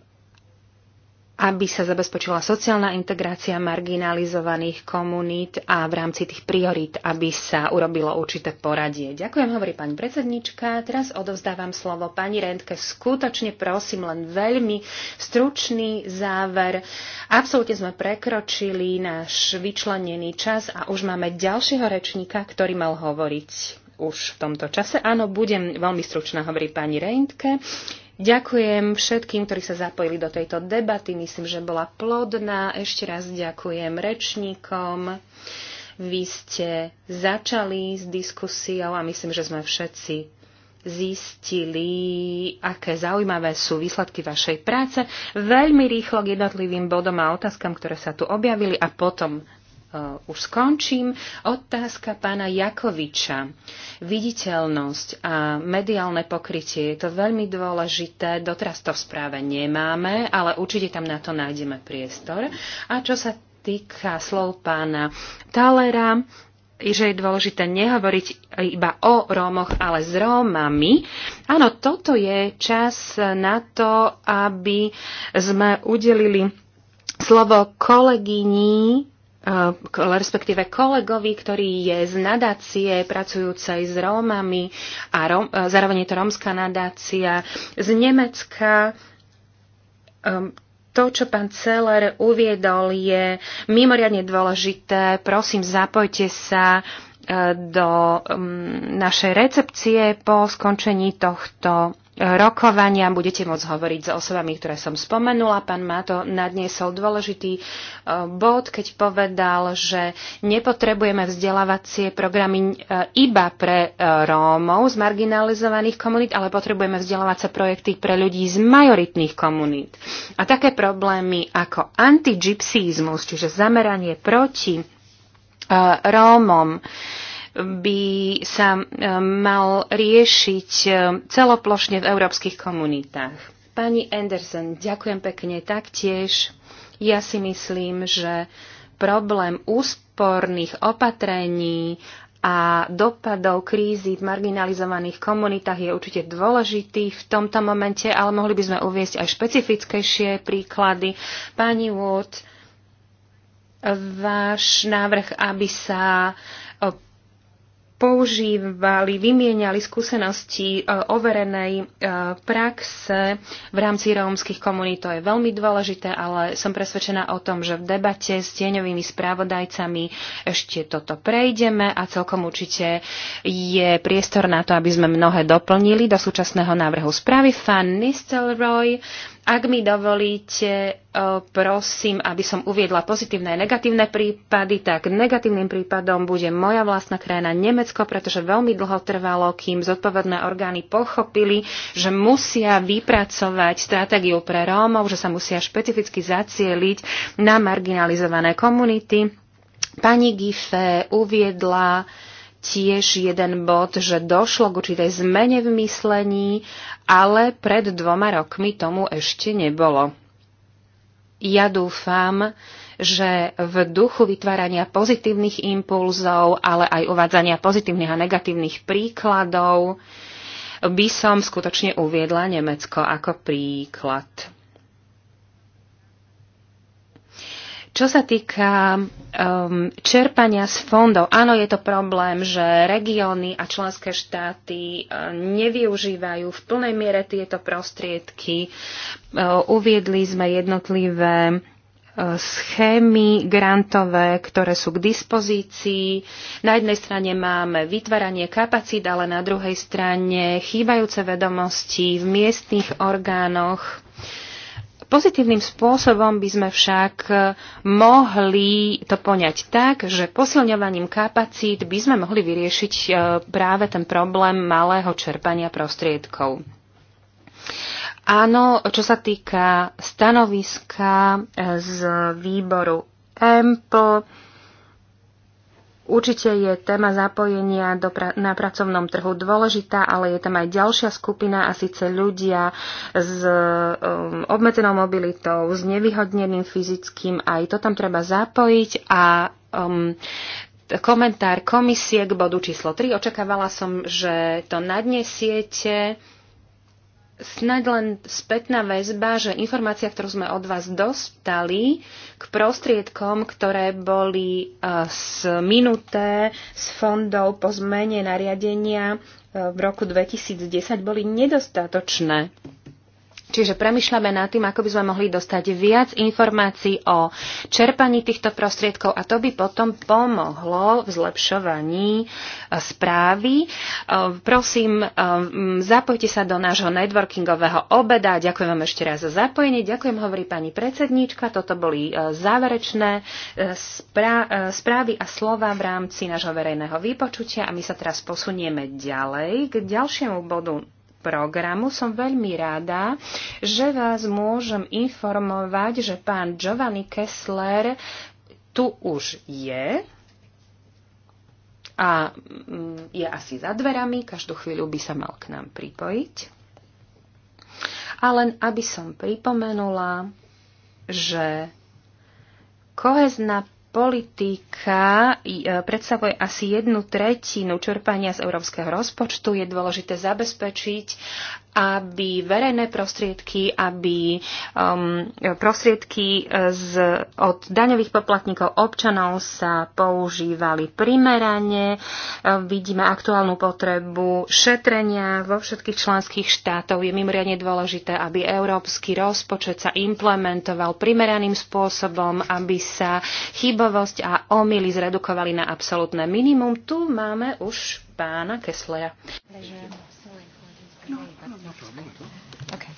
aby sa zabezpečila sociálna integrácia marginalizovaných komunít a v rámci tých priorít, aby sa urobilo určité poradie. Ďakujem, hovorí pani predsednička. Teraz odovzdávam slovo pani Rentke. Skutočne prosím len veľmi stručný záver. Absolutne sme prekročili náš vyčlenený čas a už máme ďalšieho rečníka, ktorý mal hovoriť už v tomto čase. Áno, budem veľmi stručná, hovorí pani Reintke. Ďakujem všetkým, ktorí sa zapojili do tejto debaty. Myslím, že bola plodná. Ešte raz ďakujem rečníkom. Vy ste začali s diskusiou a myslím, že sme všetci zistili, aké zaujímavé sú výsledky vašej práce. Veľmi rýchlo k jednotlivým bodom a otázkam, ktoré sa tu objavili a potom Uh, už skončím. Otázka pána Jakoviča. Viditeľnosť a mediálne pokrytie je to veľmi dôležité. Doteraz to v správe nemáme, ale určite tam na to nájdeme priestor. A čo sa týka slov pána Talera, že je dôležité nehovoriť iba o Rómoch, ale s Rómami. Áno, toto je čas na to, aby sme udelili slovo kolegyni respektíve kolegovi, ktorý je z nadácie pracujúcej s Rómami a Róm, e, zároveň je to rómska nadácia z Nemecka. Ehm, to, čo pán Celer uviedol, je mimoriadne dôležité. Prosím, zapojte sa e, do ehm, našej recepcie po skončení tohto rokovania budete môcť hovoriť s osobami, ktoré som spomenula. Pán Mato nadniesol dôležitý e, bod, keď povedal, že nepotrebujeme vzdelávacie programy e, iba pre e, Rómov z marginalizovaných komunít, ale potrebujeme vzdelávacie projekty pre ľudí z majoritných komunít. A také problémy ako anti-gypsizmus, čiže zameranie proti Rómom, by sa e, mal riešiť e, celoplošne v európskych komunitách. Pani Anderson, ďakujem pekne taktiež. Ja si myslím, že problém úsporných opatrení a dopadov krízy v marginalizovaných komunitách je určite dôležitý v tomto momente, ale mohli by sme uviesť aj špecifickejšie príklady. Pani Wood, váš návrh, aby sa používali, vymieniali skúsenosti e, overenej e, praxe v rámci rómskych komunít. To je veľmi dôležité, ale som presvedčená o tom, že v debate s tieňovými správodajcami ešte toto prejdeme a celkom určite je priestor na to, aby sme mnohé doplnili do súčasného návrhu správy. Fan Nistelroy. Ak mi dovolíte, e, prosím, aby som uviedla pozitívne a negatívne prípady, tak negatívnym prípadom bude moja vlastná krajina Nemecko, pretože veľmi dlho trvalo, kým zodpovedné orgány pochopili, že musia vypracovať stratégiu pre Rómov, že sa musia špecificky zacieliť na marginalizované komunity. Pani Gife uviedla, tiež jeden bod, že došlo k určitej zmene v myslení, ale pred dvoma rokmi tomu ešte nebolo. Ja dúfam, že v duchu vytvárania pozitívnych impulzov, ale aj uvádzania pozitívnych a negatívnych príkladov by som skutočne uviedla Nemecko ako príklad. Čo sa týka um, čerpania z fondov, áno, je to problém, že regióny a členské štáty uh, nevyužívajú v plnej miere tieto prostriedky. Uh, uviedli sme jednotlivé uh, schémy grantové, ktoré sú k dispozícii. Na jednej strane máme vytváranie kapacít, ale na druhej strane chýbajúce vedomosti v miestnych orgánoch Pozitívnym spôsobom by sme však eh, mohli to poňať tak, že posilňovaním kapacít by sme mohli vyriešiť eh, práve ten problém malého čerpania prostriedkov. Áno, čo sa týka stanoviska eh, z výboru EMPL, Určite je téma zapojenia do pra- na pracovnom trhu dôležitá, ale je tam aj ďalšia skupina a síce ľudia s um, obmedzenou mobilitou, s nevyhodneným fyzickým. Aj to tam treba zapojiť a um, komentár komisie k bodu číslo 3. Očakávala som, že to nadnesiete snad len spätná väzba, že informácia, ktorú sme od vás dostali k prostriedkom, ktoré boli e, minuté z fondov po zmene nariadenia e, v roku 2010, boli nedostatočné. Čiže premyšľame nad tým, ako by sme mohli dostať viac informácií o čerpaní týchto prostriedkov a to by potom pomohlo v zlepšovaní eh, správy. Eh, prosím, eh, zapojte sa do nášho networkingového obeda. Ďakujem vám ešte raz za zapojenie. Ďakujem, hovorí pani predsedníčka. Toto boli záverečné správy a slova v rámci nášho verejného vypočutia a my sa teraz posunieme ďalej k ďalšiemu bodu programu. Som veľmi rada, že vás môžem informovať, že pán Giovanni Kessler tu už je a mm, je asi za dverami, každú chvíľu by sa mal k nám pripojiť. A len aby som pripomenula, že kohezná politika e, predstavuje asi jednu tretinu čerpania z európskeho rozpočtu. Je dôležité zabezpečiť, aby verejné prostriedky, aby um, prostriedky z, od daňových poplatníkov občanov sa používali primerane. Um, vidíme aktuálnu potrebu šetrenia vo všetkých členských štátov. Je mimoriadne dôležité, aby európsky rozpočet sa implementoval primeraným spôsobom, aby sa chybovosť a omily zredukovali na absolútne minimum. Tu máme už pána Kesleja. Ležujem. No, Okay.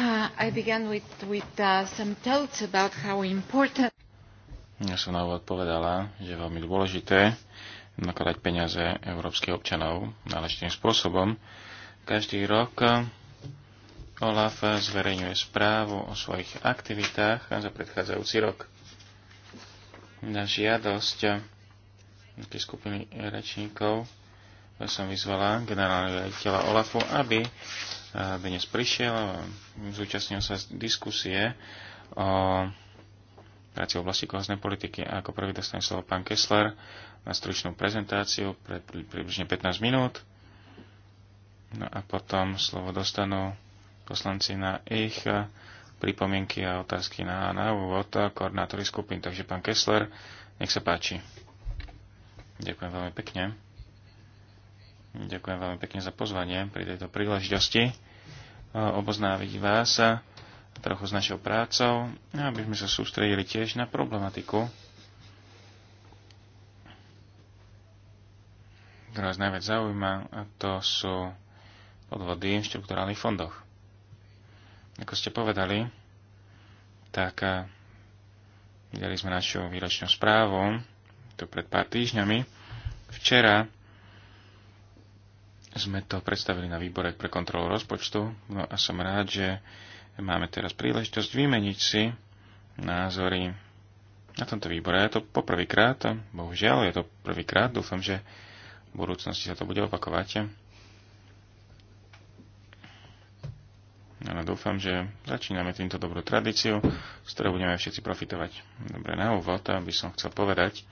Uh, I began with, with uh, some thoughts about how important... Ja som na úvod povedala, že je veľmi dôležité nakladať peniaze európskych občanov náležitým spôsobom. Každý rok uh, Olaf zverejňuje správu o svojich aktivitách za predchádzajúci rok. Na žiadosť uh, skupiny rečníkov ja som vyzvala generálneho riaditeľa Olafu, aby dnes prišiel a zúčastnil sa diskusie o práci v oblasti kohaznej politiky. A ako prvý dostane slovo pán Kessler na stručnú prezentáciu pre približne 15 minút. No a potom slovo dostanú poslanci na ich eh, pripomienky a otázky na, na úvod koordinátory skupín. Takže pán Kessler, nech sa páči. Ďakujem veľmi pekne. Ďakujem veľmi pekne za pozvanie pri tejto príležitosti e, oboznáviť vás trochu s našou prácou, aby sme sa sústredili tiež na problematiku, ktorá nás najviac zaujíma, a to sú podvody v štruktúrálnych fondoch. Ako ste povedali, tak e, videli sme našu výročnú správu tu pred pár týždňami. Včera sme to predstavili na výbore pre kontrolu rozpočtu. No a som rád, že máme teraz príležitosť vymeniť si názory na tomto výbore. Je to poprvýkrát, bohužiaľ je to prvýkrát, dúfam, že v budúcnosti sa to bude opakovať. No, dúfam, že začíname týmto dobrú tradíciu, z ktorej budeme všetci profitovať. Dobre, na úvod, aby som chcel povedať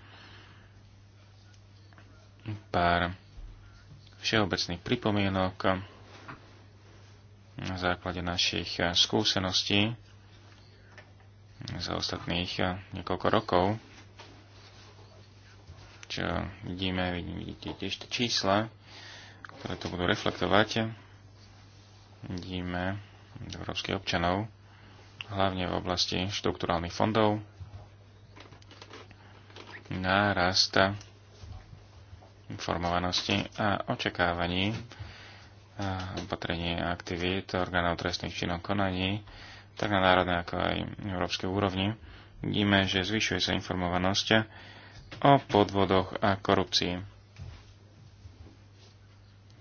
pár všeobecných pripomienok na základe našich eh, skúseností za ostatných eh, niekoľko rokov, čo vidíme, vidíte tiež tie čísla, ktoré to budú reflektovať. Vidíme európskych občanov, hlavne v oblasti štruktúrálnych fondov, nárasta informovanosti a očakávaní a opatrení a aktivít orgánov trestných činov konaní, tak na národnej ako aj európskej úrovni, vidíme, že zvyšuje sa informovanosť o podvodoch a korupcii.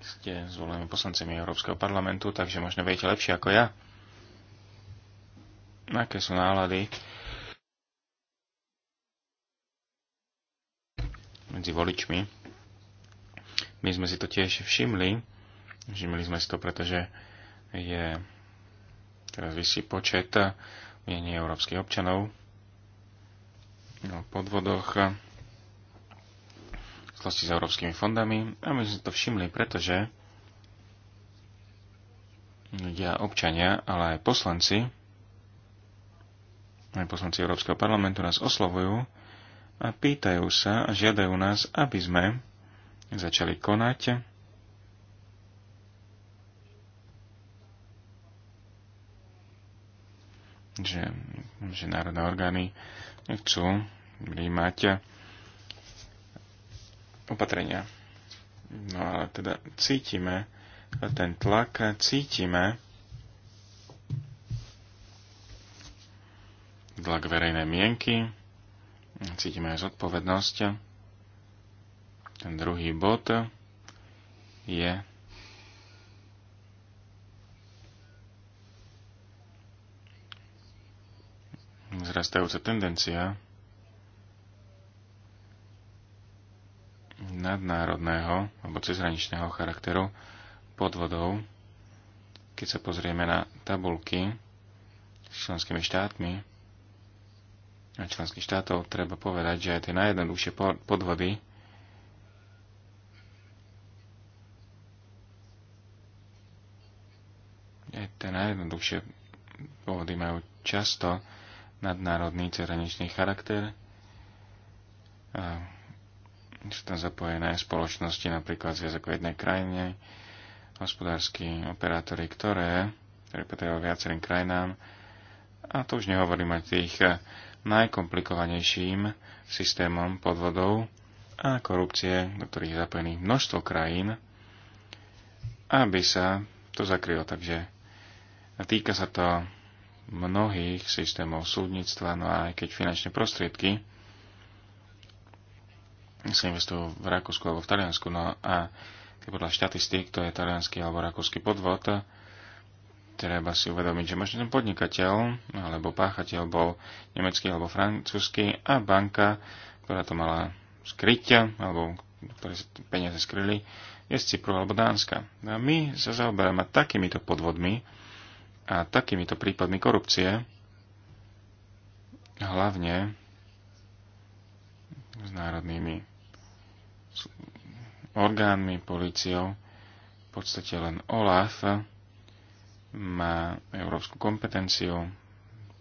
Ste zvolení poslancami Európskeho parlamentu, takže možno viete lepšie ako ja, aké sú nálady medzi voličmi my sme si to tiež všimli. Všimli sme si to, pretože je teraz vyšší počet nie európskych občanov o no, podvodoch s európskymi fondami a my sme si to všimli, pretože ľudia, občania, ale aj poslanci, aj poslanci Európskeho parlamentu nás oslovujú a pýtajú sa a žiadajú nás, aby sme začali konať. Že, že národné orgány chcú príjmať opatrenia. No ale teda cítime ten tlak, cítime tlak verejnej mienky, cítime aj zodpovednosť ten druhý bod je vzrastajúca tendencia nadnárodného alebo cezhraničného charakteru podvodov, keď sa pozrieme na tabulky s členskými štátmi a členských štátov, treba povedať, že aj tie najjednoduchšie podvody Takže pôvody majú často nadnárodný cezhraničný charakter. A sú tam zapojené spoločnosti napríklad z v jednej krajine, hospodársky operátory, ktoré repetuje viacerým krajinám. A to už nehovorím o tých najkomplikovanejším systémom podvodov a korupcie, do ktorých je zapojených množstvo krajín, aby sa to zakrylo. Takže Týka sa to mnohých systémov súdnictva, no aj keď finančné prostriedky sa investujú v Rakúsku alebo v Taliansku, no a keď podľa štatistík to je talianský alebo rakúsky podvod, treba si uvedomiť, že možno ten podnikateľ alebo páchateľ bol nemecký alebo francúzsky a banka, ktorá to mala skryť, alebo ktoré sa peniaze skryli, je z Cypru alebo Dánska. No a my sa zaoberáme takýmito podvodmi, a takýmito prípadmi korupcie, hlavne s národnými orgánmi, políciou, v podstate len OLAF má európsku kompetenciu,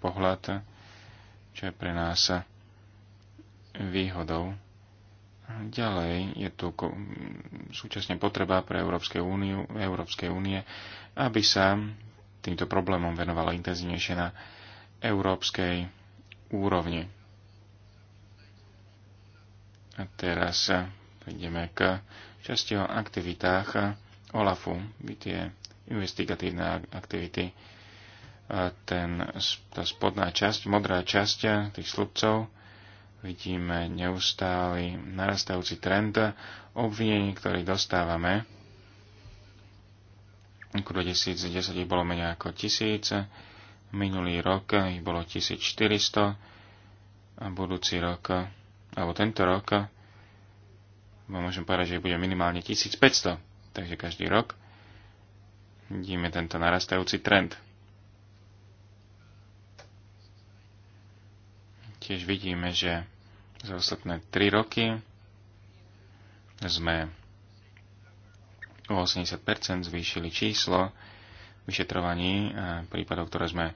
pohľad, čo je pre nás výhodou. Ďalej je tu súčasne potreba pre Európskej úniu, Európske únie, aby sa týmto problémom venovala intenzívnejšie na európskej úrovni. A teraz prídeme k časti o aktivitách OLAFu, tie investigatívne aktivity. Ten, tá spodná časť, modrá časť tých slupcov, vidíme neustály narastajúci trend obvinení, ktorý dostávame roku 2010 ich bolo menej ako 1000, minulý rok ich bolo 1400 a budúci rok, alebo tento rok, môžem povedať, že bude minimálne 1500, takže každý rok vidíme tento narastajúci trend. Tiež vidíme, že za ostatné 3 roky sme o 80% zvýšili číslo vyšetrovaní e, prípadov, ktoré sme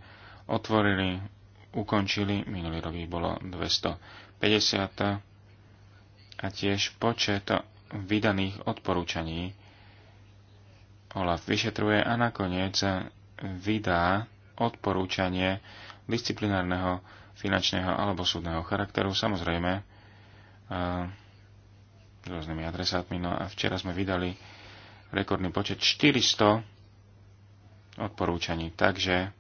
otvorili, ukončili. Minulý rok ich bolo 250 a tiež počet vydaných odporúčaní OLAF vyšetruje a nakoniec vydá odporúčanie disciplinárneho, finančného alebo súdneho charakteru, samozrejme, e, s rôznymi adresátmi. No a včera sme vydali rekordný počet 400 odporúčaní. Takže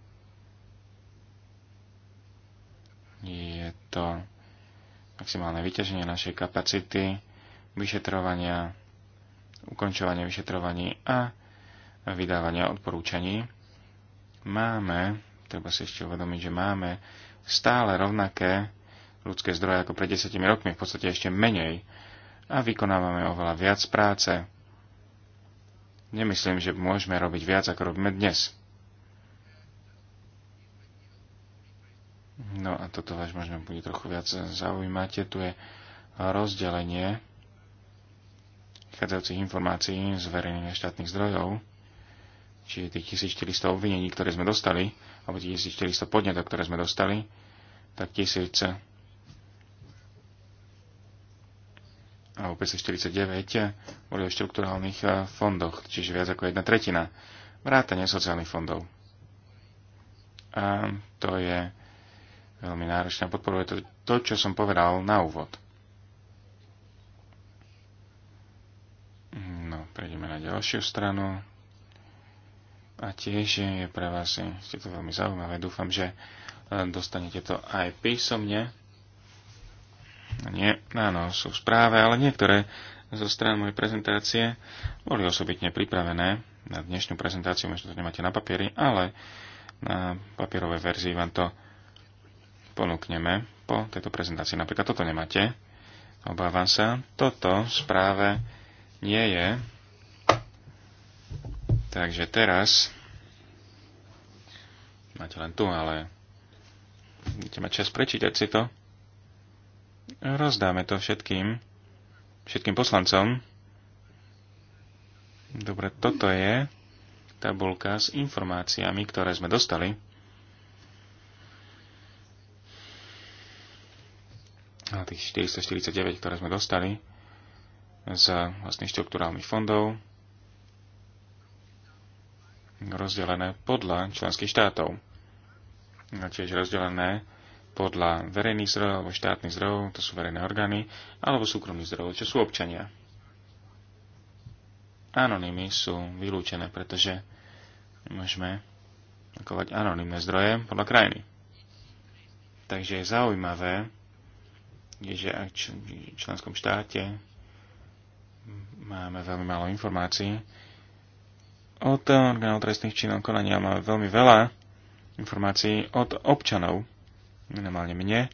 je to maximálne vyťaženie našej kapacity vyšetrovania, ukončovanie vyšetrovaní a vydávania odporúčaní. Máme, treba si ešte uvedomiť, že máme stále rovnaké ľudské zdroje ako pred desiatimi rokmi, v podstate ešte menej a vykonávame oveľa viac práce nemyslím, že môžeme robiť viac, ako robíme dnes. No a toto vás možno bude trochu viac zaujímať. Tu je rozdelenie vychádzajúcich informácií z verejných štátnych zdrojov, či tých 1400 obvinení, ktoré sme dostali, alebo tých 1400 podnetov, ktoré sme dostali, tak 1000 alebo 549 eh, boli o štrukturálnych eh, fondoch, čiže viac ako jedna tretina. vrátane sociálnych fondov. A to je veľmi náročné. a Podporuje to to, čo som povedal na úvod. No, prejdeme na ďalšiu stranu. A tiež je pre vás je to veľmi zaujímavé. Dúfam, že eh, dostanete to aj písomne. Nie, áno, sú v správe, ale niektoré zo strán mojej prezentácie boli osobitne pripravené na dnešnú prezentáciu, možno to nemáte na papieri, ale na papierovej verzii vám to ponúkneme po tejto prezentácii. Napríklad toto nemáte, obávam sa. Toto v správe nie je. Takže teraz máte len tu, ale budete mať čas prečítať si to. Rozdáme to všetkým, všetkým poslancom. Dobre, toto je tabulka s informáciami, ktoré sme dostali. A tých 449, ktoré sme dostali z vlastných štruktúrálnych fondov, rozdelené podľa členských štátov. čiže rozdelené podľa verejných zdrojov alebo štátnych zdrojov, to sú verejné orgány, alebo súkromných zdrojov, čo sú občania. Anonymy sú vylúčené, pretože môžeme akovať anonymné zdroje podľa krajiny. Takže je zaujímavé, že ak v členskom štáte máme veľmi málo informácií, od orgánov trestných činov konania máme veľmi veľa informácií od občanov, minimálne mne,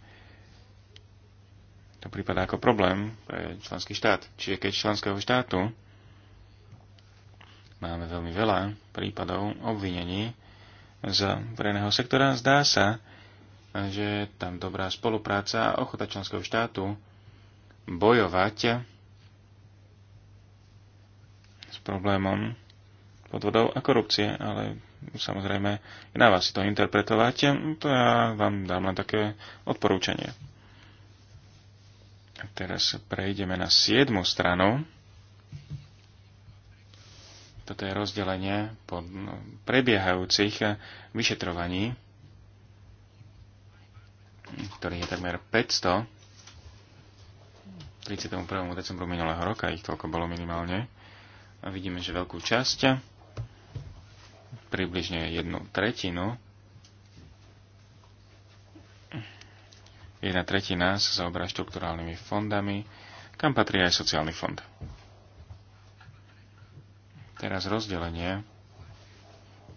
to prípada ako problém pre členský štát. Čiže keď členského štátu máme veľmi veľa prípadov obvinení z verejného sektora, zdá sa, že tam dobrá spolupráca a ochota členského štátu bojovať s problémom podvodov a korupcie, ale Samozrejme, je na vás si to interpretovať, to ja vám dám len také odporúčanie. A teraz prejdeme na 7. stranu. Toto je rozdelenie pod no, prebiehajúcich vyšetrovaní, ktorých je takmer 500. 31. decembru minulého roka ich toľko bolo minimálne. A vidíme, že veľkú časť približne jednu tretinu. Jedna tretina sa zaoberá štrukturálnymi fondami, kam patrí aj sociálny fond. Teraz rozdelenie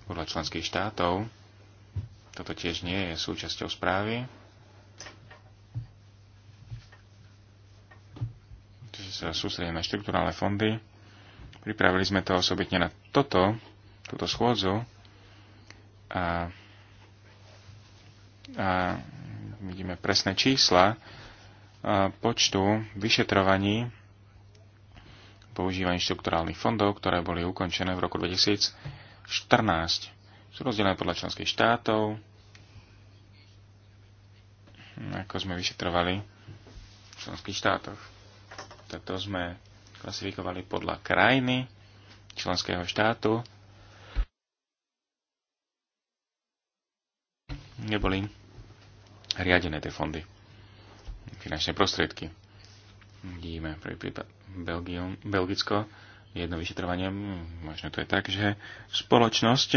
podľa členských štátov. Toto tiež nie je súčasťou správy. Čiže sa sústredíme na štrukturálne fondy. Pripravili sme to osobitne na toto, túto schôdzu a, a vidíme presné čísla počtu vyšetrovaní používaní štrukturálnych fondov, ktoré boli ukončené v roku 2014. Sú rozdelené podľa členských štátov, ako sme vyšetrovali v členských štátoch. Toto sme klasifikovali podľa krajiny členského štátu neboli riadené tie fondy, finančné prostriedky. Vidíme prvý prípad Belgium, Belgicko, jedno vyšetrovanie, hm, možno to je tak, že spoločnosť,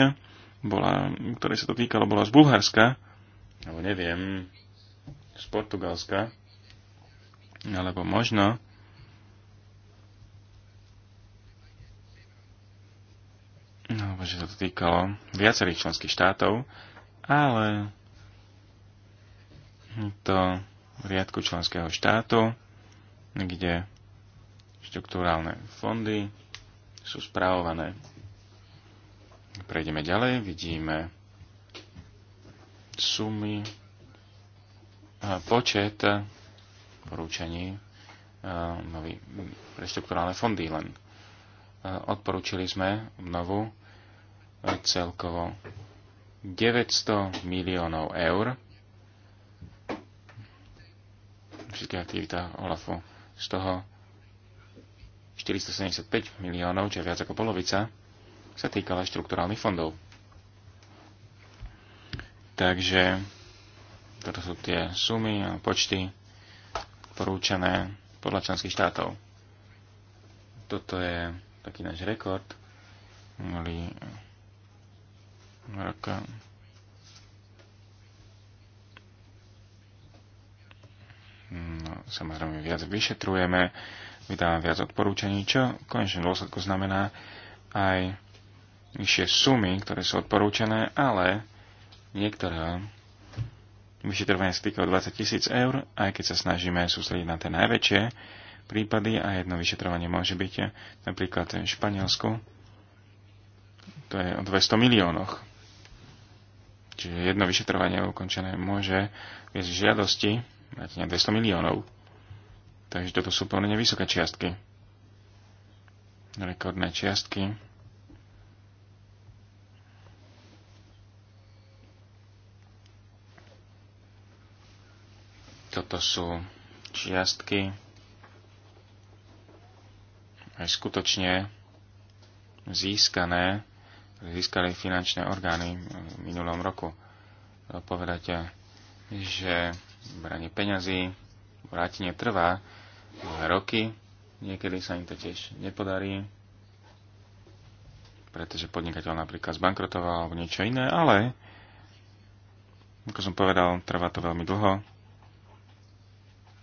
bola, ktorej sa to týkalo, bola z Bulharska, alebo neviem, z Portugalska, alebo možno No, že sa to týkalo viacerých členských štátov, ale do riadku členského štátu, kde štruktúrálne fondy sú správované. Prejdeme ďalej, vidíme sumy, a počet porúčaní nový, pre štruktúrálne fondy len. Odporúčili sme obnovu celkovo 900 miliónov eur napríklad aktivita OLAFu. Z toho 475 miliónov, čo je viac ako polovica, sa týkala štrukturálnych fondov. Takže toto sú tie sumy a počty porúčané podľa členských štátov. Toto je taký náš rekord. Mali rok no, samozrejme viac vyšetrujeme, vydávame viac odporúčaní, čo v konečnom dôsledku znamená aj vyššie sumy, ktoré sú odporúčané, ale niektoré vyšetrovanie sa týkajú 20 tisíc eur, aj keď sa snažíme sústrediť na tie najväčšie prípady a jedno vyšetrovanie môže byť napríklad v Španielsku, to je o 200 miliónoch. Čiže jedno vyšetrovanie ukončené môže viesť žiadosti 200 miliónov. Takže toto sú plne vysoké čiastky. Rekordné čiastky. Toto sú čiastky aj skutočne získané, získali finančné orgány v minulom roku. Povedate, že branie peňazí, vrátenie trvá dlhé roky, niekedy sa im to tiež nepodarí, pretože podnikateľ napríklad zbankrotoval alebo niečo iné, ale ako som povedal, trvá to veľmi dlho.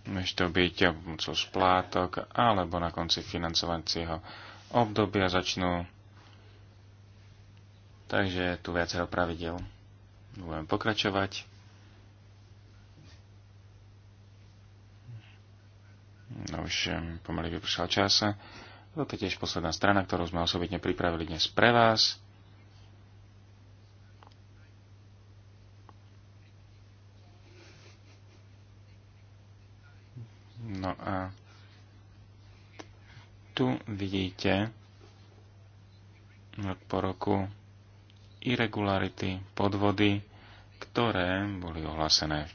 Môže to byť pomocou splátok alebo na konci financovacieho obdobia začnú. Takže tu viacero pravidel. budeme pokračovať. No už pomaly vypršal čas. Toto je tiež posledná strana, ktorú sme osobitne pripravili dnes pre vás. No a tu vidíte rok po roku irregularity, podvody, ktoré boli ohlásené v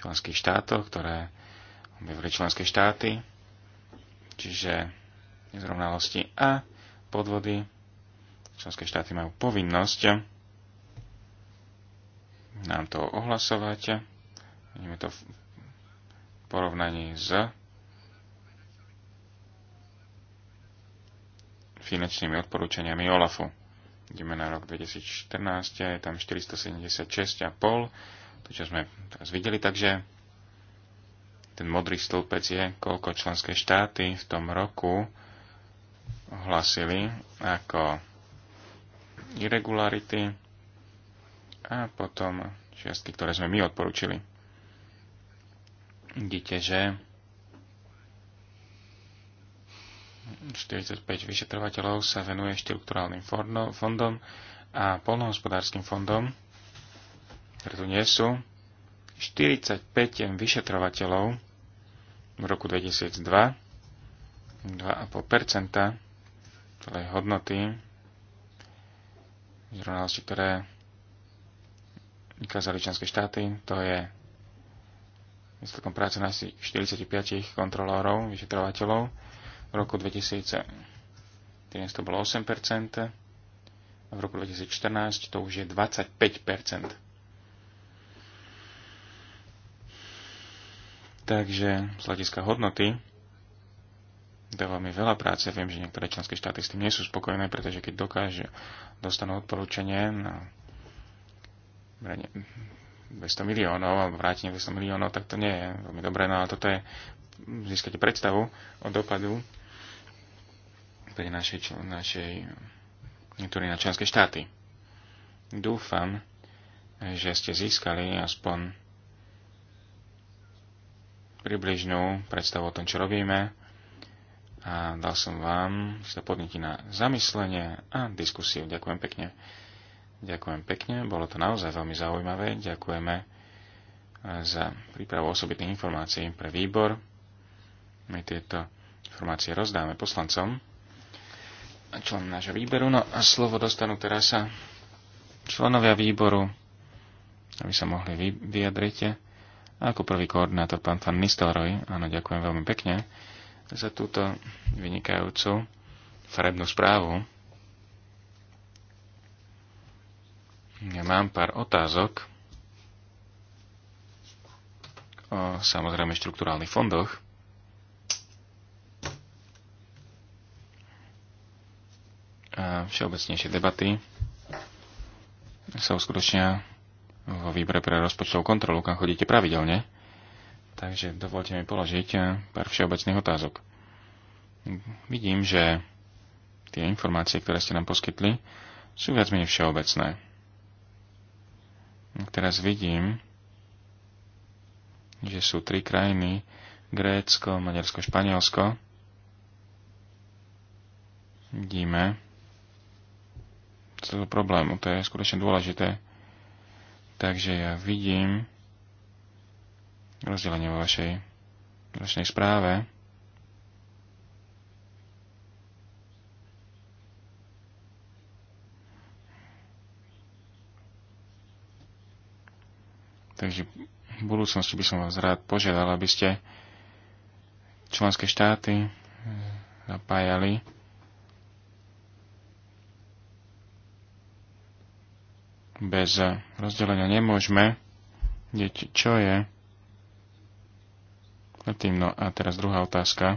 členských štátoch, ktoré objavili členské štáty, čiže nezrovnalosti a podvody. Členské štáty majú povinnosť nám to ohlasovať. Vidíme to v porovnaní s finančnými odporúčaniami OLAFu. Ideme na rok 2014, je tam 476,5, to čo sme teraz videli, takže ten modrý stĺpec je, koľko členské štáty v tom roku hlasili ako irregularity a potom čiastky, ktoré sme my odporúčili. Vidíte, že 45 vyšetrovateľov sa venuje štrukturálnym fondom a polnohospodárským fondom, ktoré tu nie sú. 45 vyšetrovateľov v roku 2002 2,5 celej hodnoty zrovnalosti, ktoré vykázali členské štáty, to je výsledkom práce na 45 kontrolórov, vyšetrovateľov. V roku 2013 to bolo 8%, a v roku 2014 to už je 25%. Takže z hľadiska hodnoty dáva mi veľa práce. Viem, že niektoré členské štáty s tým nie sú spokojné, pretože keď dokáže, dostanú odporúčanie na 200 miliónov alebo vrátenie 200 miliónov, tak to nie je veľmi dobré, no ale toto je získate predstavu o dopadu pri našej, našej niektorí na členské štáty. Dúfam, že ste získali aspoň približnú predstavu o tom, čo robíme a dal som vám sa podnetiť na zamyslenie a diskusiu. Ďakujem pekne. Ďakujem pekne, bolo to naozaj veľmi zaujímavé. Ďakujeme e, za prípravu osobitných informácií pre výbor. My tieto informácie rozdáme poslancom a členom nášho výberu. No a slovo dostanú teraz sa členovia výboru, aby sa mohli vyjadriť ako prvý koordinátor pán Van Nistelrooy, áno, ďakujem veľmi pekne za túto vynikajúcu farebnú správu. Ja mám pár otázok o samozrejme štruktúrálnych fondoch. A všeobecnejšie debaty sa uskutočnia vo výbore pre rozpočtovú kontrolu, kam chodíte pravidelne. Takže dovolte mi položiť eh, pár všeobecných otázok. Vidím, že tie informácie, ktoré ste nám poskytli, sú viac menej všeobecné. Teraz vidím, že sú tri krajiny, Grécko, Maďarsko, Španielsko. Vidíme, z problému, to je skutočne dôležité. Takže ja vidím rozdelenie vo vašej ročnej správe. Takže v budúcnosti by som vás rád požiadal, aby ste členské štáty zapájali bez rozdelenia nemôžeme Deť, čo je tým. No a teraz druhá otázka.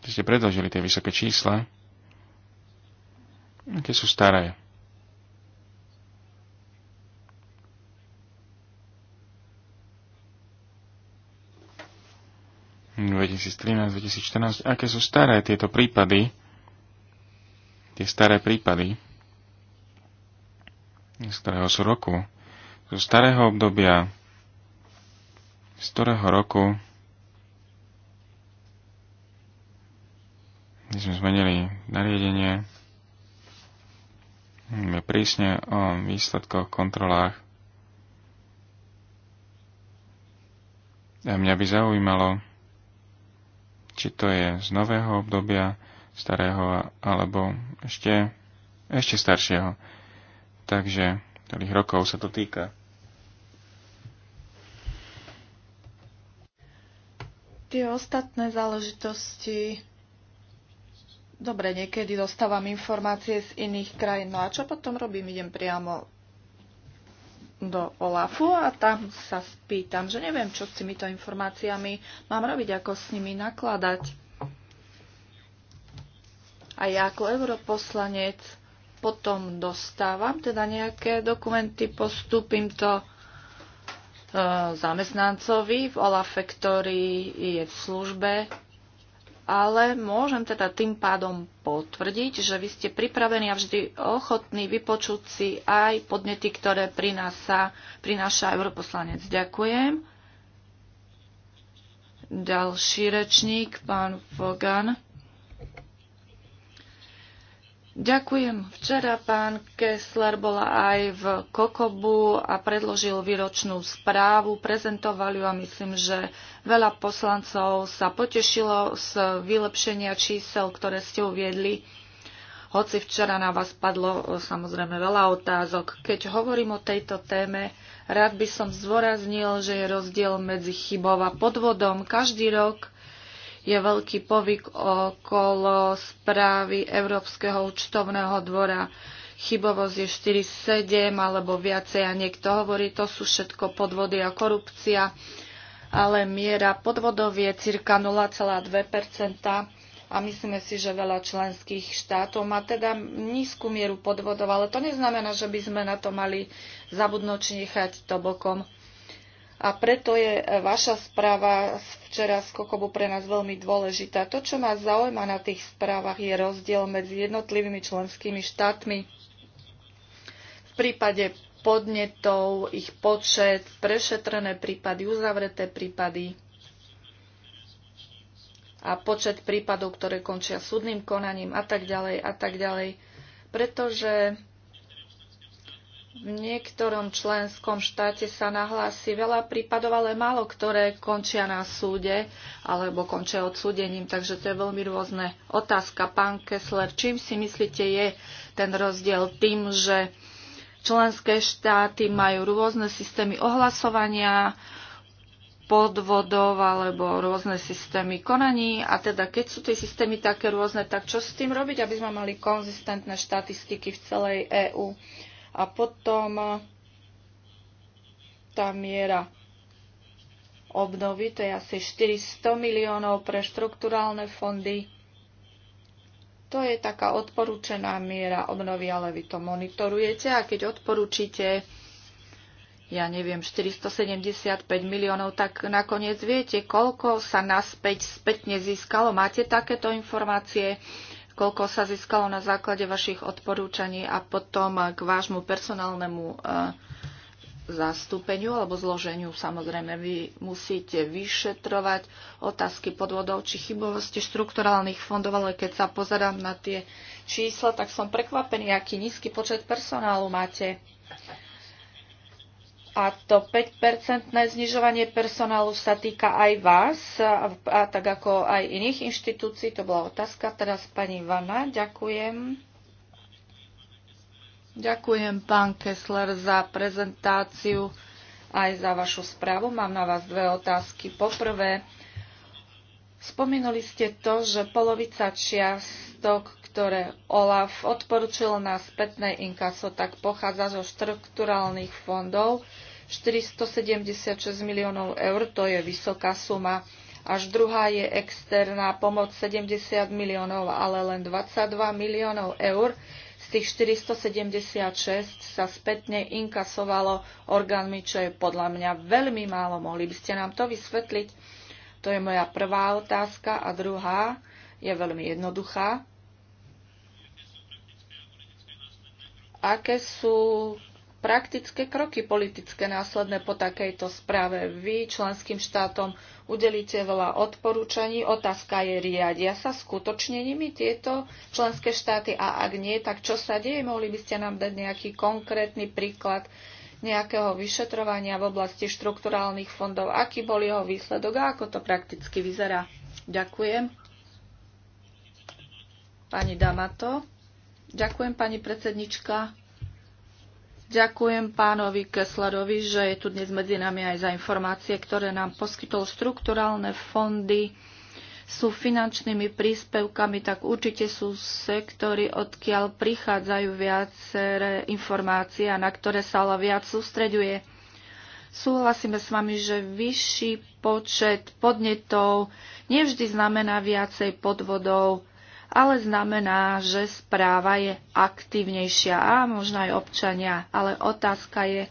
Keď ste predložili tie vysoké čísla, aké sú staré? V 2013, 2014, aké sú staré tieto prípady, tie staré prípady, z ktorého sú roku, zo starého obdobia, z ktorého roku kde sme zmenili nariadenie, je prísne o výsledkoch, kontrolách. A mňa by zaujímalo, či to je z nového obdobia, starého alebo ešte, ešte staršieho. Takže ktorých rokov sa to týka? Tie ostatné záležitosti. Dobre, niekedy dostávam informácie z iných krajín. No a čo potom robím? Idem priamo do OLAFu a tam sa spýtam, že neviem, čo s týmito informáciami mám robiť, ako s nimi nakladať. A ja ako europoslanec potom dostávam, teda nejaké dokumenty, postupím to e, zamestnancovi v OLAFe, ktorý je v službe, ale môžem teda tým pádom potvrdiť, že vy ste pripravení a vždy ochotní vypočuť si aj podnety, ktoré prináša, prináša europoslanec. Ďakujem. Ďalší rečník, pán Fogan. Ďakujem. Včera pán Kessler bola aj v Kokobu a predložil výročnú správu, prezentoval ju a myslím, že veľa poslancov sa potešilo z vylepšenia čísel, ktoré ste uviedli. Hoci včera na vás padlo e, samozrejme veľa otázok. Keď hovorím o tejto téme, rád by som zdôraznil, že je rozdiel medzi chybou a podvodom. Každý rok je veľký povyk okolo správy Európskeho účtovného dvora. Chybovosť je 4,7 alebo viacej a niekto hovorí, to sú všetko podvody a korupcia, ale miera podvodov je cirka 0,2 a myslíme si, že veľa členských štátov má teda nízku mieru podvodov, ale to neznamená, že by sme na to mali zabudnúť či nechať to bokom. A preto je vaša správa včera z Kokobu pre nás veľmi dôležitá. To, čo nás zaujíma na tých správach, je rozdiel medzi jednotlivými členskými štátmi. V prípade podnetov, ich počet, prešetrené prípady, uzavreté prípady a počet prípadov, ktoré končia súdnym konaním a tak ďalej a tak ďalej. Pretože v niektorom členskom štáte sa nahlási veľa prípadov, ale málo ktoré končia na súde alebo končia odsúdením, takže to je veľmi rôzne. Otázka, pán Kessler, čím si myslíte je ten rozdiel tým, že členské štáty majú rôzne systémy ohlasovania, podvodov alebo rôzne systémy konaní. A teda keď sú tie systémy také rôzne, tak čo s tým robiť, aby sme mali konzistentné štatistiky v celej EÚ? A potom e, tá miera obnovy, to je asi 400 miliónov pre štrukturálne fondy. To je taká odporúčená miera obnovy, ale vy to monitorujete a keď odporúčite, ja neviem, 475 miliónov, tak nakoniec viete, koľko sa naspäť spätne získalo. Máte takéto informácie? koľko sa získalo na základe vašich odporúčaní a potom eh, k vášmu personálnemu eh, zastúpeniu alebo zloženiu. Samozrejme, vy musíte vyšetrovať otázky podvodov či chybovosti štrukturálnych fondov, ale keď sa pozerám na tie čísla, tak som prekvapený, aký nízky počet personálu máte. A to 5-percentné znižovanie personálu sa týka aj vás, a, a tak ako aj iných inštitúcií. To bola otázka. Teraz pani Vana, ďakujem. Ďakujem, pán Kessler, za prezentáciu aj za vašu správu. Mám na vás dve otázky. Poprvé, spomínali ste to, že polovica čiastok, ktoré OLAF odporučil na spätné inkaso, tak pochádza zo štrukturálnych fondov 476 miliónov eur, to je vysoká suma. Až druhá je externá pomoc 70 miliónov, ale len 22 miliónov eur z tých 476 sa spätne inkasovalo orgánmi, čo je podľa mňa veľmi málo. Mohli by ste nám to vysvetliť? To je moja prvá otázka a druhá je veľmi jednoduchá. Aké sú praktické kroky politické následné po takejto správe. Vy členským štátom udelíte veľa odporúčaní. Otázka je, riadia sa skutočne nimi tieto členské štáty? A ak nie, tak čo sa deje? Mohli by ste nám dať nejaký konkrétny príklad nejakého vyšetrovania v oblasti štrukturálnych fondov? Aký bol jeho výsledok a ako to prakticky vyzerá? Ďakujem. Pani Damato. Ďakujem, pani predsednička. Ďakujem pánovi Kesslerovi, že je tu dnes medzi nami aj za informácie, ktoré nám poskytol. Štrukturálne fondy sú finančnými príspevkami, tak určite sú sektory, odkiaľ prichádzajú viaceré informácie a na ktoré sa ale viac sústreďuje. Súhlasíme s vami, že vyšší počet podnetov nevždy znamená viacej podvodov ale znamená, že správa je aktívnejšia a možno aj občania. Ale otázka je,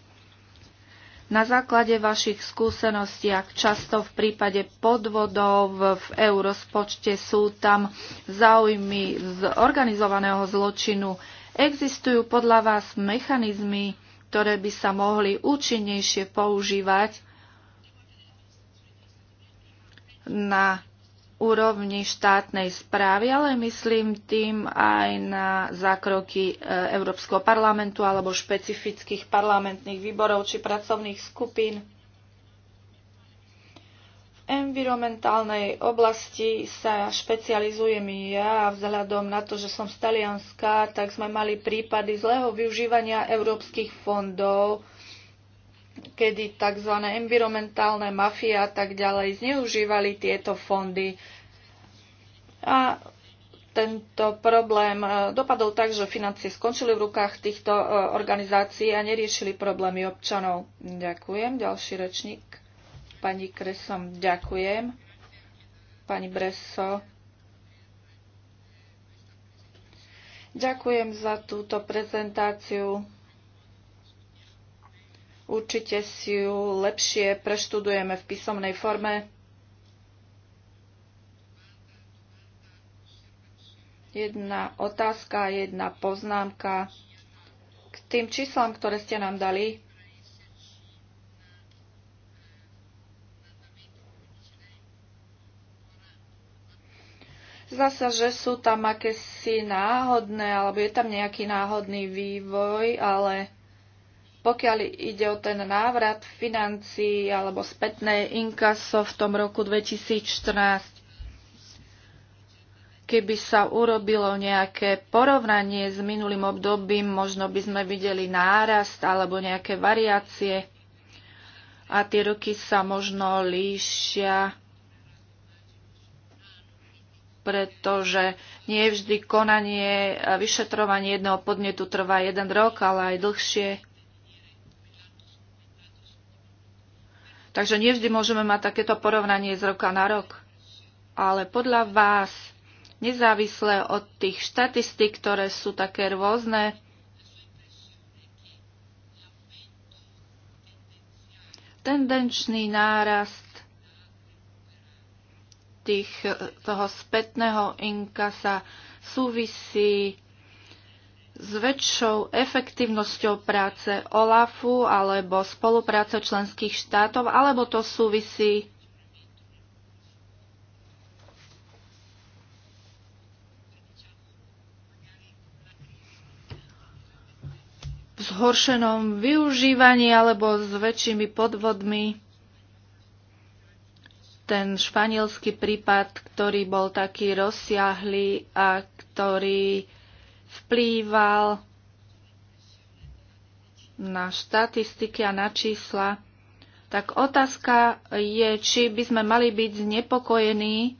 na základe vašich skúseností, ak často v prípade podvodov v eurospočte, sú tam záujmy z organizovaného zločinu, existujú podľa vás mechanizmy, ktoré by sa mohli účinnejšie používať na úrovni štátnej správy, ale myslím tým aj na zákroky e, Európskeho parlamentu alebo špecifických parlamentných výborov či pracovných skupín. V environmentálnej oblasti sa špecializujem i ja a vzhľadom na to, že som z Talianska, tak sme mali prípady zlého využívania európskych fondov kedy tzv. environmentálne mafie a tak ďalej zneužívali tieto fondy. A tento problém e, dopadol tak, že financie skončili v rukách týchto e, organizácií a neriešili problémy občanov. Ďakujem. Ďalší rečník. Pani Kresom, ďakujem. Pani Breso. Ďakujem za túto prezentáciu. Určite si ju lepšie preštudujeme v písomnej forme. Jedna otázka, jedna poznámka k tým číslam, ktoré ste nám dali. Zasa, sa, že sú tam akési náhodné, alebo je tam nejaký náhodný vývoj, ale pokiaľ ide o ten návrat financií alebo spätné inkaso v tom roku 2014, keby sa urobilo nejaké porovnanie s minulým obdobím, možno by sme videli nárast alebo nejaké variácie a tie roky sa možno líšia, pretože nie vždy konanie a vyšetrovanie jedného podnetu trvá jeden rok, ale aj dlhšie. Takže nevždy môžeme mať takéto porovnanie z roka na rok. Ale podľa vás, nezávisle od tých štatistik, ktoré sú také rôzne, tendenčný nárast tých, toho spätného inkasa súvisí s väčšou efektívnosťou práce OLAFu alebo spolupráce členských štátov, alebo to súvisí zhoršenom využívaní alebo s väčšími podvodmi. Ten španielský prípad, ktorý bol taký rozsiahly a ktorý vplýval na štatistiky a na čísla, tak otázka je, či by sme mali byť znepokojení,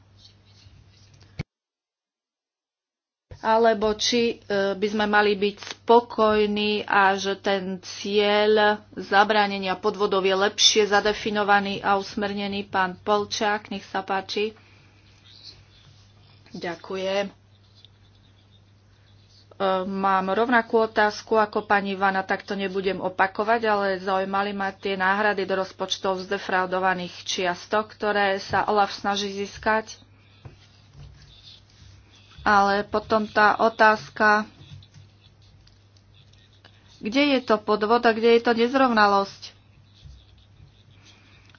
alebo či e, by sme mali byť spokojní a že ten cieľ zabránenia podvodov je lepšie zadefinovaný a usmernený. Pán Polčák, nech sa páči. Ďakujem mám rovnakú otázku ako pani Ivana, tak to nebudem opakovať, ale zaujímali ma tie náhrady do rozpočtov z defraudovaných čiastok, ktoré sa OLAF snaží získať. Ale potom tá otázka, kde je to podvod a kde je to nezrovnalosť.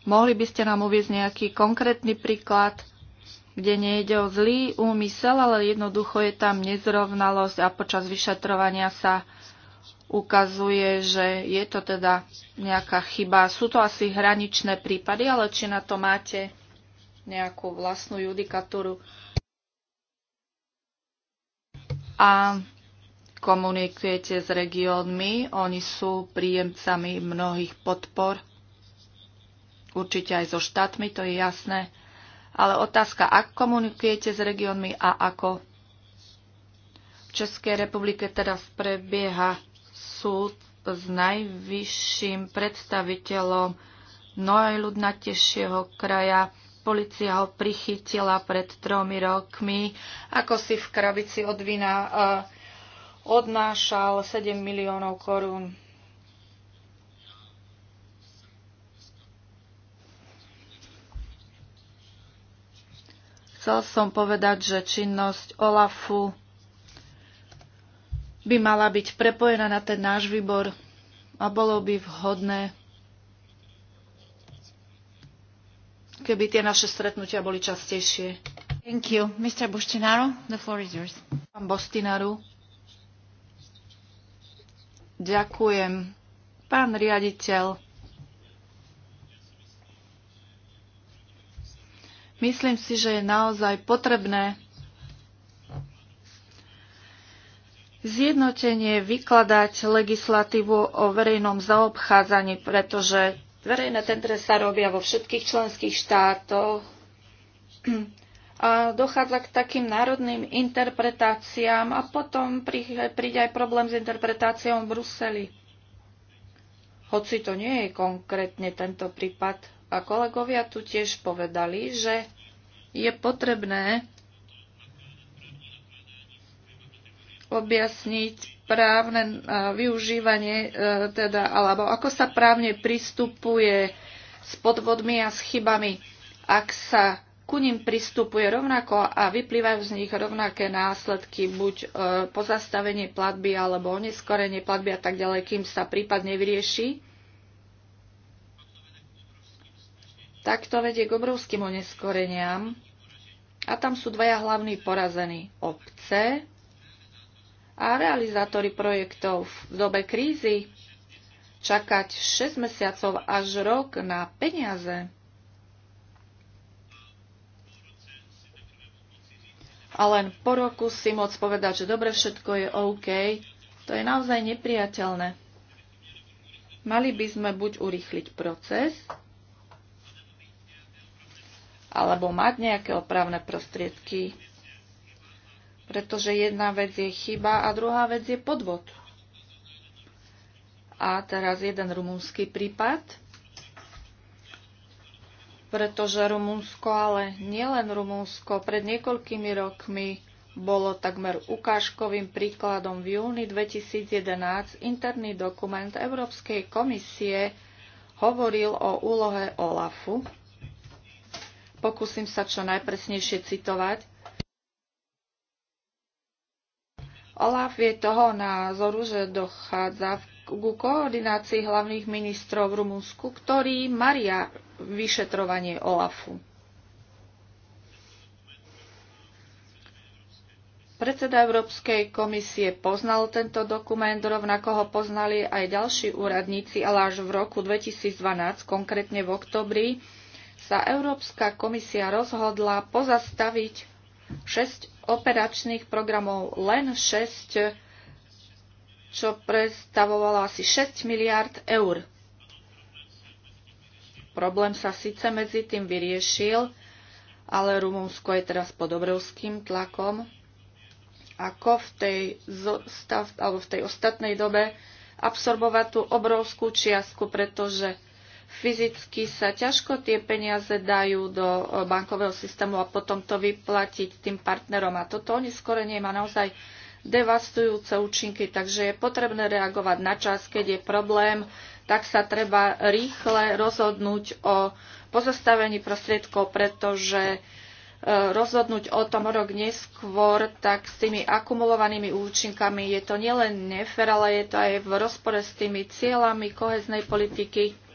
Mohli by ste nám uvieť nejaký konkrétny príklad, kde nejde o zlý úmysel, ale jednoducho je tam nezrovnalosť a počas vyšetrovania sa ukazuje, že je to teda nejaká chyba. Sú to asi hraničné prípady, ale či na to máte nejakú vlastnú judikatúru a komunikujete s regiónmi, oni sú príjemcami mnohých podpor, určite aj so štátmi, to je jasné ale otázka, ak komunikujete s regiónmi a ako v Českej republike teraz prebieha súd s najvyšším predstaviteľom najľudnatejšieho kraja. Polícia ho prichytila pred tromi rokmi, ako si v krabici od vina eh, odnášal 7 miliónov korún Chcel som povedať, že činnosť OLAFu by mala byť prepojená na ten náš výbor a bolo by vhodné, keby tie naše stretnutia boli častejšie. Thank you. Mr. Bustinaro, the floor is yours. Pán Bostinaru. Ďakujem. Pán riaditeľ, Myslím si, že je naozaj potrebné zjednotenie vykladať legislatívu o verejnom zaobchádzaní, pretože verejné tendre sa robia vo všetkých členských štátoch a dochádza k takým národným interpretáciám a potom príde aj problém s interpretáciou v Bruseli. Hoci to nie je konkrétne tento prípad a kolegovia tu tiež povedali, že je potrebné objasniť právne e, využívanie, e, teda, alebo ako sa právne pristupuje s podvodmi a s chybami, ak sa ku ním pristupuje rovnako a vyplývajú z nich rovnaké následky, buď e, pozastavenie platby alebo oneskorenie platby a tak ďalej, kým sa prípad nevyrieši tak to vedie k obrovským oneskoreniam. A tam sú dvaja hlavní porazení obce a realizátori projektov v dobe krízy čakať 6 mesiacov až rok na peniaze. A len po roku si môc povedať, že dobre, všetko je OK, to je naozaj nepriateľné. Mali by sme buď urýchliť proces, alebo mať nejaké opravné prostriedky. Pretože jedna vec je chyba a druhá vec je podvod. A teraz jeden rumúnsky prípad, pretože Rumúnsko, ale nielen Rumúnsko, pred niekoľkými rokmi bolo takmer ukážkovým príkladom v júni 2011 interný dokument Európskej komisie hovoril o úlohe OLAFu Pokúsim sa čo najpresnejšie citovať. Olaf je toho názoru, že dochádza ku koordinácii hlavných ministrov v Rumunsku, ktorí maria vyšetrovanie Olafu. Predseda Európskej komisie poznal tento dokument, rovnako ho poznali aj ďalší úradníci, ale až v roku 2012, konkrétne v oktobri, sa Európska komisia rozhodla pozastaviť 6 operačných programov, len 6, čo predstavovalo asi 6 miliard eur. Problém sa síce medzi tým vyriešil, ale Rumunsko je teraz pod obrovským tlakom, ako v tej, zostav, alebo v tej ostatnej dobe absorbovať tú obrovskú čiastku, pretože fyzicky sa ťažko tie peniaze dajú do e, bankového systému a potom to vyplatiť tým partnerom. A toto oni nie má naozaj devastujúce účinky, takže je potrebné reagovať na čas, keď je problém, tak sa treba rýchle rozhodnúť o pozastavení prostriedkov, pretože e, rozhodnúť o tom rok neskôr, tak s tými akumulovanými účinkami je to nielen nefer, ale je to aj v rozpore s tými cieľami koheznej politiky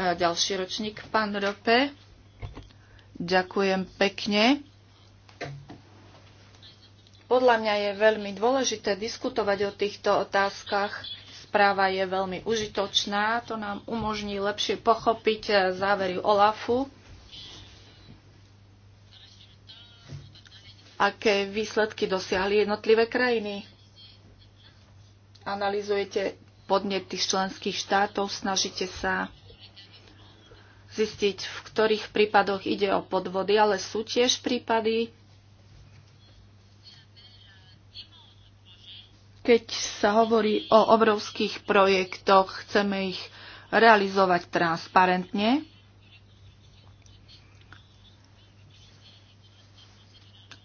E, ďalší ročník, pán Rope. Ďakujem pekne. Podľa mňa je veľmi dôležité diskutovať o týchto otázkach. Správa je veľmi užitočná, to nám umožní lepšie pochopiť e, závery OLAFu. aké výsledky dosiahli jednotlivé krajiny. Analizujete podnety členských štátov, snažíte sa zistiť, v ktorých prípadoch ide o podvody, ale sú tiež prípady, keď sa hovorí o obrovských projektoch, chceme ich realizovať transparentne.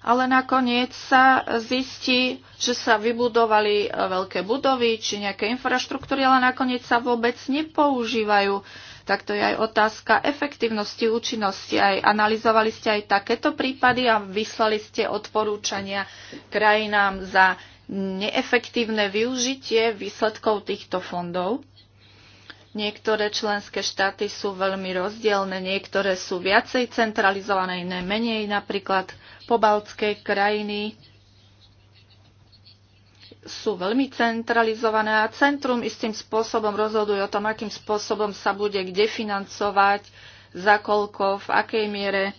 Ale nakoniec sa zistí, že sa vybudovali eh, veľké budovy či nejaké infraštruktúry, ale nakoniec sa vôbec nepoužívajú tak to je aj otázka efektívnosti, účinnosti. Aj analyzovali ste aj takéto prípady a vyslali ste odporúčania krajinám za neefektívne využitie výsledkov týchto fondov. Niektoré členské štáty sú veľmi rozdielne, niektoré sú viacej centralizované, iné menej, napríklad pobaltské krajiny sú veľmi centralizované a centrum istým spôsobom rozhoduje o tom, akým spôsobom sa bude kde financovať, za koľko, v akej miere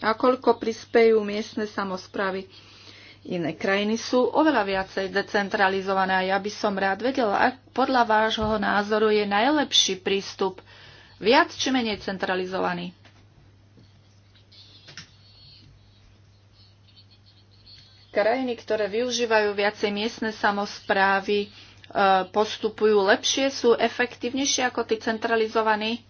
a koľko prispejú miestne samozpravy. Iné krajiny sú oveľa viacej decentralizované a ja by som rád vedela, ak podľa vášho názoru je najlepší prístup viac či menej centralizovaný. Krajiny, ktoré využívajú viacej miestne samozprávy, e, postupujú lepšie, sú efektívnejšie ako tí centralizovaní?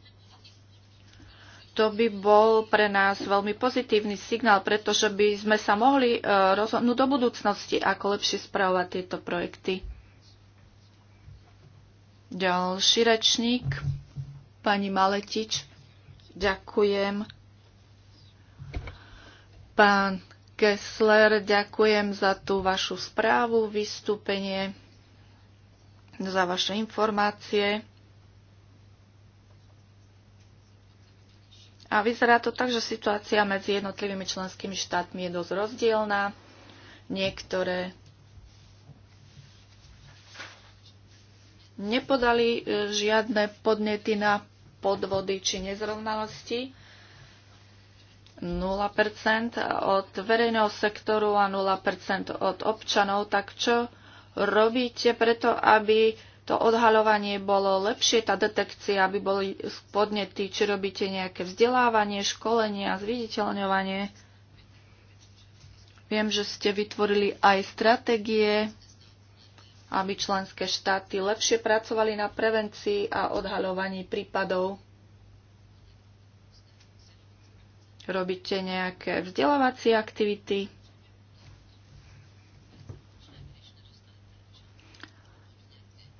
To by bol pre nás veľmi pozitívny signál, pretože by sme sa mohli e, rozhodnúť do budúcnosti, ako lepšie spravovať tieto projekty. Ďalší rečník, pani Maletič. Ďakujem. Pán Kessler, ďakujem za tú vašu správu, vystúpenie, za vaše informácie. A vyzerá to tak, že situácia medzi jednotlivými členskými štátmi je dosť rozdielná. Niektoré nepodali e, žiadne podnety na podvody či nezrovnalosti. 0% od verejného sektoru a 0% od občanov, tak čo robíte preto, aby to odhaľovanie bolo lepšie, tá detekcia, aby boli podnety, či robíte nejaké vzdelávanie, školenie a zviditeľňovanie. Viem, že ste vytvorili aj stratégie, aby členské štáty lepšie pracovali na prevencii a odhaľovaní prípadov Robíte nejaké vzdelávacie aktivity?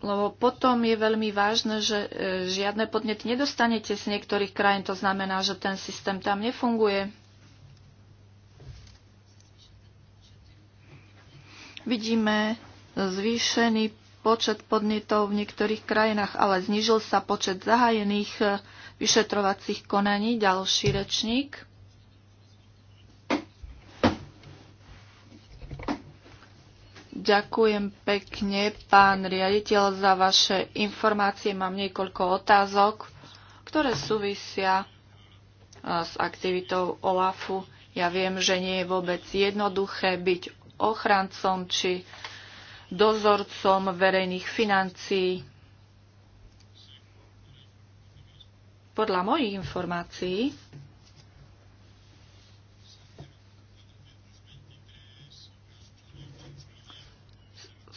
Lebo potom je veľmi vážne, že e, žiadne podnety nedostanete z niektorých krajín. To znamená, že ten systém tam nefunguje. Vidíme zvýšený počet podnetov v niektorých krajinách, ale znižil sa počet zahajených e, vyšetrovacích konaní. Ďalší rečník. Ďakujem pekne, pán riaditeľ, za vaše informácie. Mám niekoľko otázok, ktoré súvisia e, s aktivitou OLAFu. Ja viem, že nie je vôbec jednoduché byť ochrancom či dozorcom verejných financií. Podľa mojich informácií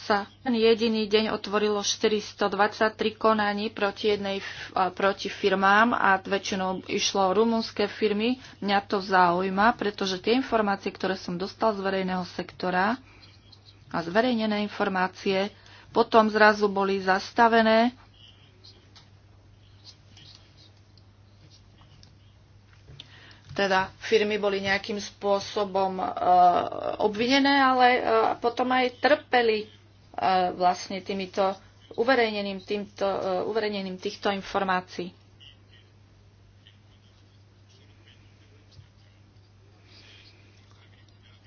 sa ten jediný deň otvorilo 423 konaní proti, jednej, proti firmám a väčšinou išlo o rumunské firmy. Mňa to zaujíma, pretože tie informácie, ktoré som dostal z verejného sektora a zverejnené informácie, potom zrazu boli zastavené. Teda firmy boli nejakým spôsobom e, obvinené, ale e, potom aj trpeli E, vlastne týmito uverejnením, týmto, e, uverejnením týchto informácií.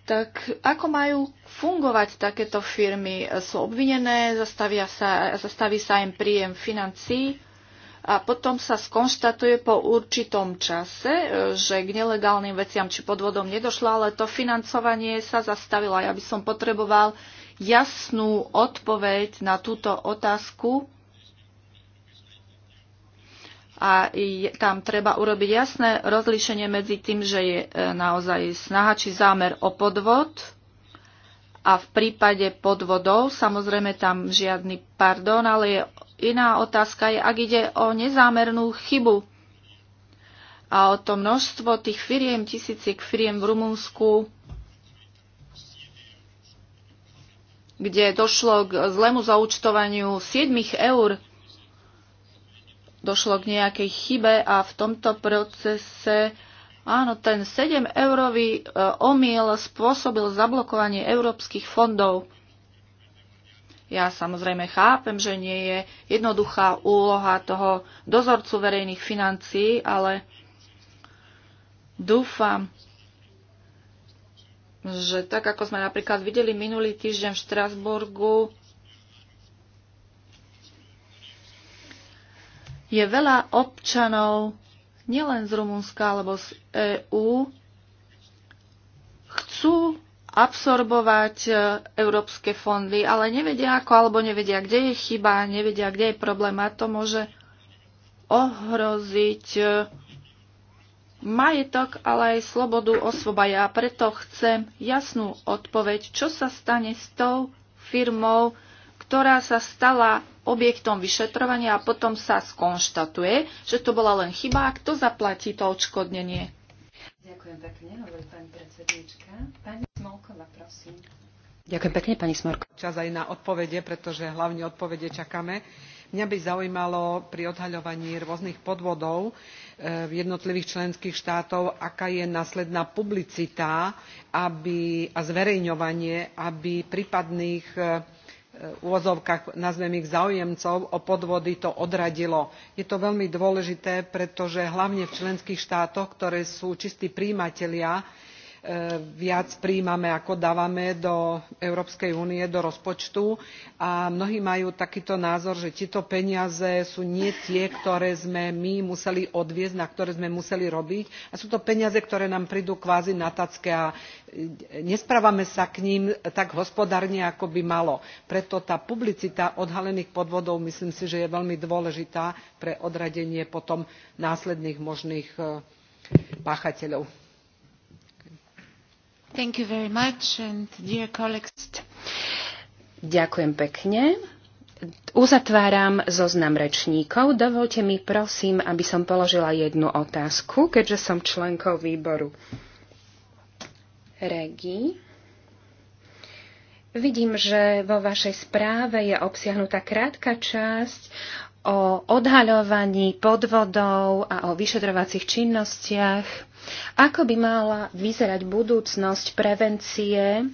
Tak ako majú fungovať takéto firmy? Sú obvinené, zastavia sa, zastaví sa im príjem financií a potom sa skonštatuje po určitom čase, e, že k nelegálnym veciam či podvodom nedošlo, ale to financovanie sa zastavilo. Ja by som potreboval jasnú odpoveď na túto otázku a tam treba urobiť jasné rozlíšenie medzi tým, že je e, naozaj snaha či zámer o podvod a v prípade podvodov samozrejme tam žiadny pardon, ale je iná otázka je, ak ide o nezámernú chybu. A o to množstvo tých firiem, tisíciek firiem v Rumunsku, kde došlo k zlému zaučtovaniu 7 eur, došlo k nejakej chybe a v tomto procese áno, ten 7-eurový e, omyl spôsobil zablokovanie európskych fondov. Ja samozrejme chápem, že nie je jednoduchá úloha toho dozorcu verejných financií, ale dúfam, že tak ako sme napríklad videli minulý týždeň v Štrasburgu, je veľa občanov nielen z Rumunska alebo z EÚ, chcú absorbovať e, európske fondy, ale nevedia ako, alebo nevedia, kde je chyba, nevedia, kde je problém a to môže ohroziť e, majetok, ale aj slobodu osôb. A ja preto chcem jasnú odpoveď, čo sa stane s tou firmou, ktorá sa stala objektom vyšetrovania a potom sa skonštatuje, že to bola len chyba a kto zaplatí to odškodnenie. Ďakujem pekne, hovorí pani predsednička. Pani Smolková, prosím. Ďakujem pekne, pani Smolková. Čas aj na odpovede, pretože hlavne odpovede čakáme mňa by zaujímalo pri odhaľovaní rôznych podvodov e, jednotlivých členských štátov aká je následná publicita aby, a zverejňovanie aby prípadných v e, e, úvodzovkách nazvem ich záujemcov o podvody to odradilo. je to veľmi dôležité pretože hlavne v členských štátoch ktoré sú čistí prijímatelia E, viac prijímame ako dávame do európskej únie do rozpočtu a mnohí majú takýto názor že tieto peniaze sú nie tie ktoré sme my museli odviesť na ktoré sme museli robiť a sú to peniaze ktoré nám prídu kvázi na tacke a e, nesprávame sa k nim tak hospodárne ako by malo. preto tá publicita odhalených podvodov myslím si že je veľmi dôležitá pre odradenie potom následných možných e, páchateľov. Thank you very much and dear colleagues. Ďakujem pekne. Uzatváram zoznam rečníkov. Dovolte mi prosím, aby som položila jednu otázku, keďže som členkou výboru Regi. Vidím, že vo vašej správe je obsiahnutá krátka časť o odhaľovaní podvodov a o vyšetrovacích činnostiach ako by mala vyzerať budúcnosť prevencie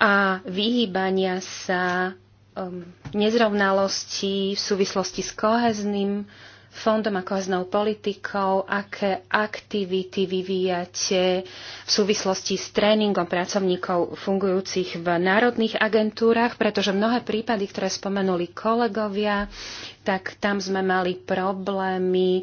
a vyhýbania sa um, nezrovnalostí v súvislosti s kohezným fondom, ako haznou politikou, aké aktivity vyvíjate v súvislosti s tréningom pracovníkov fungujúcich v národných agentúrach, pretože mnohé prípady, ktoré spomenuli kolegovia, tak tam sme mali problémy e,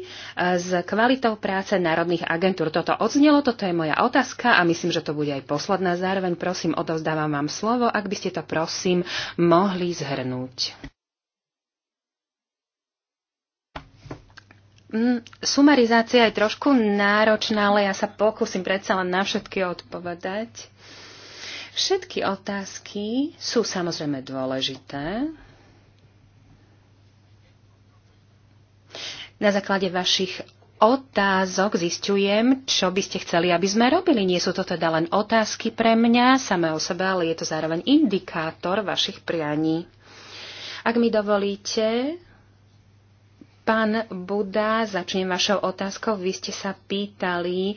s kvalitou práce národných agentúr. Toto odznelo, toto je moja otázka a myslím, že to bude aj posledná. Zároveň prosím, odovzdávam vám slovo, ak by ste to prosím mohli zhrnúť. Mm, sumarizácia je trošku náročná, ale ja sa pokúsim predsa len na všetky odpovedať. Všetky otázky sú samozrejme dôležité. Na základe vašich otázok zistujem, čo by ste chceli, aby sme robili. Nie sú to teda len otázky pre mňa samé o sebe, ale je to zároveň indikátor vašich prianí. Ak mi dovolíte, Pán Buda, začnem vašou otázkou. Vy ste sa pýtali e,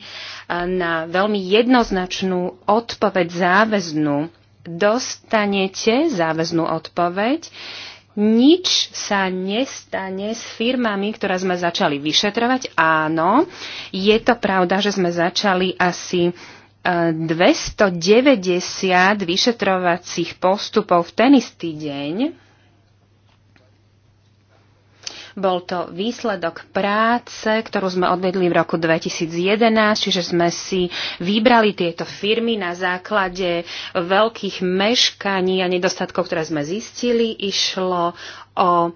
na veľmi jednoznačnú odpoveď záväznú. Dostanete záväznú odpoveď. Nič sa nestane s firmami, ktoré sme začali vyšetrovať. Áno, je to pravda, že sme začali asi 290 e, vyšetrovacích postupov v ten istý deň bol to výsledok práce, ktorú sme odvedli v roku 2011, čiže sme si vybrali tieto firmy na základe veľkých meškaní a nedostatkov, ktoré sme zistili. Išlo o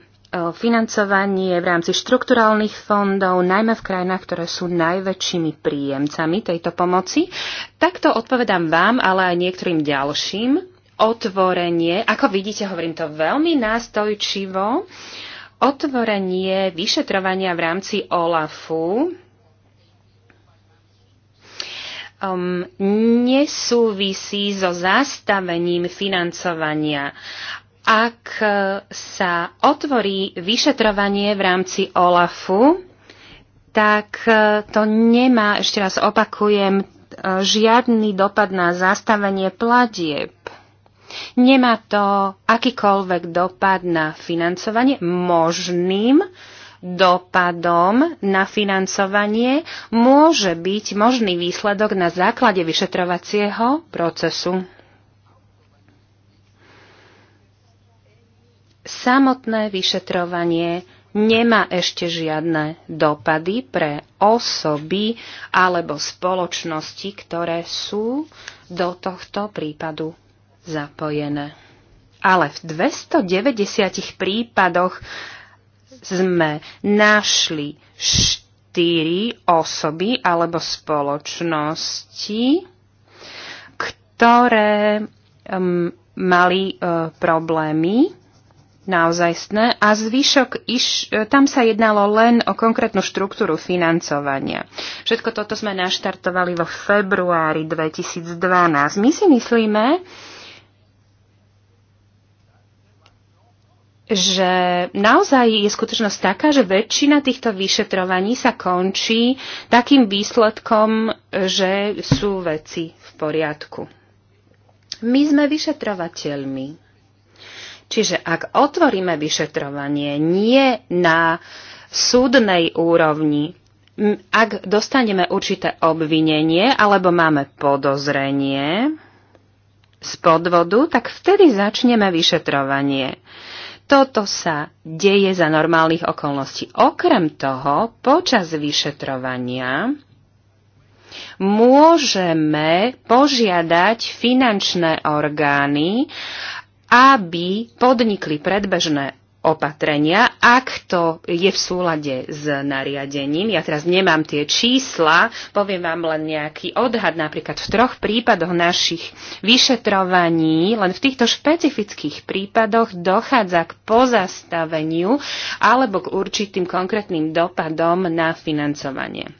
financovanie v rámci štrukturálnych fondov, najmä v krajinách, ktoré sú najväčšími príjemcami tejto pomoci. Takto odpovedám vám, ale aj niektorým ďalším. Otvorenie, ako vidíte, hovorím to veľmi nástojčivo. Uh, otvorenie vyšetrovania v rámci OLAFu um, nesúvisí so zastavením financovania. Ak sa otvorí vyšetrovanie v rámci OLAFu, tak uh, to nemá, ešte raz opakujem, uh, žiadny dopad na zastavenie platieb. Nemá to akýkoľvek dopad na financovanie. Možným dopadom na financovanie môže byť možný výsledok na základe vyšetrovacieho procesu. Samotné vyšetrovanie nemá ešte žiadne dopady pre osoby alebo spoločnosti, ktoré sú do tohto prípadu zapojené. Ale v 290 prípadoch sme našli štyri osoby alebo spoločnosti, ktoré um, mali uh, problémy naozajstné a zvyšok iš, e, tam sa jednalo len o konkrétnu štruktúru financovania. Všetko toto sme naštartovali vo februári 2012. My si myslíme, že naozaj je skutočnosť taká, že väčšina týchto vyšetrovaní sa končí takým výsledkom, že sú veci v poriadku. My sme vyšetrovateľmi. Čiže ak otvoríme vyšetrovanie nie na súdnej úrovni, ak dostaneme určité obvinenie alebo máme podozrenie z podvodu, tak vtedy začneme vyšetrovanie. Toto sa deje za normálnych okolností. Okrem toho, počas vyšetrovania môžeme požiadať finančné orgány, aby podnikli predbežné opatrenia, ak to je v súlade s nariadením. Ja teraz nemám tie čísla, poviem vám len nejaký odhad. Napríklad v troch prípadoch našich vyšetrovaní, len v týchto špecifických prípadoch dochádza k pozastaveniu alebo k určitým konkrétnym dopadom na financovanie.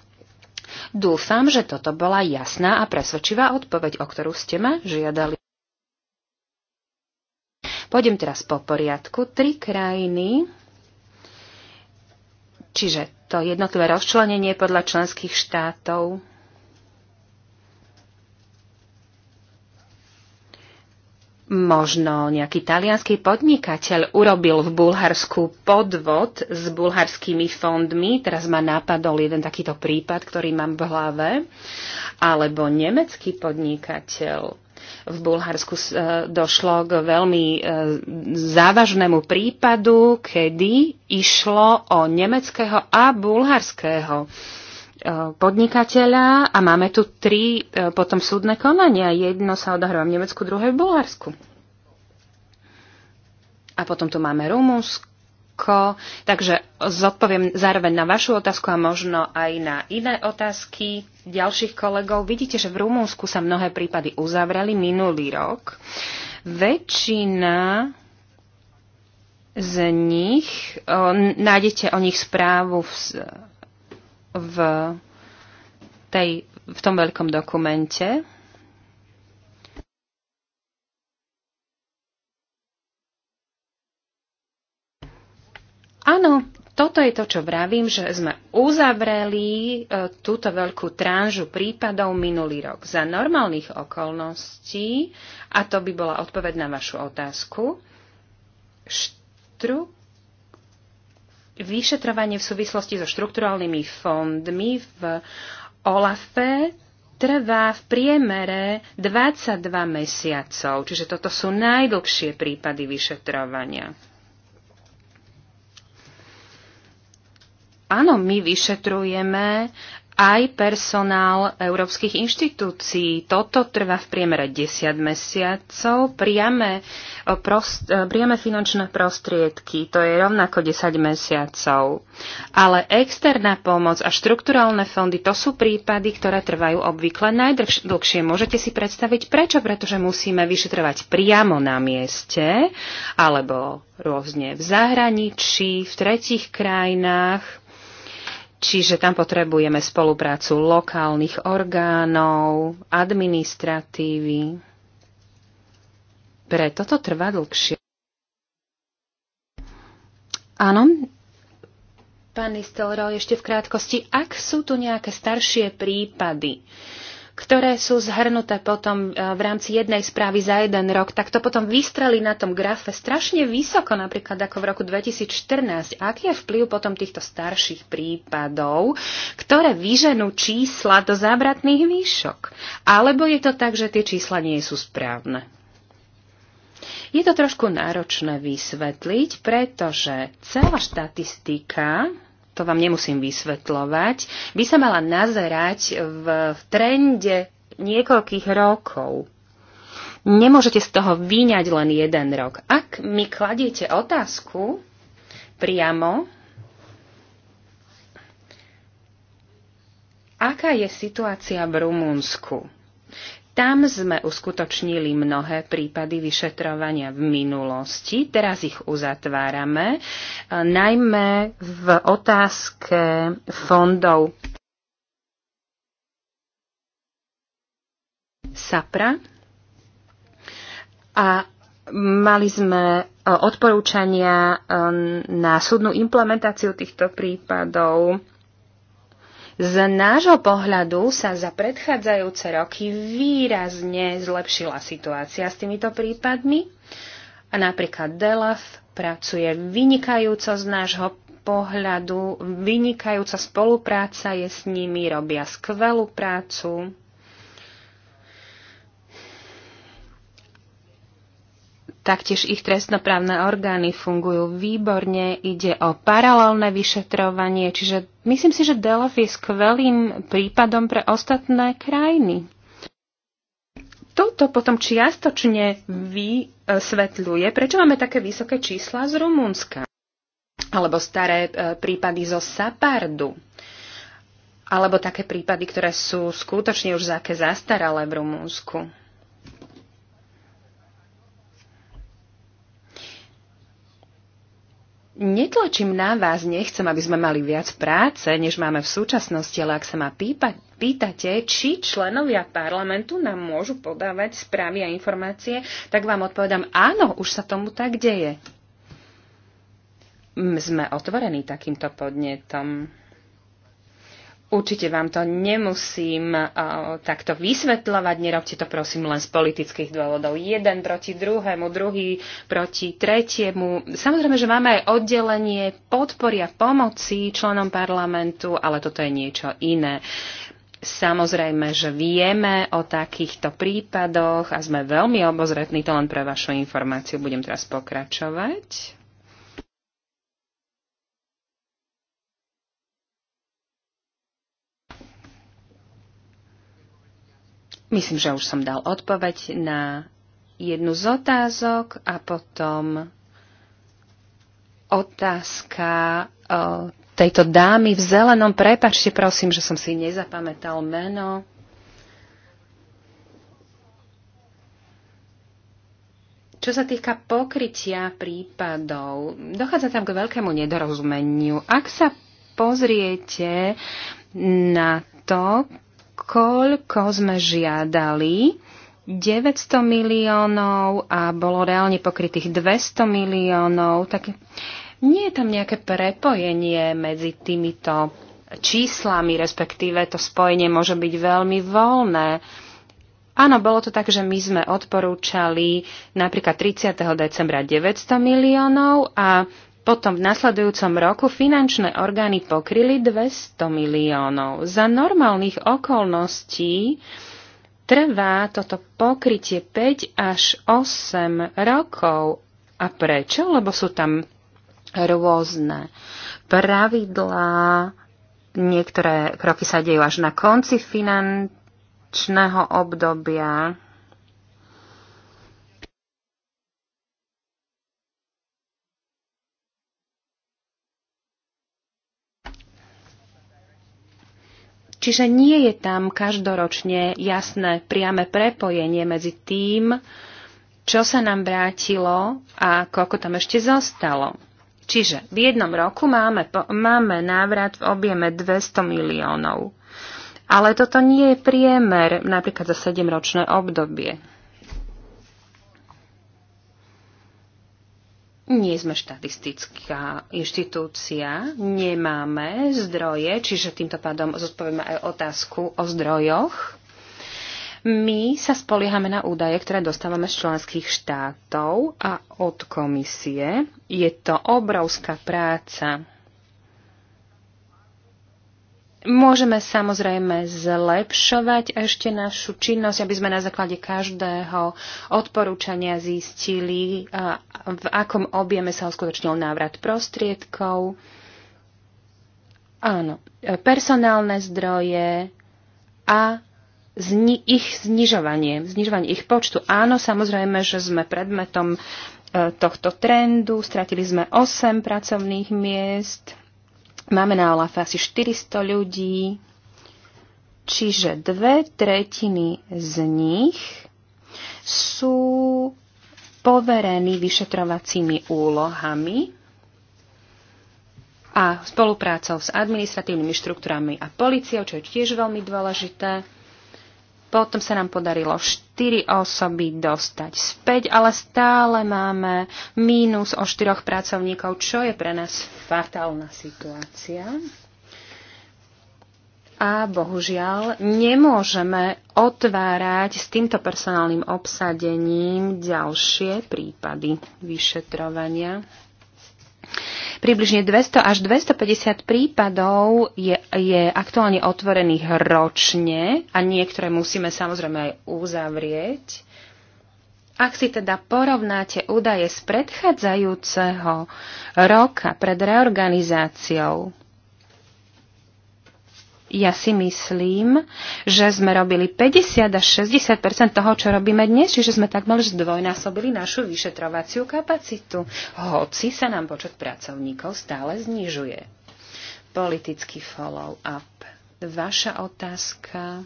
Dúfam, že toto bola jasná a presvedčivá odpoveď, o ktorú ste ma žiadali. Pôjdem teraz po poriadku. Tri krajiny, čiže to jednotlivé rozčlenenie podľa členských štátov, Možno nejaký talianský podnikateľ urobil v Bulharsku podvod s bulharskými fondmi, teraz ma napadol jeden takýto prípad, ktorý mám v hlave, alebo nemecký podnikateľ v Bulharsku e, došlo k veľmi e, závažnému prípadu, kedy išlo o nemeckého a bulharského e, podnikateľa a máme tu tri potom súdne konania. Jedno sa odohráva v Nemecku, druhé v Bulharsku. A potom tu máme Rumunsko. Takže zodpoviem zároveň na vašu otázku a možno aj na iné otázky ďalších kolegov. Vidíte, že v Rumúnsku sa mnohé prípady uzavreli minulý rok. Väčšina z nich, o, nájdete o nich správu v, v, tej, v tom veľkom dokumente. Áno, toto je to, čo vravím, že sme uzavreli e, túto veľkú tranžu prípadov minulý rok za normálnych okolností, a to by bola odpoveď na vašu otázku, štru... vyšetrovanie v súvislosti so štrukturálnymi fondmi v OLAFE trvá v priemere 22 mesiacov, čiže toto sú najdlhšie prípady vyšetrovania. Áno, my vyšetrujeme aj personál európskych inštitúcií. Toto trvá v priemere 10 mesiacov. Priame, eh, prost, eh, priame finančné prostriedky, to je rovnako 10 mesiacov. Ale externá pomoc a štrukturálne fondy, to sú prípady, ktoré trvajú obvykle najdlhšie. Môžete si predstaviť prečo, pretože musíme vyšetrovať priamo na mieste alebo rôzne v zahraničí, v tretich krajinách Čiže tam potrebujeme spoluprácu lokálnych orgánov, administratívy. Preto to trvá dlhšie. Áno, pán Nistelro, ešte v krátkosti, ak sú tu nejaké staršie prípady, ktoré sú zhrnuté potom e, v rámci jednej správy za jeden rok, tak to potom vystrelí na tom grafe strašne vysoko, napríklad ako v roku 2014. Aký je vplyv potom týchto starších prípadov, ktoré vyženú čísla do zábratných výšok? Alebo je to tak, že tie čísla nie sú správne? Je to trošku náročné vysvetliť, pretože celá štatistika to vám nemusím vysvetľovať, by sa mala nazerať v trende niekoľkých rokov. Nemôžete z toho vyňať len jeden rok. Ak mi kladiete otázku priamo, aká je situácia v Rumunsku? Tam sme uskutočnili mnohé prípady vyšetrovania v minulosti, teraz ich uzatvárame, e, najmä v otázke fondov SAPRA a mali sme e, odporúčania e, na súdnu implementáciu týchto prípadov z nášho pohľadu sa za predchádzajúce roky výrazne zlepšila situácia s týmito prípadmi a napríklad DELAF pracuje vynikajúco z nášho pohľadu, vynikajúca spolupráca je s nimi, robia skvelú prácu. Taktiež ich trestnoprávne orgány fungujú výborne, ide o paralelné vyšetrovanie, čiže myslím si, že Delov je skvelým prípadom pre ostatné krajiny. Toto potom čiastočne vysvetľuje, prečo máme také vysoké čísla z Rumunska alebo staré e, prípady zo Sapardu alebo také prípady, ktoré sú skutočne už zaké zastaralé v Rumúnsku. Netlačím na vás, nechcem, aby sme mali viac práce, než máme v súčasnosti, ale ak sa ma pýpa, pýtate, či členovia parlamentu nám môžu podávať správy a informácie, tak vám odpovedám, áno, už sa tomu tak deje. Sme otvorení takýmto podnetom. Určite vám to nemusím uh, takto vysvetľovať, nerobte to prosím len z politických dôvodov. Jeden proti druhému, druhý proti tretiemu. Samozrejme, že máme aj oddelenie a pomoci členom parlamentu, ale toto je niečo iné. Samozrejme, že vieme o takýchto prípadoch a sme veľmi obozretní, to len pre vašu informáciu budem teraz pokračovať. Myslím, že už som dal odpoveď na jednu z otázok a potom otázka e, tejto dámy v zelenom. Prepačte, prosím, že som si nezapamätal meno. Čo sa týka pokrytia prípadov, dochádza tam k veľkému nedorozumeniu. Ak sa pozriete na to, koľko sme žiadali, 900 miliónov a bolo reálne pokrytých 200 miliónov, tak nie je tam nejaké prepojenie medzi týmito číslami, respektíve to spojenie môže byť veľmi voľné. Áno, bolo to tak, že my sme odporúčali napríklad 30. decembra 900 miliónov a potom v nasledujúcom roku finančné orgány pokryli 200 miliónov. Za normálnych okolností trvá toto pokrytie 5 až 8 rokov. A prečo? Lebo sú tam rôzne pravidlá, niektoré kroky sa dejú až na konci finančného obdobia. Čiže nie je tam každoročne jasné priame prepojenie medzi tým, čo sa nám vrátilo a koľko tam ešte zostalo. Čiže v jednom roku máme, máme návrat v objeme 200 miliónov. Ale toto nie je priemer napríklad za 7-ročné obdobie. nie sme štatistická inštitúcia, nemáme zdroje, čiže týmto pádom zodpovieme aj otázku o zdrojoch. My sa spoliehame na údaje, ktoré dostávame z členských štátov a od komisie. Je to obrovská práca. Môžeme samozrejme zlepšovať ešte našu činnosť, aby sme na základe každého odporúčania zistili, v akom objeme sa uskutočnil návrat prostriedkov. Áno, personálne zdroje a zni- ich znižovanie, znižovanie ich počtu. Áno, samozrejme, že sme predmetom e, tohto trendu, stratili sme 8 pracovných miest, Máme na Olafe asi 400 ľudí, čiže dve tretiny z nich sú poverení vyšetrovacími úlohami a spoluprácou s administratívnymi štruktúrami a policiou, čo je tiež veľmi dôležité. Potom sa nám podarilo 4 osoby dostať späť, ale stále máme mínus o 4 pracovníkov, čo je pre nás fatálna situácia. A bohužiaľ nemôžeme otvárať s týmto personálnym obsadením ďalšie prípady vyšetrovania. Približne 200 až 250 prípadov je, je aktuálne otvorených ročne a niektoré musíme samozrejme aj uzavrieť. Ak si teda porovnáte údaje z predchádzajúceho roka pred reorganizáciou, ja si myslím, že sme robili 50 až 60 toho, čo robíme dnes, čiže sme takmer zdvojnásobili našu vyšetrovaciu kapacitu, hoci sa nám počet pracovníkov stále znižuje. Politický follow-up. Vaša otázka.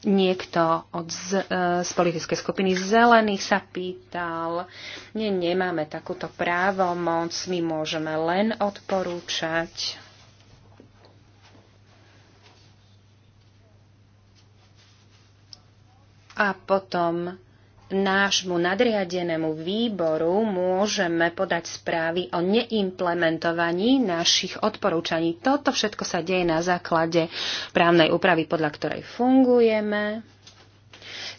Niekto od z, e, z politickej skupiny zelených sa pýtal. Nie, nemáme takúto právomoc, my môžeme len odporúčať. A potom nášmu nadriadenému výboru môžeme podať správy o neimplementovaní našich odporúčaní. Toto všetko sa deje na základe právnej úpravy, podľa ktorej fungujeme.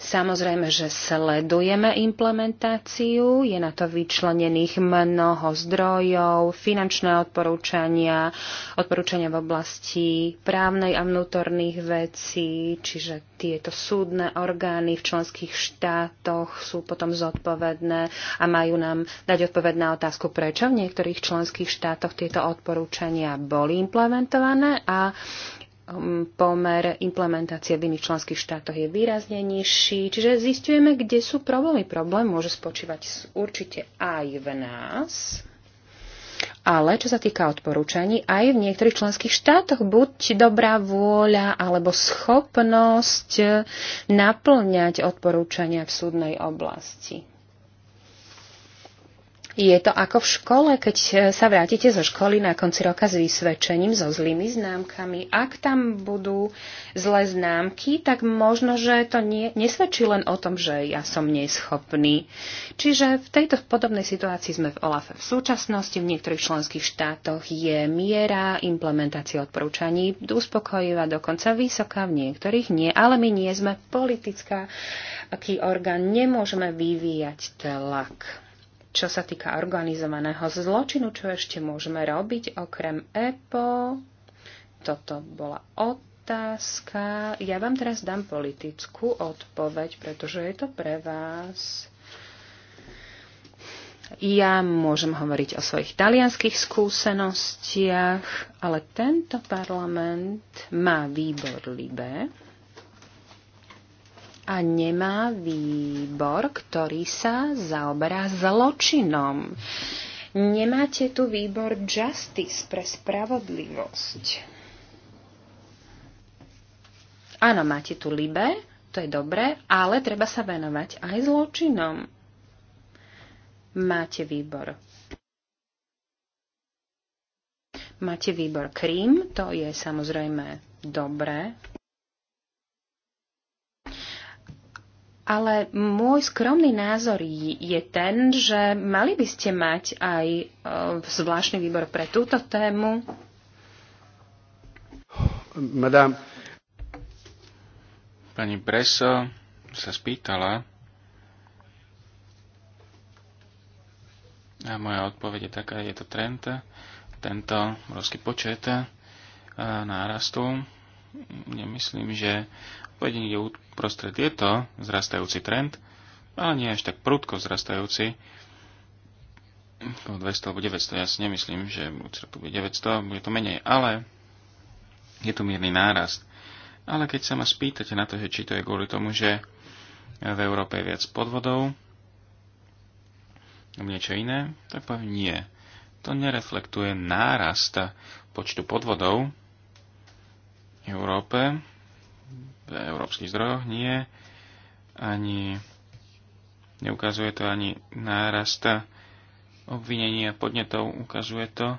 Samozrejme, že sledujeme implementáciu, je na to vyčlenených mnoho zdrojov, finančné odporúčania, odporúčania v oblasti právnej a vnútorných vecí, čiže tieto súdne orgány v členských štátoch sú potom zodpovedné a majú nám dať odpoveď na otázku, prečo v niektorých členských štátoch tieto odporúčania boli implementované a Um, pomer implementácie v iných členských štátoch je výrazne nižší. Čiže zistujeme, kde sú problémy. Problém môže spočívať určite aj v nás, ale čo sa týka odporúčaní, aj v niektorých členských štátoch buď dobrá vôľa alebo schopnosť eh, naplňať odporúčania v súdnej oblasti. Je to ako v škole, keď e, sa vrátite zo školy na konci roka s vysvedčením, so zlými známkami. Ak tam budú zlé známky, tak možno, že to nie, nesvedčí len o tom, že ja som neschopný. Čiže v tejto podobnej situácii sme v OLAFE. V súčasnosti v niektorých členských štátoch je miera implementácie odporúčaní uspokojivá, dokonca vysoká, v niektorých nie, ale my nie sme politická, aký orgán nemôžeme vyvíjať tlak čo sa týka organizovaného zločinu, čo ešte môžeme robiť okrem EPO? Toto bola otázka. Ja vám teraz dám politickú odpoveď, pretože je to pre vás. Ja môžem hovoriť o svojich talianských skúsenostiach, ale tento parlament má výbor LIBE, a nemá výbor, ktorý sa zaoberá zločinom. Nemáte tu výbor Justice pre spravodlivosť. Áno, máte tu Libe, to je dobré, ale treba sa venovať aj zločinom. Máte výbor. Máte výbor Krím, to je samozrejme dobré, Ale môj skromný názor je ten, že mali by ste mať aj e, zvláštny výbor pre túto tému. Madame. Pani Breso sa spýtala a moja odpoveď je taká, je to trend, tento obrovský počet e, nárastu. Nemyslím, že Pôjde niekde uprostred je to vzrastajúci trend, ale nie až tak prudko vzrastajúci, 200 alebo 900, ja si nemyslím, že to bude 900, bude to menej, ale je tu mierny nárast. Ale keď sa ma spýtate na to, že či to je kvôli tomu, že v Európe je viac podvodov, alebo niečo iné, tak poviem nie. To nereflektuje nárast počtu podvodov v Európe, európskych zdrojoch, nie. Ani neukazuje to ani nárast obvinenia podnetov, ukazuje to,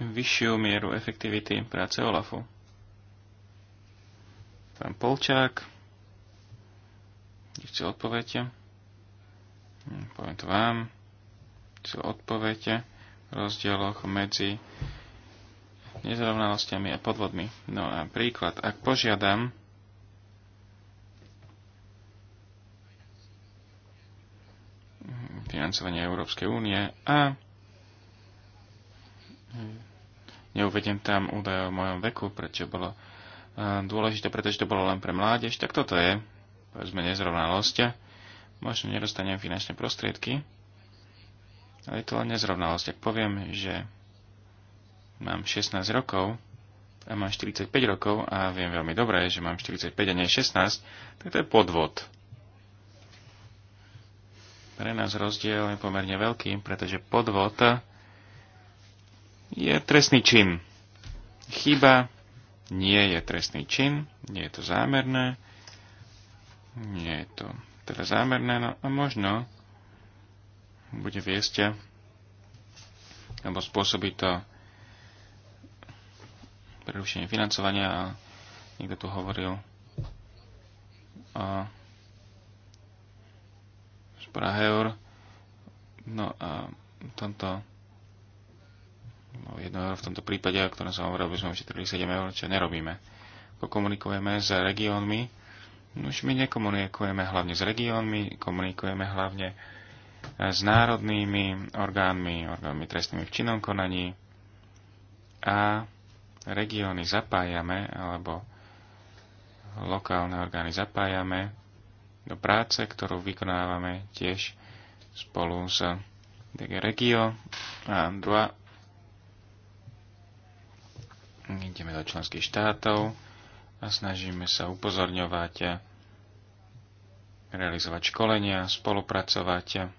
vyššiu mieru efektivity práce OLAFu. Pán Polčák, chcel odpoveď. Hm, poviem to vám. Chcel odpoveď v rozdieloch medzi nezrovnalostiami a podvodmi. No a príklad, ak požiadam financovanie Európskej únie a neuvedem tam údaje o mojom veku, prečo bolo e, dôležité, pretože to bolo len pre mládež, tak toto je, povedzme, nezrovnalosť. Možno nedostanem finančné prostriedky, ale je to len nezrovnalosť. Ak poviem, že mám 16 rokov a mám 45 rokov a viem veľmi dobre, že mám 45 a nie 16, tak to je podvod. Pre nás rozdiel je pomerne veľký, pretože podvod je trestný čin. Chyba nie je trestný čin, nie je to zámerné, nie je to teda zámerné, no a možno bude viesť alebo spôsobí to prerušenie financovania a niekto tu hovoril o Spraheur. No a v tomto no jedno v tomto prípade, o ktorom som hovoril, by sme ušetrili 7 eur, čo nerobíme. Komunikujeme s regiónmi, No už my nekomunikujeme hlavne s regiónmi, komunikujeme hlavne s národnými orgánmi, orgánmi trestnými v činnom konaní a regióny zapájame, alebo lokálne orgány zapájame do práce, ktorú vykonávame tiež spolu s DG Regio a dva ideme do členských štátov a snažíme sa upozorňovať, realizovať školenia, spolupracovať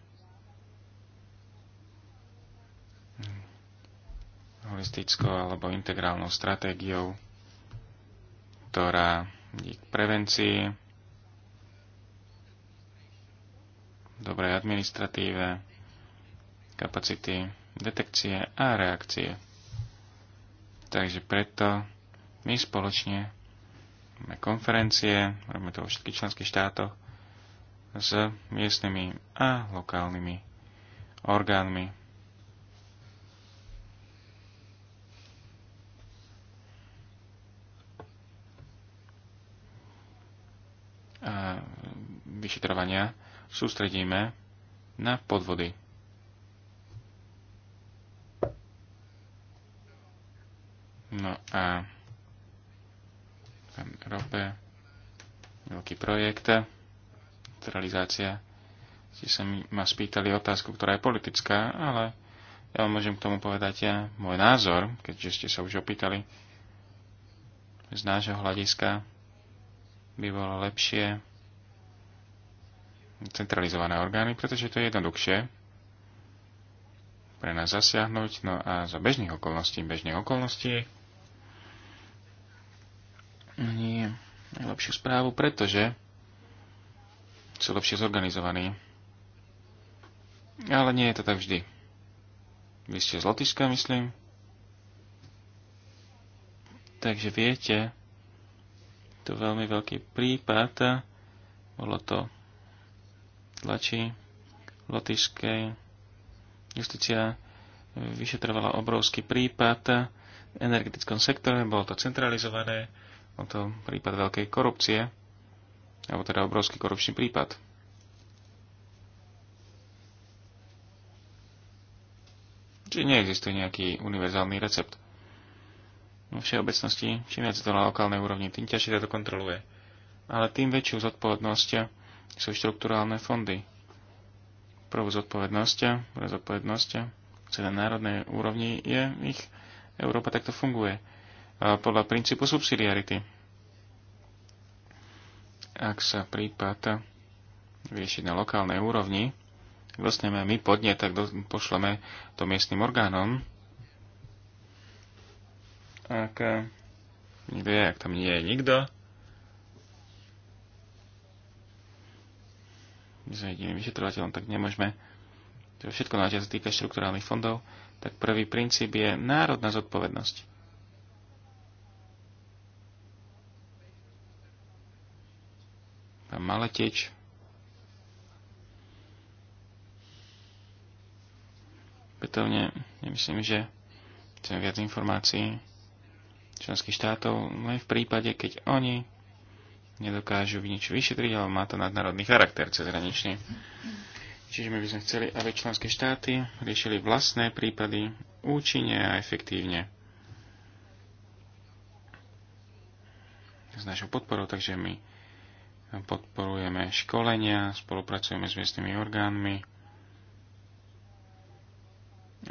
holistickou alebo integrálnou stratégiou, ktorá je k prevencii, dobrej administratíve, kapacity detekcie a reakcie. Takže preto my spoločne máme konferencie, robíme to vo všetkých členských štátoch, s miestnymi a lokálnymi orgánmi a vyšetrovania sústredíme na podvody. No a pán Rope, veľký projekt, centralizácia. Ste sa mi, ma spýtali otázku, ktorá je politická, ale ja vám môžem k tomu povedať ja môj názor, keďže ste sa už opýtali z nášho hľadiska by bolo lepšie centralizované orgány, pretože to je jednoduchšie pre nás zasiahnuť. No a za bežných okolností, bežných okolností nie najlepšiu správu, pretože sú lepšie zorganizovaní. Ale nie je to tak vždy. Vy ste z Lotyšska, myslím. Takže viete, to veľmi veľký prípad. Bolo to tlači lotišskej justícia vyšetrovala obrovský prípad v energetickom sektore, bolo to centralizované, bol to prípad veľkej korupcie, alebo teda obrovský korupčný prípad. Čiže neexistuje nejaký univerzálny recept vo všeobecnosti, čím viac to na lokálnej úrovni, tým ťažšie sa to kontroluje. Ale tým väčšiu zodpovednosť sú štruktúrálne fondy. Prvú zodpovednosť, prvú zodpovednosť, čo na národnej úrovni je ich, Európa takto funguje. Podľa princípu subsidiarity. Ak sa prípad vyriešiť na lokálnej úrovni, dostaneme my podne, tak pošleme to miestnym orgánom, ak je, eh, ak tam nie je nikto, my sme jediným vyšetrovateľom, tak nemôžeme to všetko na sa týka štrukturálnych fondov, tak prvý princíp je národná zodpovednosť. Pán Maletič, Petovne, nemyslím, že chcem viac informácií členských štátov len v prípade, keď oni nedokážu nič vyšetriť, ale má to nadnárodný charakter cezhraničný. Čiže my by sme chceli, aby členské štáty riešili vlastné prípady účinne a efektívne. S našou podporou, takže my podporujeme školenia, spolupracujeme s miestnymi orgánmi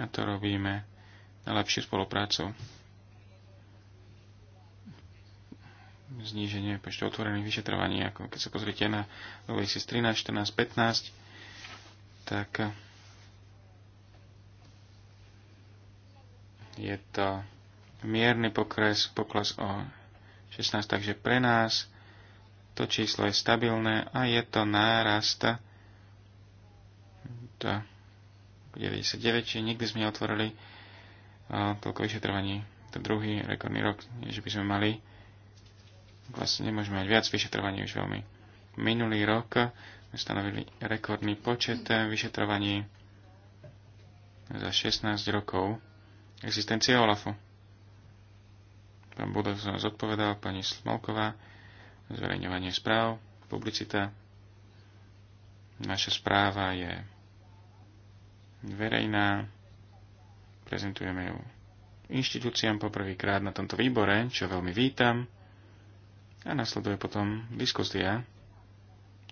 a to robíme na lepšiu spoluprácu zníženie počtu otvorených vyšetrovaní. Ako keď sa pozriete na 2013, 14, 15, tak je to mierny pokres, pokles o 16, takže pre nás to číslo je stabilné a je to nárast do 99, čiže nikdy sme neotvorili toľko vyšetrovaní. To druhý rekordný rok, že by sme mali vlastne nemôžeme mať viac vyšetrovaní už veľmi. Minulý rok sme stanovili rekordný počet vyšetrovaní za 16 rokov existencie OLAFu. Pán Budov som zodpovedal, pani Smolková, zverejňovanie správ, publicita. Naša správa je verejná, prezentujeme ju inštitúciám poprvýkrát na tomto výbore, čo veľmi vítam a nasleduje potom diskusia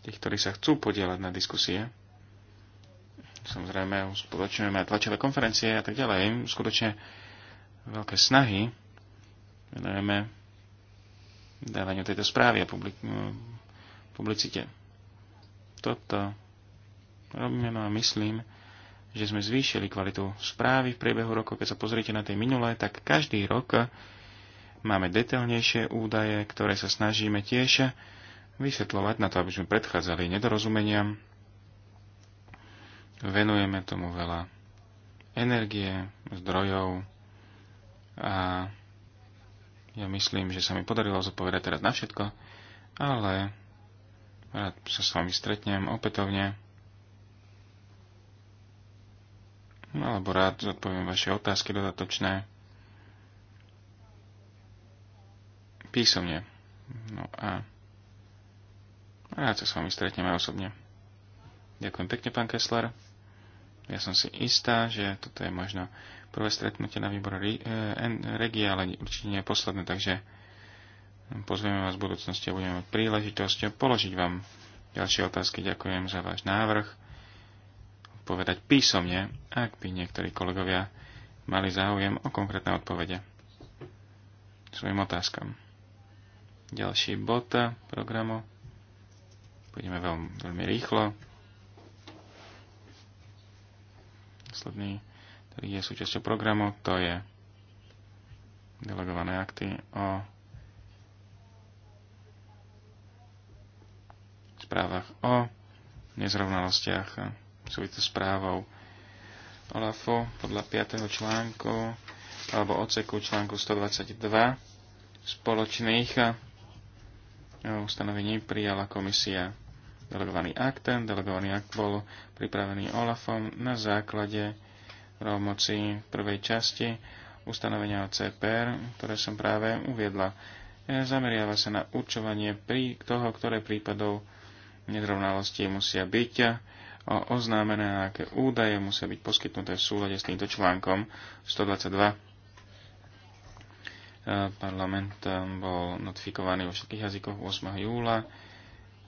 tých, ktorí sa chcú podielať na diskusie. Samozrejme, uskutočňujeme aj tlačové konferencie a tak ďalej. Skutočne veľké snahy venujeme dávaniu tejto správy a publik- publicite. Toto robíme, no a myslím, že sme zvýšili kvalitu správy v priebehu rokov. Keď sa pozriete na tie minulé, tak každý rok Máme detailnejšie údaje, ktoré sa snažíme tiež vysvetľovať na to, aby sme predchádzali nedorozumeniam. Venujeme tomu veľa energie, zdrojov a ja myslím, že sa mi podarilo zodpovedať teraz na všetko, ale rád sa s vami stretnem opätovne. Alebo rád zodpoviem vaše otázky dodatočné. písomne. No a rád sa s vami stretneme osobne. Ďakujem pekne, pán Kessler. Ja som si istá, že toto je možno prvé stretnutie na výbor e, regie, ale určite nie posledné, takže pozveme vás v budúcnosti a budeme mať príležitosť položiť vám ďalšie otázky. Ďakujem za váš návrh. Povedať písomne, ak by niektorí kolegovia mali záujem o konkrétne odpovede svojim otázkam ďalší bod programu. Pôjdeme veľmi, veľmi rýchlo. Posledný, ktorý je súčasťou programu, to je delegované akty o správach o nezrovnalostiach súvisí s správou OLAFu podľa 5. článku alebo oceku článku 122 spoločných ustanovení prijala komisia delegovaný akt. Delegovaný akt bol pripravený OLAFom na základe rovmoci prvej časti ustanovenia o CPR, ktoré som práve uviedla. E, zameriava sa na určovanie pri toho, ktoré prípadov nedrovnalosti musia byť e, oznámené a aké údaje musia byť poskytnuté v súlade s týmto článkom 122 Parlament bol notifikovaný vo všetkých jazykoch 8. júla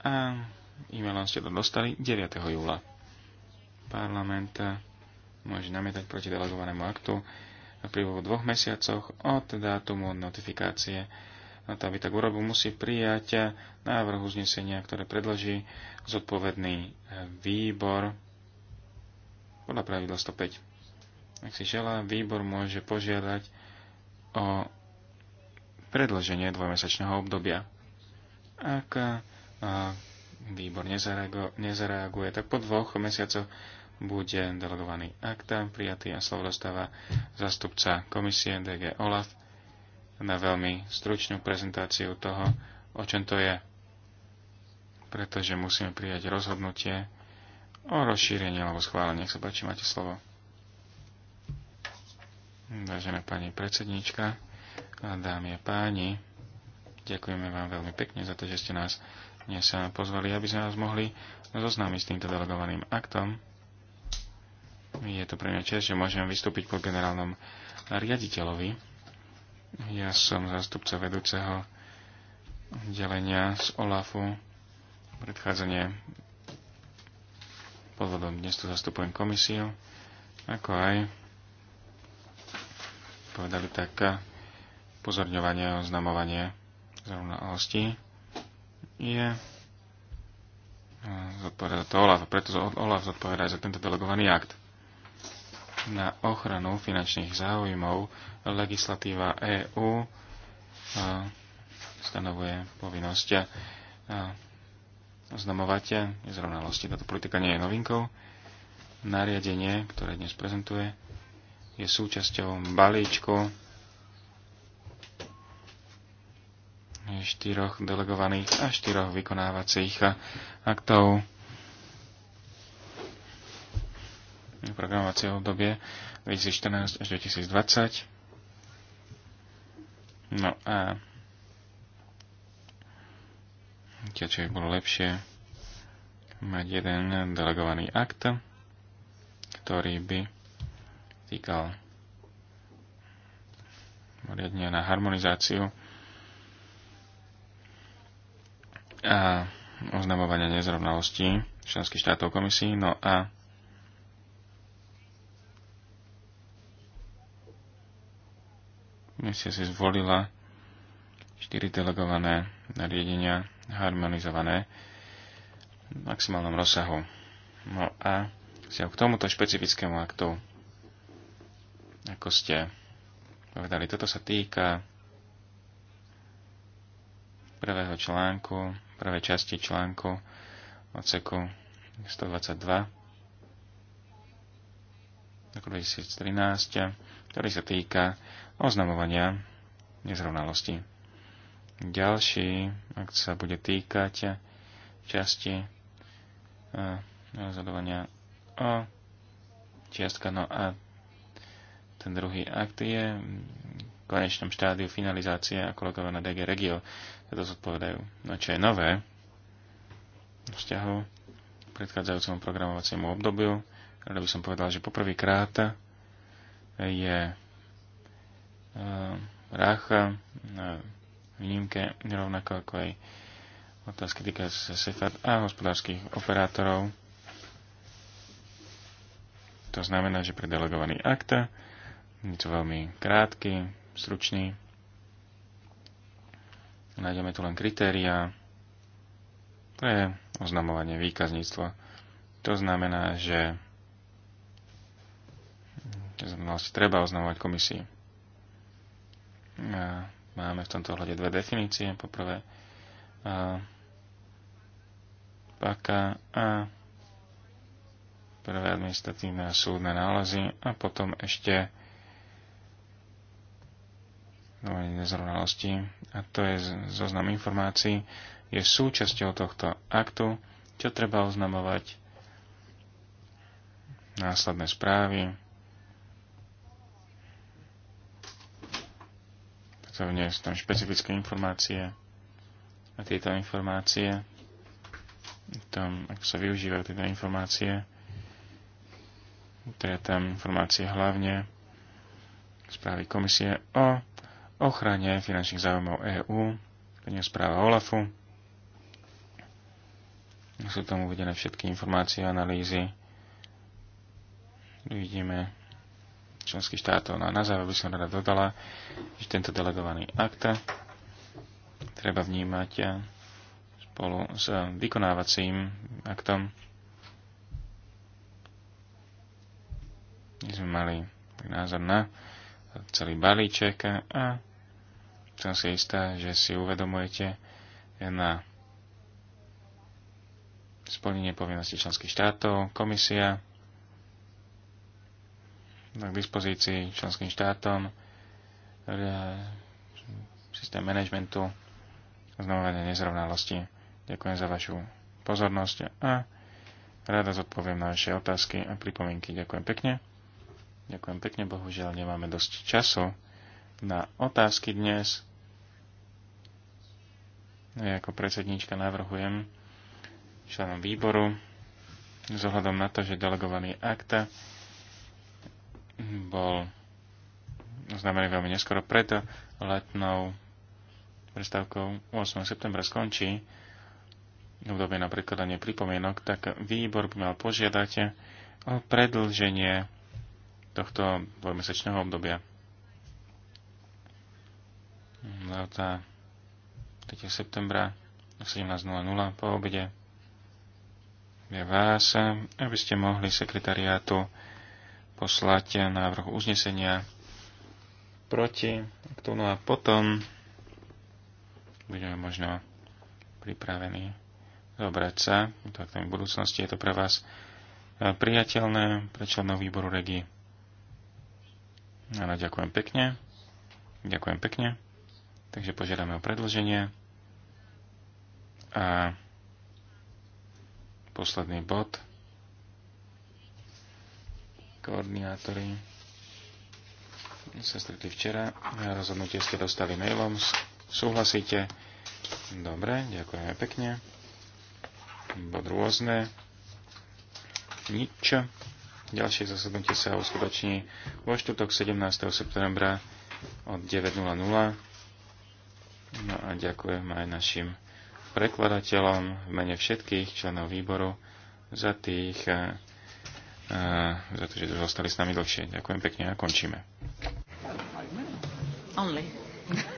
a e-mailom ste to dostali 9. júla. Parlament e, môže namietať proti delegovanému aktu pri dvoch mesiacoch od dátumu notifikácie. Na to, aby tak urobil, musí prijať e, návrh uznesenia, ktoré predloží zodpovedný e, výbor podľa pravidla 105. Ak si želá, výbor môže požiadať o predlženie dvojmesačného obdobia. Ak výbor nezareaguje, tak po dvoch mesiacoch bude delegovaný akt prijatý a slovo dostáva zastupca komisie DG OLAF na veľmi stručnú prezentáciu toho, o čom to je. Pretože musíme prijať rozhodnutie o rozšírení alebo schválení. Nech sa páči, máte slovo. Vážená pani predsedníčka, Dámy a páni, ďakujeme vám veľmi pekne za to, že ste nás dnes pozvali, aby sme vás mohli zoznámiť s týmto delegovaným aktom. Je to pre mňa čest, že môžem vystúpiť po generálnom riaditeľovi. Ja som zástupca vedúceho delenia z OLAFu, predchádzanie podvodom. Dnes tu zastupujem komisiu, ako aj povedali tak pozorňovanie a oznamovanie zrovnalosti je zodpovedá za to OLAF, preto OLAF zodpovedá za tento delegovaný akt. Na ochranu finančných záujmov legislatíva EÚ stanovuje povinnosť oznamovať nezrovnalosti. Táto politika nie je novinkou. Nariadenie, ktoré dnes prezentuje, je súčasťou balíčku štyroch delegovaných a štyroch vykonávacích aktov v programovacie obdobie 2014 až 2020. No a tie, čo by bolo lepšie, mať jeden delegovaný akt, ktorý by týkal riadne na harmonizáciu a oznamovania nezrovnalostí členských štátov komisí. No a komisia si zvolila 4 delegované nariadenia harmonizované v maximálnom rozsahu. No a si k tomuto špecifickému aktu, ako ste povedali, toto sa týka prvého článku prvej časti článku odseku 122 roku 2013, ktorý sa týka oznamovania nezrovnalosti. Ďalší, ak sa bude týkať časti e, rozhodovania o čiastka, no a ten druhý akt je v konečnom štádiu finalizácie a kolegové na DG Regio to zodpovedajú. No čo je nové vzťahu k predchádzajúcemu programovaciemu obdobiu, ale by som povedal, že poprvýkrát je e, rácha na výnimke nerovnako ako aj otázky týkajúce sa SEFAT a hospodárskych operátorov. To znamená, že predelegovaný akt je to veľmi krátky, stručný, Nájdeme tu len kritéria pre oznamovanie výkazníctva. To znamená, že vlastne treba oznamovať komisii. A máme v tomto ohľade dve definície. Poprvé a, PAKA a prvé administratívne a súdne nálezy a potom ešte nezrovnalosti. A to je zoznam informácií, je súčasťou tohto aktu, čo treba oznamovať následné správy, nie sú tam špecifické informácie a tieto informácie, tam, ako sa využívajú tieto informácie, teda tam informácie hlavne správy komisie o ochrane finančných záujmov EÚ, plne správa OLAFu. Sú tam uvedené všetky informácie, analýzy. Vidíme členských štátov. No a na záver by som rada dodala, že tento delegovaný akt treba vnímať spolu s vykonávacím aktom. My sme mali názor na celý balíček a som si istá, že si uvedomujete na splnenie povinnosti členských štátov, komisia na k dispozícii členským štátom e, systém manažmentu znovovania nezrovnalosti. Ďakujem za vašu pozornosť a rada zodpoviem na vaše otázky a pripomienky. Ďakujem pekne. Ďakujem pekne, bohužiaľ nemáme dosť času na otázky dnes. Ja ako predsednička navrhujem členom výboru z ohľadom na to, že delegovaný akta bol znamená veľmi neskoro preto letnou prestávkou 8. septembra skončí obdobie na prekladanie pripomienok, tak výbor by mal požiadať o predlženie tohto dvojmesačného obdobia. Lota 3. septembra o 17.00 po obede pre vás, aby ste mohli sekretariátu poslať návrh uznesenia proti aktu. No a potom budeme možno pripravení zobrať sa. Tak v budúcnosti je to pre vás e, priateľné pre členov výboru regi. Ale ďakujem pekne. Ďakujem pekne. Takže požiadame o predlženie. A posledný bod. Koordinátori sa stretli včera. Rozhodnutie ste dostali mailom. Súhlasíte? Dobre, ďakujeme pekne. Bod rôzne. Nič. Ďalšie zasadnutie sa uskutoční vo štvrtok 17. septembra od 9.00. No a ďakujem aj našim prekladateľom v mene všetkých členov výboru za tých eh, eh, za to, že zostali s nami dlhšie. Ďakujem pekne a končíme. Only.